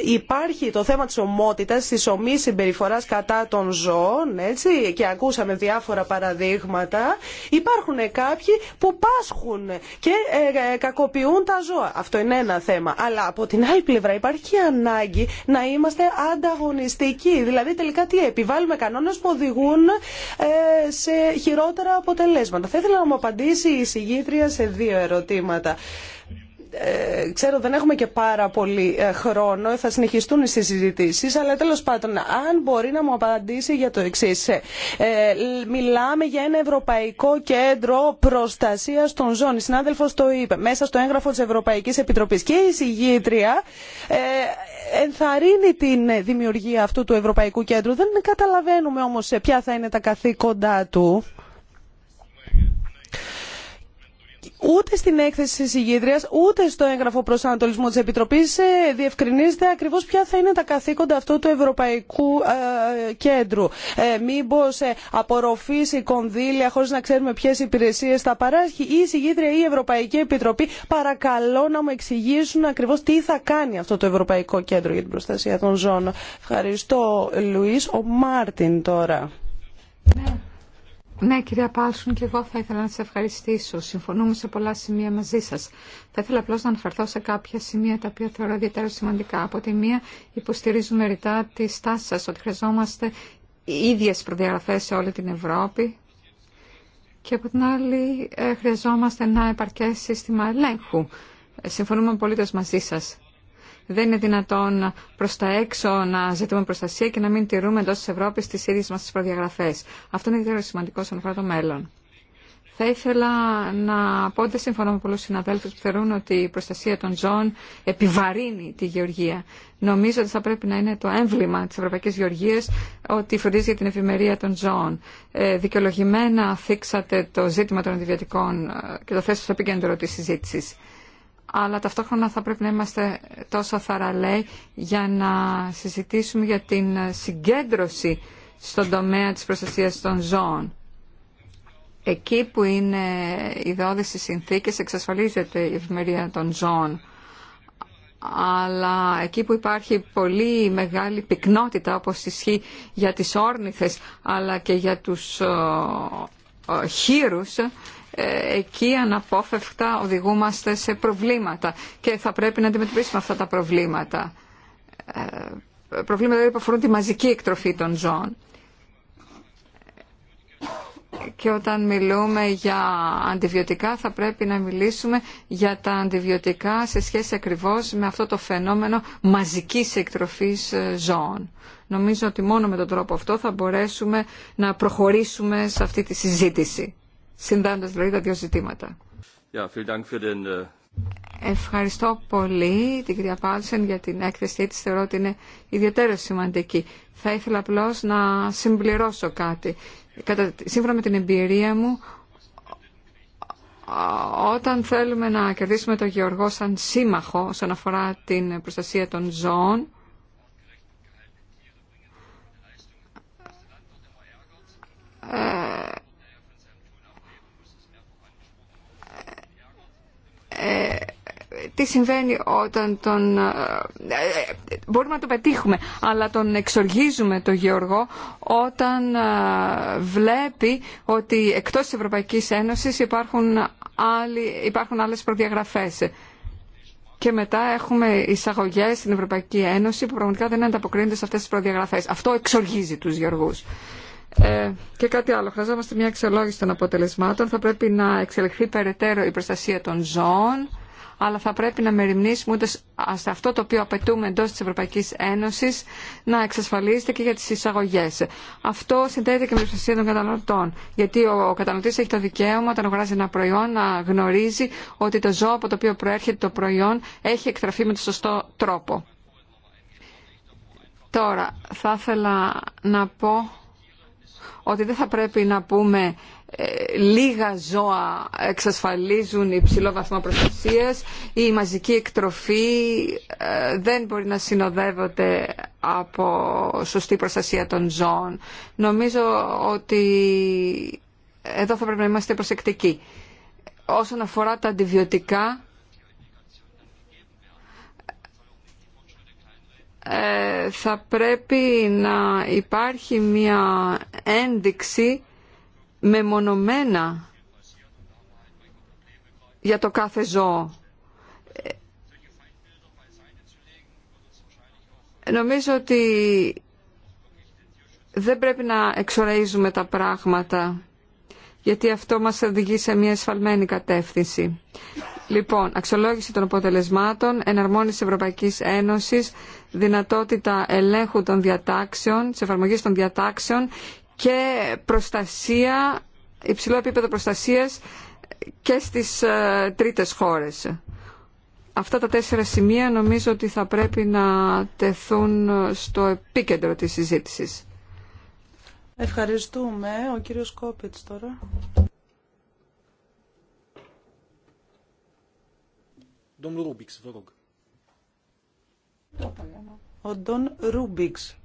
Υπάρχει το θέμα της ομότητα, τη ομής συμπεριφορά κατά των ζώων, έτσι, και ακούσαμε διάφορα παραδείγματα. Υπάρχουν κάποιοι που πάσχουν και ε, ε κακοποιούν τα ζώα. Αυτό είναι ένα θέμα. Αλλά από την άλλη πλευρά υπάρχει και ανάγκη να είμαστε ανταγωνιστικοί. Δηλαδή τελικά τι επιβάλλουμε κανόνες που οδηγούν ε, σε χειρότερα αποτελέσματα. Θα ήθελα να μου απαντήσει η συγγήτρια σε δύο ερωτήματα. Ε, ξέρω δεν έχουμε και πάρα πολύ ε, χρόνο, θα συνεχιστούν οι συζητήσεις, αλλά τέλος πάντων, αν μπορεί να μου απαντήσει για το εξής. Ε, ε, μιλάμε για ένα Ευρωπαϊκό Κέντρο Προστασίας των Η Συνάδελφος το είπε, μέσα στο έγγραφο της Ευρωπαϊκής Επιτροπής και η συγγήτρια ε, ενθαρρύνει την δημιουργία αυτού του Ευρωπαϊκού Κέντρου. Δεν καταλαβαίνουμε όμως ποια θα είναι τα καθήκοντά του. Ούτε στην έκθεση τη ηγήτρια, ούτε στο έγγραφο ανατολισμό τη Επιτροπή ε, διευκρινίζεται ακριβώ ποια θα είναι τα καθήκοντα αυτού του Ευρωπαϊκού ε, Κέντρου. Ε, Μήπω ε, απορροφήσει κονδύλια χωρί να ξέρουμε ποιε υπηρεσίε θα παράσχει ή η συγγήτρια ή η η Επιτροπή. Παρακαλώ να μου εξηγήσουν ακριβώ τι θα κάνει αυτό το Ευρωπαϊκό Κέντρο για την προστασία των ζώνων. Ευχαριστώ, Λουί. Ο Μάρτιν τώρα. Ναι. Ναι, κυρία Πάλσουν, και εγώ θα ήθελα να σα ευχαριστήσω. Συμφωνούμε σε πολλά σημεία μαζί σα. Θα ήθελα απλώ να αναφερθώ σε κάποια σημεία τα οποία θεωρώ ιδιαίτερα σημαντικά. Από τη μία υποστηρίζουμε ρητά τη στάση σα ότι χρειαζόμαστε ίδιες προδιαγραφέ σε όλη την Ευρώπη και από την άλλη ε, χρειαζόμαστε ένα επαρκέ σύστημα ελέγχου. Ε, συμφωνούμε πολύ μαζί σα. Δεν είναι δυνατόν προ τα έξω να ζητούμε προστασία και να μην τηρούμε εντό τη Ευρώπη τι ίδιε μα τι προδιαγραφέ. Αυτό είναι ιδιαίτερα σημαντικό όσον αφορά το μέλλον. Θα ήθελα να πω ότι δεν συμφωνώ με πολλού συναδέλφου που θεωρούν ότι η προστασία των ζώων επιβαρύνει τη γεωργία. Νομίζω ότι θα πρέπει να είναι το έμβλημα τη Ευρωπαϊκή Γεωργία ότι φροντίζει για την ευημερία των ζώων. Ε, δικαιολογημένα θίξατε το ζήτημα των αντιβιωτικών ε, και το θέσατε στο επίκεντρο τη συζήτηση αλλά ταυτόχρονα θα πρέπει να είμαστε τόσο θαραλέοι για να συζητήσουμε για την συγκέντρωση στον τομέα της προστασίας των ζώων. Εκεί που είναι οι οι συνθήκες εξασφαλίζεται η ευημερία των ζώων. Αλλά εκεί που υπάρχει πολύ μεγάλη πυκνότητα όπως ισχύει για τις όρνηθες αλλά και για τους ε, ε, χείρους ε, εκεί αναπόφευκτα οδηγούμαστε σε προβλήματα και θα πρέπει να αντιμετωπίσουμε αυτά τα προβλήματα. Ε, προβλήματα δηλαδή που αφορούν τη μαζική εκτροφή των ζώων. Και όταν μιλούμε για αντιβιωτικά θα πρέπει να μιλήσουμε για τα αντιβιωτικά σε σχέση ακριβώς με αυτό το φαινόμενο μαζικής εκτροφής ε, ζώων. Νομίζω ότι μόνο με τον τρόπο αυτό θα μπορέσουμε να προχωρήσουμε σε αυτή τη συζήτηση συνδέοντας δηλαδή τα δύο ζητήματα. Äh, Ευχαριστώ πολύ την κυρία Πάλσεν για την έκθεσή της. Θεωρώ ότι είναι ιδιαίτερα σημαντική. Θα ήθελα απλώ να συμπληρώσω κάτι. Κατά, σύμφωνα με την εμπειρία μου, όταν θέλουμε να κερδίσουμε τον Γεωργό σαν σύμμαχο όσον αφορά την προστασία των ζώων, ε, Ε, τι συμβαίνει όταν τον... Ε, ε, μπορούμε να το πετύχουμε, αλλά τον εξοργίζουμε τον Γεωργό όταν βλέπει ότι εκτός της Ευρωπαϊκής Ένωσης υπάρχουν, άλλοι, υπάρχουν άλλες προδιαγραφές. Και μετά έχουμε εισαγωγέ στην Ευρωπαϊκή Ένωση που πραγματικά δεν ανταποκρίνονται σε αυτές τις προδιαγραφές. Αυτό εξοργίζει τους Γιωργούς. Ε, και κάτι άλλο, χρειαζόμαστε μια αξιολόγηση των αποτελεσμάτων. Θα πρέπει να εξελιχθεί περαιτέρω η προστασία των ζώων, αλλά θα πρέπει να μεριμνήσουμε ούτε σε αυτό το οποίο απαιτούμε εντό τη Ευρωπαϊκή Ένωση να εξασφαλίζεται και για τι εισαγωγέ. Αυτό συνδέεται και με την προστασία των καταναλωτών. Γιατί ο καταναλωτή έχει το δικαίωμα όταν αγοράζει ένα προϊόν να γνωρίζει ότι το ζώο από το οποίο προέρχεται το προϊόν έχει εκτραφεί με τον σωστό τρόπο. Τώρα, θα ήθελα να πω ότι δεν θα πρέπει να πούμε ε, λίγα ζώα εξασφαλίζουν υψηλό βαθμό προστασίας ή η μαζική εκτροφή ε, δεν μπορεί να συνοδεύεται από σωστή προστασία των ζώων. Νομίζω ότι εδώ θα πρέπει να είμαστε προσεκτικοί. Όσον αφορά τα αντιβιωτικά, Ε, θα πρέπει να υπάρχει μια ένδειξη μεμονωμένα για το κάθε ζώο. Ε, νομίζω ότι δεν πρέπει να εξοραίζουμε τα πράγματα γιατί αυτό μας οδηγεί σε μια εσφαλμένη κατεύθυνση. Λοιπόν, αξιολόγηση των αποτελεσμάτων, εναρμόνιση Ευρωπαϊκής Ένωσης, δυνατότητα ελέγχου των διατάξεων, της εφαρμογής των διατάξεων και προστασία, υψηλό επίπεδο προστασίας και στις ε, τρίτες χώρες. Αυτά τα τέσσερα σημεία νομίζω ότι θα πρέπει να τεθούν στο επίκεντρο της συζήτησης. Ευχαριστούμε. Ο κύριος Κόπιτς τώρα. Ο Ντόν Ρούμπιξ.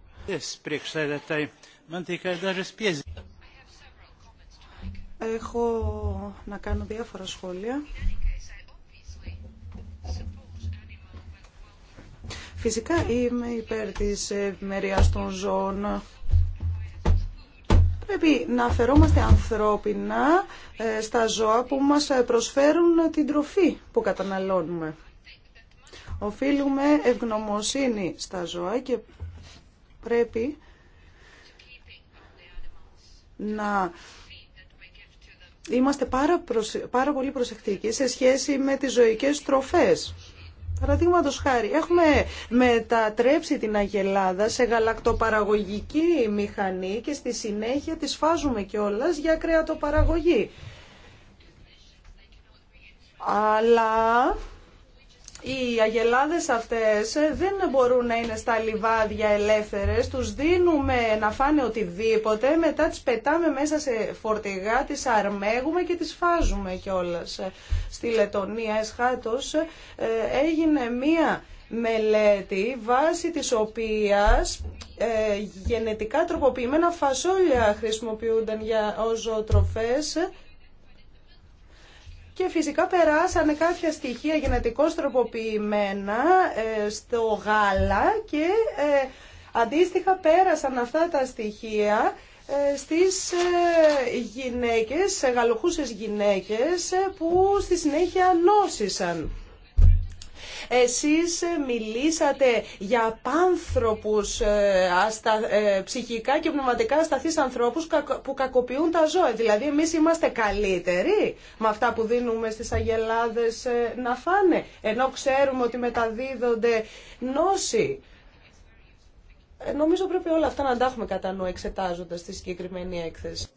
Έχω να κάνω διάφορα σχόλια. Φυσικά είμαι υπέρ της ευημερίας των ζώων Πρέπει να αφαιρόμαστε ανθρώπινα ε, στα ζώα που μας ε, προσφέρουν ε, την τροφή που καταναλώνουμε. Οφείλουμε ευγνωμοσύνη στα ζώα και πρέπει να είμαστε πάρα, πάρα πολύ προσεκτικοί σε σχέση με τις ζωικές τροφές Παραδείγματο χάρη, έχουμε μετατρέψει την Αγελάδα σε γαλακτοπαραγωγική μηχανή και στη συνέχεια τη φάζουμε κιόλα για κρεατοπαραγωγή. Αλλά οι αγελάδες αυτές δεν μπορούν να είναι στα λιβάδια ελεύθερες, τους δίνουμε να φάνε οτιδήποτε, μετά τις πετάμε μέσα σε φορτηγά, τις αρμέγουμε και τις φάζουμε κιόλας. Στη Λετωνία, εσχάτως, ε, έγινε μία μελέτη βάσει της οποίας ε, γενετικά τροποποιημένα φασόλια χρησιμοποιούνταν για, ως ζωοτροφές και φυσικά περάσανε κάποια στοιχεία γενετικώς τροποποιημένα ε, στο γάλα και ε, αντίστοιχα πέρασαν αυτά τα στοιχεία ε, στις γυναίκες, σε γαλοχούσες γυναίκες που στη συνέχεια νόσησαν. Εσείς μιλήσατε για πάνθρωπους ε, αστα... Ε, ψυχικά και πνευματικά ασταθείς ανθρώπους που κακοποιούν τα ζώα. Δηλαδή εμείς είμαστε καλύτεροι με αυτά που δίνουμε στις αγελάδες ε, να φάνε. Ενώ ξέρουμε ότι μεταδίδονται νόσοι. Νομίζω πρέπει όλα αυτά να τα έχουμε κατά νου εξετάζοντας τη συγκεκριμένη έκθεση.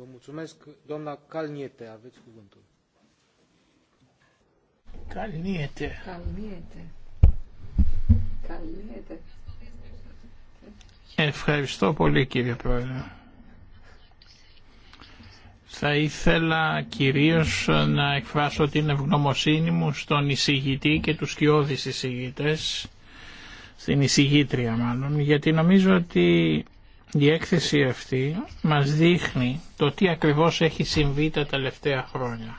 Vă mulțumesc. Doamna Calniete, aveți Καλνίεται. Ευχαριστώ πολύ κύριε Πρόεδρε. Θα ήθελα κυρίως να εκφράσω την ευγνωμοσύνη μου στον εισηγητή και τους κοιόδης εισηγητές, στην εισηγήτρια μάλλον, γιατί νομίζω ότι η έκθεση αυτή μας δείχνει το τι ακριβώς έχει συμβεί τα τελευταία χρόνια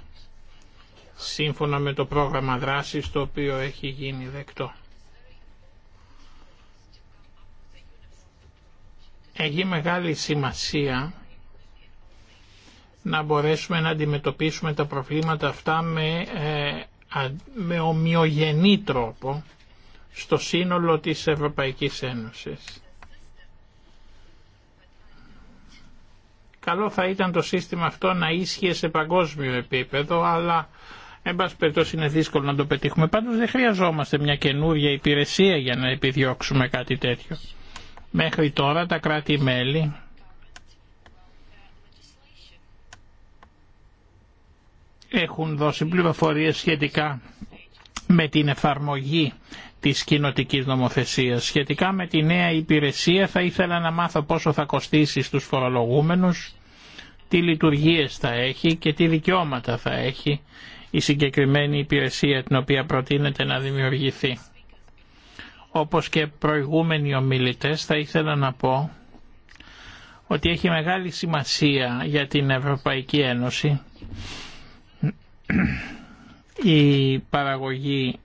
σύμφωνα με το πρόγραμμα δράσης το οποίο έχει γίνει δεκτό. Έχει μεγάλη σημασία να μπορέσουμε να αντιμετωπίσουμε τα προβλήματα αυτά με, ε, με ομοιογενή τρόπο στο σύνολο της Ευρωπαϊκής Ένωσης. Καλό θα ήταν το σύστημα αυτό να ίσχυε σε παγκόσμιο επίπεδο, αλλά Εν πάση περιπτώσει είναι δύσκολο να το πετύχουμε. Πάντως δεν χρειαζόμαστε μια καινούργια υπηρεσία για να επιδιώξουμε κάτι τέτοιο. Μέχρι τώρα τα κράτη-μέλη έχουν δώσει πληροφορίες σχετικά με την εφαρμογή της κοινοτικής νομοθεσίας. Σχετικά με τη νέα υπηρεσία θα ήθελα να μάθω πόσο θα κοστίσει στους φορολογούμενους, τι λειτουργίες θα έχει και τι δικαιώματα θα έχει η συγκεκριμένη υπηρεσία την οποία προτείνεται να δημιουργηθεί. Όπως και προηγούμενοι ομιλητές θα ήθελα να πω ότι έχει μεγάλη σημασία για την Ευρωπαϊκή Ένωση η παραγωγή,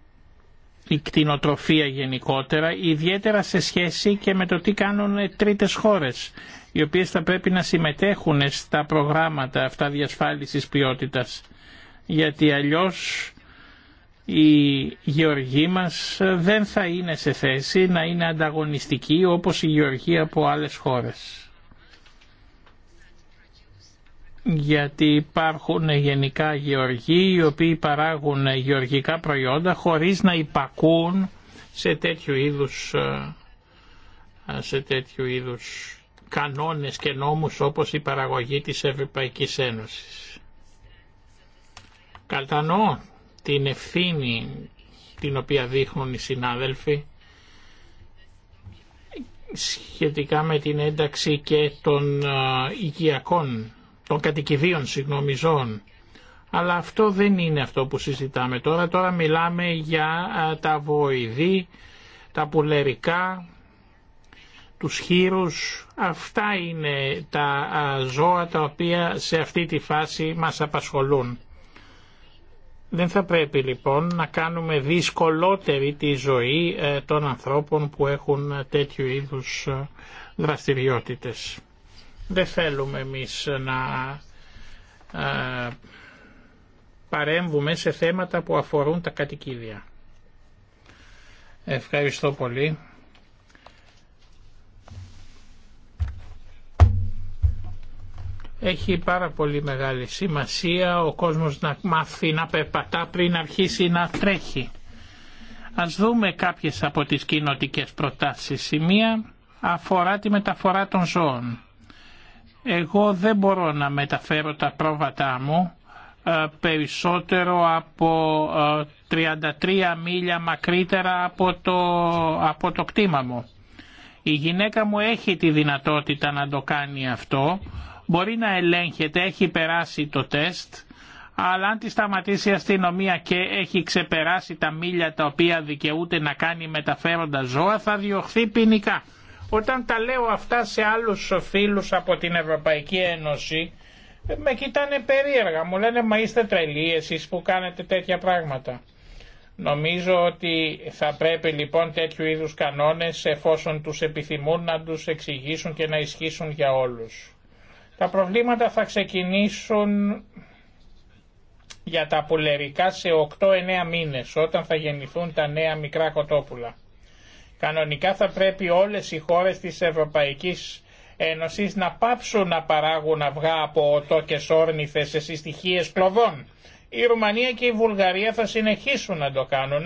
η κτηνοτροφία γενικότερα, ιδιαίτερα σε σχέση και με το τι κάνουν τρίτες χώρες, οι οποίες θα πρέπει να συμμετέχουν στα προγράμματα αυτά διασφάλισης ποιότητας γιατί αλλιώς οι γεωργοί μας δεν θα είναι σε θέση να είναι ανταγωνιστικοί όπως η γεωργοί από άλλες χώρες. Γιατί υπάρχουν γενικά γεωργοί οι οποίοι παράγουν γεωργικά προϊόντα χωρίς να υπακούν σε τέτοιου είδους, ε, ε, σε τέτοιου είδους κανόνες και νόμους όπως η παραγωγή της Ευρωπαϊκής Ένωσης. Κατανοώ την ευθύνη την οποία δείχνουν οι συνάδελφοι σχετικά με την ένταξη και των οικιακών, των κατοικιδίων συγγνώμη Αλλά αυτό δεν είναι αυτό που συζητάμε τώρα. Τώρα μιλάμε για τα βοηδή, τα πουλερικά, τους χείρους. Αυτά είναι τα ζώα τα οποία σε αυτή τη φάση μας απασχολούν. Δεν θα πρέπει λοιπόν να κάνουμε δυσκολότερη τη ζωή ε, των ανθρώπων που έχουν ε, τέτοιου είδους ε, δραστηριότητες. Δεν θέλουμε εμείς να παρέμβουμε σε θέματα που αφορούν τα κατοικίδια. Ευχαριστώ πολύ. έχει πάρα πολύ μεγάλη σημασία ο κόσμος να μάθει να πεπατά πριν αρχίσει να τρέχει. Ας δούμε κάποιες από τις κοινοτικέ προτάσεις. Η μία αφορά τη μεταφορά των ζώων. Εγώ δεν μπορώ να μεταφέρω τα πρόβατά μου ε, περισσότερο από 33 ε, μίλια μακρύτερα από το, από το κτήμα μου. Η γυναίκα μου έχει τη δυνατότητα να το κάνει αυτό, μπορεί να ελέγχεται, έχει περάσει το τεστ, αλλά αν τη σταματήσει η αστυνομία και έχει ξεπεράσει τα μίλια τα οποία δικαιούται να κάνει μεταφέροντα ζώα θα διωχθεί ποινικά. Όταν τα λέω αυτά σε άλλους φίλους από την Ευρωπαϊκή Ένωση με κοιτάνε περίεργα, μου λένε μα είστε τρελοί εσείς που κάνετε τέτοια πράγματα. Νομίζω ότι θα πρέπει λοιπόν τέτοιου είδους κανόνες εφόσον τους επιθυμούν να τους εξηγήσουν και να ισχύσουν για όλους. Τα προβλήματα θα ξεκινήσουν για τα πουλερικά σε 8-9 μήνες όταν θα γεννηθούν τα νέα μικρά κοτόπουλα. Κανονικά θα πρέπει όλες οι χώρες της Ευρωπαϊκής Ένωσης να πάψουν να παράγουν αυγά από οτό και σόρνηθες σε συστοιχίες κλοβών. Η Ρουμανία και η Βουλγαρία θα συνεχίσουν να το κάνουν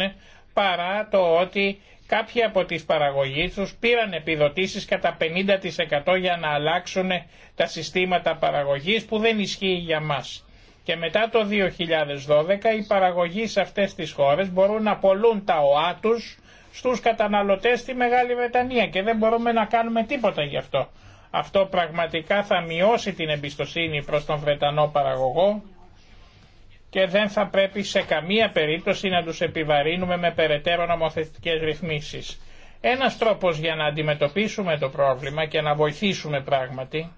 παρά το ότι κάποιοι από τις παραγωγείς τους πήραν επιδοτήσεις κατά 50% για να αλλάξουν τα συστήματα παραγωγής που δεν ισχύει για μας. Και μετά το 2012 οι παραγωγοί σε αυτές τις χώρες μπορούν να πολλούν τα ΟΑ στους καταναλωτές στη Μεγάλη Βρετανία και δεν μπορούμε να κάνουμε τίποτα γι' αυτό. Αυτό πραγματικά θα μειώσει την εμπιστοσύνη προς τον Βρετανό παραγωγό και δεν θα πρέπει σε καμία περίπτωση να τους επιβαρύνουμε με περαιτέρω νομοθετικές ρυθμίσεις. Ένας τρόπος για να αντιμετωπίσουμε το πρόβλημα και να βοηθήσουμε πράγματι,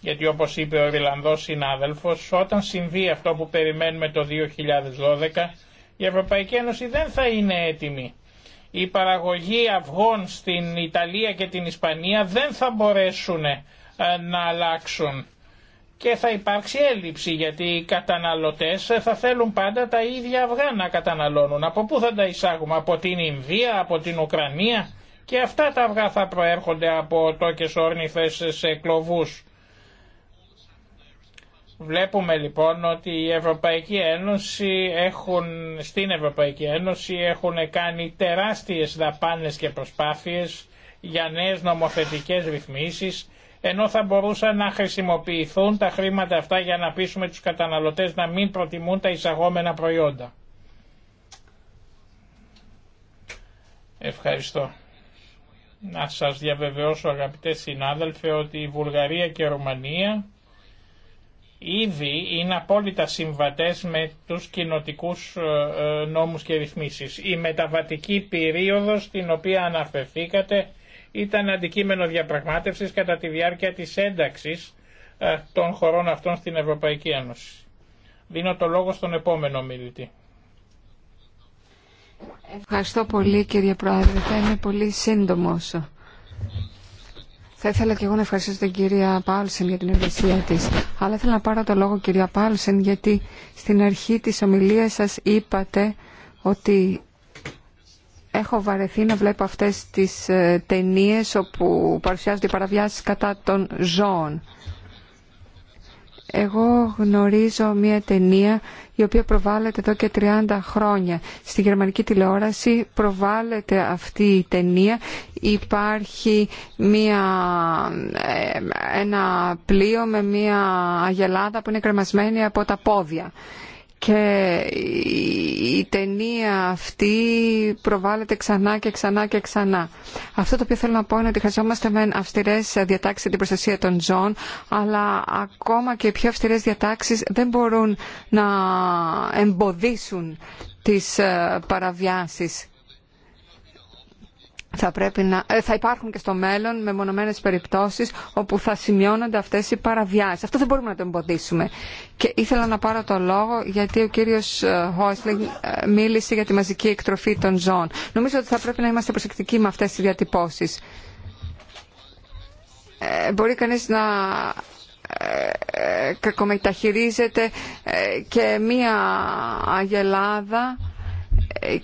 γιατί όπως είπε ο Ιρλανδός συνάδελφος, όταν συμβεί αυτό που περιμένουμε το 2012, η Ευρωπαϊκή Ένωση δεν θα είναι έτοιμη. Η παραγωγή αυγών στην Ιταλία και την Ισπανία δεν θα μπορέσουν ε, να αλλάξουν και θα υπάρξει έλλειψη γιατί οι καταναλωτές θα θέλουν πάντα τα ίδια αυγά να καταναλώνουν. Από πού θα τα εισάγουμε, από την Ινδία, από την Ουκρανία και αυτά τα αυγά θα προέρχονται από τόκες όρνηθες σε κλωβούς. Βλέπουμε λοιπόν ότι η Ευρωπαϊκή Ένωση έχουν, στην Ευρωπαϊκή Ένωση έχουν κάνει τεράστιες δαπάνες και προσπάθειες για νέες νομοθετικές ρυθμίσεις ενώ θα μπορούσαν να χρησιμοποιηθούν τα χρήματα αυτά για να πείσουμε τους καταναλωτές να μην προτιμούν τα εισαγόμενα προϊόντα. Ευχαριστώ. Να σας διαβεβαιώσω αγαπητές συνάδελφοι ότι η Βουλγαρία και η Ρουμανία ήδη είναι απόλυτα συμβατές με τους κοινοτικούς ε, ε, νόμους και ρυθμίσεις. Η μεταβατική περίοδος την οποία αναφερθήκατε ήταν αντικείμενο διαπραγμάτευσης κατά τη διάρκεια της ένταξης ε, των χωρών αυτών στην Ευρωπαϊκή Ένωση. Δίνω το λόγο στον επόμενο μιλητή. Ευχαριστώ πολύ κύριε Πρόεδρε. Θα είμαι πολύ σύντομο. Θα ήθελα και εγώ να ευχαριστήσω την κυρία Πάλσεν για την εργασία της. Αλλά ήθελα να πάρω το λόγο κυρία Πάλσεν γιατί στην αρχή της ομιλίας σας είπατε ότι έχω βαρεθεί να βλέπω αυτές τις ε, ταινίες όπου παρουσιάζονται οι παραβιάσεις κατά των ζώων. Εγώ γνωρίζω μια ταινία η οποία προβάλλεται εδώ και 30 χρόνια. Στη γερμανική τηλεόραση προβάλλεται αυτή η ταινία. Υπάρχει μια, ε, ένα πλοίο με μια αγελάδα που είναι κρεμασμένη από τα πόδια και η ταινία αυτή προβάλλεται ξανά και ξανά και ξανά. Αυτό το οποίο θέλω να πω είναι ότι χρειαζόμαστε με αυστηρέ διατάξει για την προστασία των ζώων, αλλά ακόμα και οι πιο αυστηρέ διατάξει δεν μπορούν να εμποδίσουν τι ε, παραβιάσει θα, πρέπει να, ε, θα υπάρχουν και στο μέλλον μεμονωμένες περιπτώσεις όπου θα σημειώνονται αυτές οι παραβιάσεις. Αυτό δεν μπορούμε να το εμποδίσουμε. Και ήθελα να πάρω το λόγο γιατί ο κύριος ε, Χόισλινγκ ε, μίλησε για τη μαζική εκτροφή των ζώων. Νομίζω ότι θα πρέπει να είμαστε προσεκτικοί με αυτές τις διατυπώσεις. Ε, μπορεί κανείς να κακομεταχειρίζεται και μία αγελάδα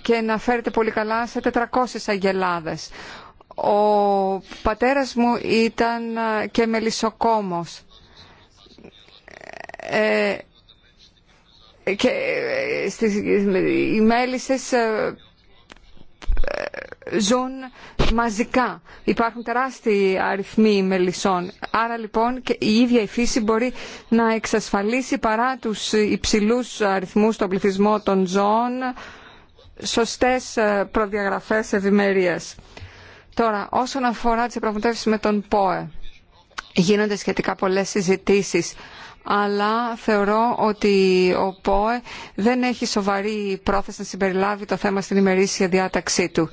και να φέρετε πολύ καλά σε 400 αγελάδες. Ο πατέρας μου ήταν ε, και μελισσοκόμος. Ε, και ε, στις, οι μέλισσες ε, ε, ζουν μαζικά. Υπάρχουν τεράστιοι αριθμοί μελισσών. Άρα λοιπόν η ίδια η φύση μπορεί να εξασφαλίσει παρά τους υψηλούς αριθμούς στον πληθυσμό των ζώων σωστές ε, προδιαγραφές ευημερία. Τώρα, όσον αφορά τις επραγματεύσεις με τον ΠΟΕ, γίνονται σχετικά πολλές συζητήσεις, αλλά θεωρώ ότι ο ΠΟΕ δεν έχει σοβαρή πρόθεση να συμπεριλάβει το θέμα στην ημερήσια διάταξή του.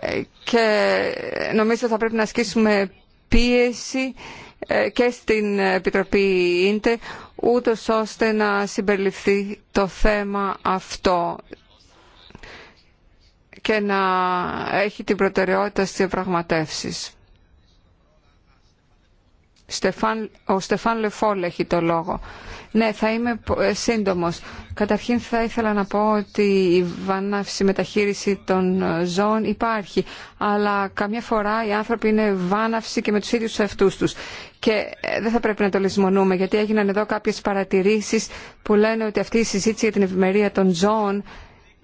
Ε, και νομίζω θα πρέπει να ασκήσουμε πίεση ε, και στην Επιτροπή Ίντε, ούτως ώστε να συμπεριληφθεί το θέμα αυτό και να έχει την προτεραιότητα στις διαπραγματεύσεις. Ο Στεφάν Λεφόλ έχει το λόγο. Ναι, θα είμαι ε, σύντομος. Καταρχήν θα ήθελα να πω ότι η βάναυση μεταχείριση των ε, ζώων υπάρχει, αλλά καμιά φορά οι άνθρωποι είναι βάναυση και με τους ίδιους αυτούς τους. Και ε, δεν θα πρέπει να το λησμονούμε, γιατί έγιναν εδώ κάποιες παρατηρήσεις που λένε ότι αυτή η συζήτηση για την ευημερία των ζώων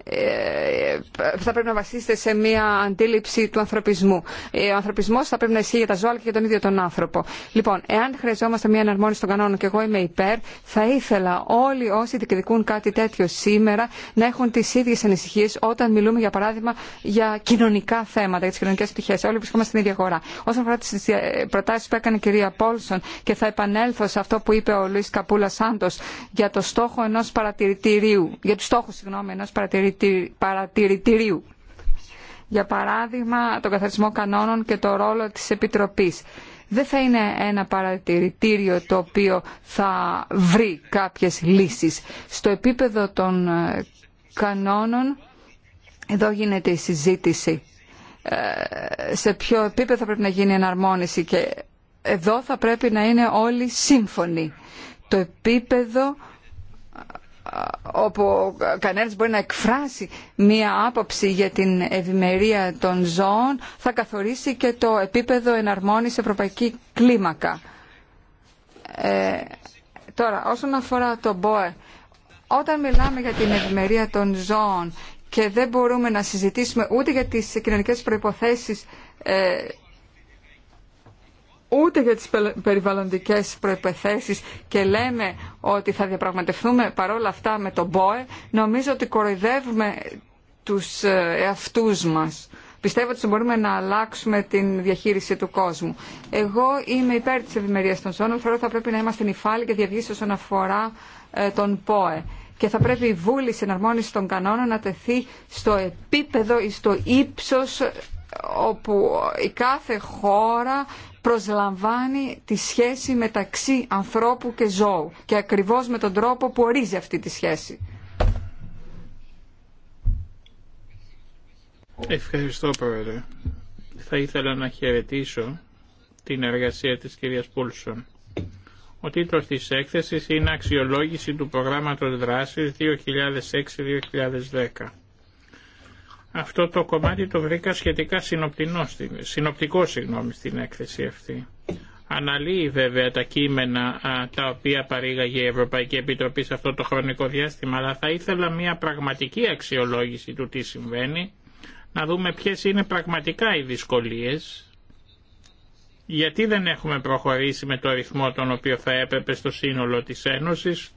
ε, θα πρέπει να βασίσετε σε μια αντίληψη του ανθρωπισμού. Ε, ο ανθρωπισμό θα πρέπει να ισχύει για τα ζώα και για τον ίδιο τον άνθρωπο. Λοιπόν, εάν χρειαζόμαστε μια εναρμόνιση των κανόνων και εγώ είμαι υπέρ, θα ήθελα όλοι όσοι διεκδικούν κάτι τέτοιο σήμερα να έχουν τι ίδιε ανησυχίε όταν μιλούμε, για παράδειγμα, για κοινωνικά θέματα, για τι κοινωνικέ πτυχέ. Όλοι βρισκόμαστε στην ίδια χώρα. Όσον αφορά τι ε, προτάσει που έκανε η κυρία Πόλσον και θα επανέλθω σε αυτό που είπε ο Λουί Καπούλα Σάντο για το στόχο ενό παρατηρητηρίου, για του στόχου, συγγνώμη, ενό παρατηρητηρίου παρατηρητηρίου. Για παράδειγμα, τον καθαρισμό κανόνων και το ρόλο της Επιτροπής. Δεν θα είναι ένα παρατηρητήριο το οποίο θα βρει κάποιες λύσεις. Στο επίπεδο των ε, κανόνων, εδώ γίνεται η συζήτηση. Ε, σε ποιο επίπεδο θα πρέπει να γίνει η εναρμόνιση και εδώ θα πρέπει να είναι όλοι σύμφωνοι. Το επίπεδο όπου κανένας μπορεί να εκφράσει μία άποψη για την ευημερία των ζώων θα καθορίσει και το επίπεδο εναρμόνισης ευρωπαϊκή κλίμακα. Ε, τώρα, όσον αφορά το ΜΠΟΕ, όταν μιλάμε για την ευημερία των ζώων και δεν μπορούμε να συζητήσουμε ούτε για τις κοινωνικές προϋποθέσεις ε, ούτε για τις περιβαλλοντικές προϋπεθέσεις και λέμε ότι θα διαπραγματευτούμε παρόλα αυτά με τον ΠΟΕ, νομίζω ότι κοροϊδεύουμε τους ε, εαυτούς μας. Πιστεύω ότι μπορούμε να αλλάξουμε την διαχείριση του κόσμου. Εγώ είμαι υπέρ της ευημερίας των ζώνων, θεωρώ ότι θα πρέπει να είμαστε νυφάλοι και διαβίσεις όσον αφορά ε, τον ΠΟΕ και θα πρέπει η βούληση εναρμόνιση των κανόνων να τεθεί στο επίπεδο ή στο ύψος όπου η κάθε χώρα προσλαμβάνει τη σχέση μεταξύ ανθρώπου και ζώου και ακριβώς με τον τρόπο που ορίζει αυτή τη σχέση. Ευχαριστώ Πρόεδρε. Θα ήθελα να χαιρετήσω την εργασία της κυρίας Πούλσον. Ο τίτλος της έκθεσης είναι «Αξιολόγηση του προγράμματος δράσης 2006-2010». Αυτό το κομμάτι το βρήκα σχετικά συνοπτικό συγγνώμη, στην έκθεση αυτή. Αναλύει βέβαια τα κείμενα τα οποία παρήγαγε η Ευρωπαϊκή Επιτροπή σε αυτό το χρονικό διάστημα, αλλά θα ήθελα μια πραγματική αξιολόγηση του τι συμβαίνει, να δούμε ποιες είναι πραγματικά οι δυσκολίες, γιατί δεν έχουμε προχωρήσει με το ρυθμό τον οποίο θα έπρεπε στο σύνολο της Ένωσης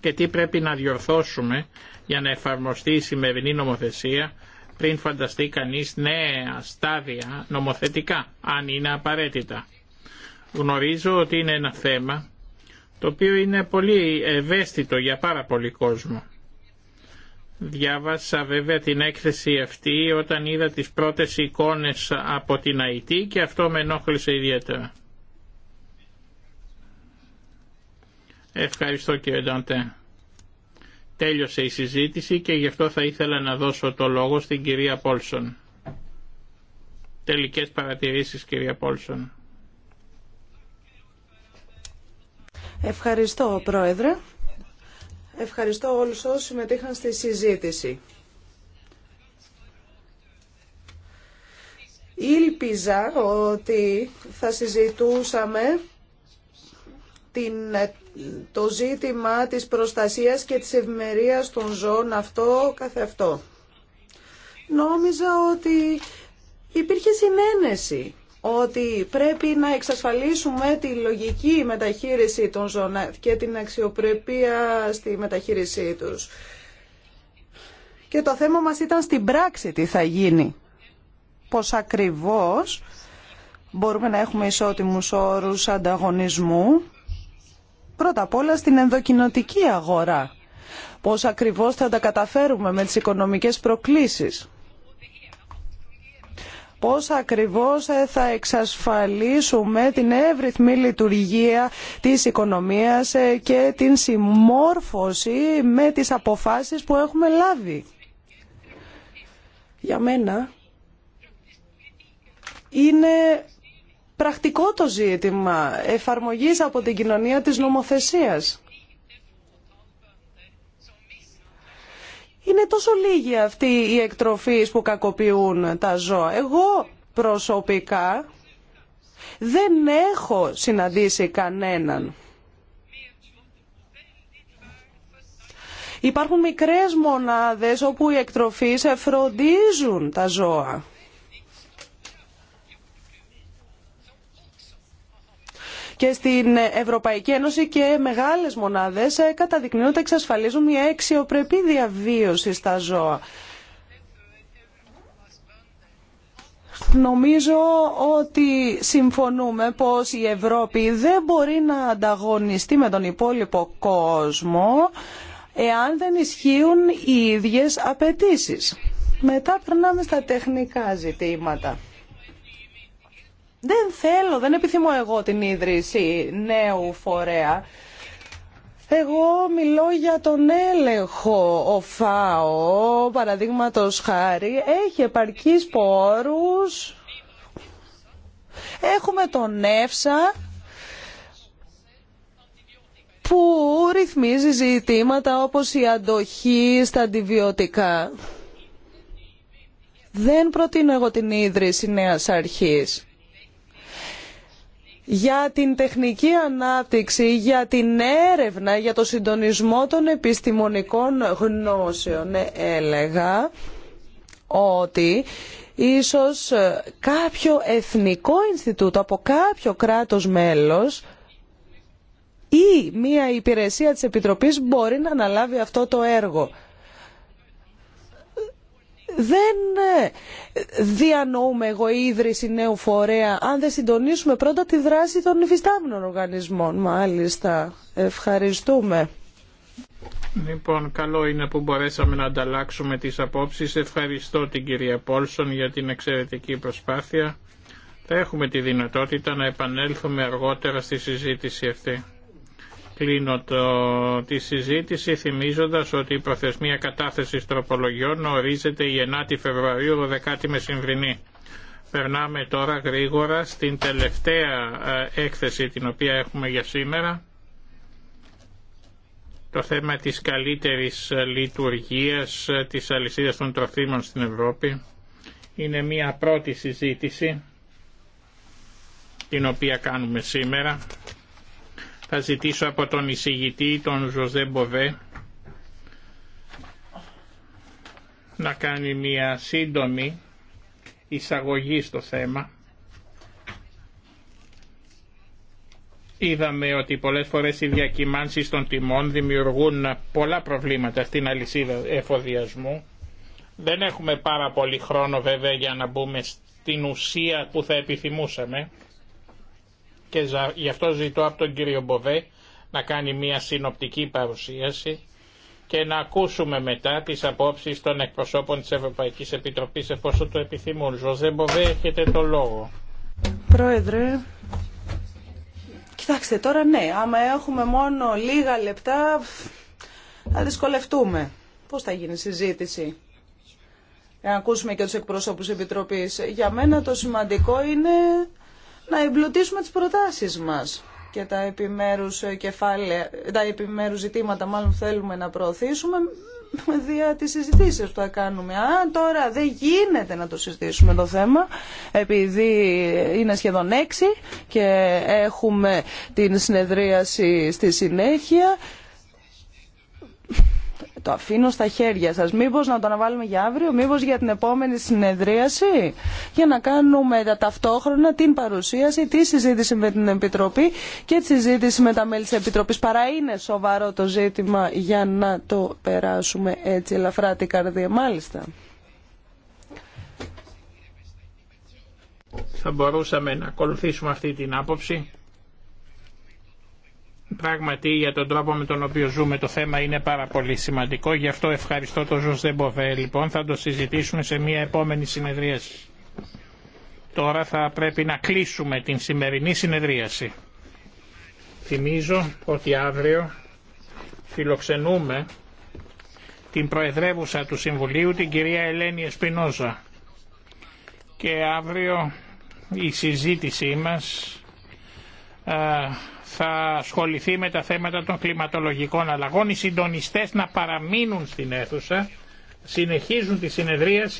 και τι πρέπει να διορθώσουμε για να εφαρμοστεί η σημερινή νομοθεσία πριν φανταστεί κανείς νέα στάδια νομοθετικά, αν είναι απαραίτητα. Γνωρίζω ότι είναι ένα θέμα το οποίο είναι πολύ ευαίσθητο για πάρα πολύ κόσμο. Διάβασα βέβαια την έκθεση αυτή όταν είδα τις πρώτες εικόνες από την ΑΕΤ και αυτό με ενόχλησε ιδιαίτερα. Ευχαριστώ κύριε Νταντέ. Τέλειωσε η συζήτηση και γι' αυτό θα ήθελα να δώσω το λόγο στην κυρία Πόλσον. Τελικές παρατηρήσεις κυρία Πόλσον. Ευχαριστώ Πρόεδρε. Ευχαριστώ όλους όσους συμμετείχαν στη συζήτηση. Ήλπιζα ότι θα συζητούσαμε την, το ζήτημα της προστασίας και της ευημερία των ζώων αυτό καθε αυτό. Νόμιζα ότι υπήρχε συνένεση ότι πρέπει να εξασφαλίσουμε τη λογική μεταχείριση των ζώων και την αξιοπρεπία στη μεταχείρισή τους. Και το θέμα μας ήταν στην πράξη τι θα γίνει. Πώς ακριβώς μπορούμε να έχουμε ισότιμους όρους ανταγωνισμού πρώτα απ' όλα στην ενδοκινοτική αγορά. Πώς ακριβώς θα τα καταφέρουμε με τις οικονομικές προκλήσεις. Πώς ακριβώς ε, θα εξασφαλίσουμε την εύρυθμη λειτουργία της οικονομίας ε, και την συμμόρφωση με τις αποφάσεις που έχουμε λάβει. Για μένα είναι πρακτικό το ζήτημα εφαρμογής από την κοινωνία της νομοθεσίας. Είναι τόσο λίγοι αυτοί οι εκτροφείς που κακοποιούν τα ζώα. Εγώ προσωπικά δεν έχω συναντήσει κανέναν. Υπάρχουν μικρές μονάδες όπου οι εκτροφείς φροντίζουν τα ζώα. και στην Ευρωπαϊκή Ένωση και μεγάλες μονάδες ε, καταδεικνύουν ότι εξασφαλίζουν μια αξιοπρεπή διαβίωση στα ζώα. Νομίζω ότι συμφωνούμε πως η Ευρώπη δεν μπορεί να ανταγωνιστεί με τον υπόλοιπο κόσμο εάν δεν ισχύουν οι ίδιες απαιτήσεις. Μετά περνάμε στα τεχνικά ζητήματα. Δεν θέλω, δεν επιθυμώ εγώ την ίδρυση νέου φορέα. Εγώ μιλώ για τον έλεγχο. Ο ΦΑΟ, παραδείγματο χάρη, έχει επαρκεί πόρου. Έχουμε τον ΕΦΣΑ που ρυθμίζει ζητήματα όπως η αντοχή στα αντιβιωτικά. Δεν προτείνω εγώ την ίδρυση νέας αρχής για την τεχνική ανάπτυξη, για την έρευνα, για το συντονισμό των επιστημονικών γνώσεων. Ναι, έλεγα ότι ίσως κάποιο εθνικό Ινστιτούτο από κάποιο κράτος μέλος ή μία υπηρεσία της Επιτροπής μπορεί να αναλάβει αυτό το έργο δεν ε, διανοούμε εγώ ίδρυση νέου φορέα αν δεν συντονίσουμε πρώτα τη δράση των υφιστάμενων οργανισμών. Μάλιστα. Ευχαριστούμε. Λοιπόν, καλό είναι που μπορέσαμε να ανταλλάξουμε τις απόψεις. Ευχαριστώ την κυρία Πόλσον για την εξαιρετική προσπάθεια. Θα έχουμε τη δυνατότητα να επανέλθουμε αργότερα στη συζήτηση αυτή. Κλείνω το, τη συζήτηση θυμίζοντας ότι η προθεσμία κατάθεσης τροπολογιών ορίζεται η 9η Φεβρουαρίου 12η Μεσημβρινή. Περνάμε τώρα γρήγορα στην τελευταία ε, έκθεση την οποία έχουμε για σήμερα. Το θέμα της καλύτερης ε, λειτουργίας ε, της αλυσίδας των τροφίμων στην Ευρώπη είναι μια πρώτη συζήτηση την οποία κάνουμε σήμερα. Θα ζητήσω από τον εισηγητή, τον Ζωζέ Μποβέ, να κάνει μια σύντομη εισαγωγή στο θέμα. Είδαμε ότι πολλές φορές οι διακυμάνσεις των τιμών δημιουργούν πολλά προβλήματα στην αλυσίδα εφοδιασμού. Δεν έχουμε πάρα πολύ χρόνο βέβαια για να μπούμε στην ουσία που θα επιθυμούσαμε και γι' αυτό ζητώ από τον κύριο Μποβέ να κάνει μια συνοπτική παρουσίαση και να ακούσουμε μετά τις απόψεις των εκπροσώπων της Ευρωπαϊκής Επιτροπής εφόσον το επιθυμούν. Ζωζέ Μποβέ, έχετε το λόγο. Πρόεδρε, κοιτάξτε τώρα ναι, άμα έχουμε μόνο λίγα λεπτά θα δυσκολευτούμε. Πώς θα γίνει η συζήτηση. Να ακούσουμε και τους εκπροσώπους Επιτροπής. Για μένα το σημαντικό είναι να εμπλουτίσουμε τις προτάσεις μας και τα επιμέρους, ε, κεφάλαια, τα επιμέρους ζητήματα μάλλον θέλουμε να προωθήσουμε δια τις συζητήσει που θα κάνουμε. Αν τώρα δεν γίνεται να το συζητήσουμε το θέμα, επειδή είναι σχεδόν έξι και έχουμε την συνεδρίαση στη συνέχεια, το αφήνω στα χέρια σας. Μήπως να το αναβάλουμε για αύριο, μήπως για την επόμενη συνεδρίαση, για να κάνουμε ταυτόχρονα την παρουσίαση, τη συζήτηση με την Επιτροπή και τη συζήτηση με τα μέλη της Επιτροπής. Παρά είναι σοβαρό το ζήτημα για να το περάσουμε έτσι ελαφρά την καρδία. Μάλιστα. Θα μπορούσαμε να ακολουθήσουμε αυτή την άποψη. Πράγματι για τον τρόπο με τον οποίο ζούμε το θέμα είναι πάρα πολύ σημαντικό. Γι' αυτό ευχαριστώ τον Ζωζέ Μποβέ. Λοιπόν θα το συζητήσουμε σε μια επόμενη συνεδρίαση. Τώρα θα πρέπει να κλείσουμε την σημερινή συνεδρίαση. Θυμίζω ότι αύριο φιλοξενούμε την Προεδρεύουσα του Συμβουλίου, την κυρία Ελένη Εσπινόζα. Και αύριο η συζήτησή μας θα ασχοληθεί με τα θέματα των κλιματολογικών αλλαγών. Οι συντονιστές να παραμείνουν στην αίθουσα, συνεχίζουν τη συνεδρίαση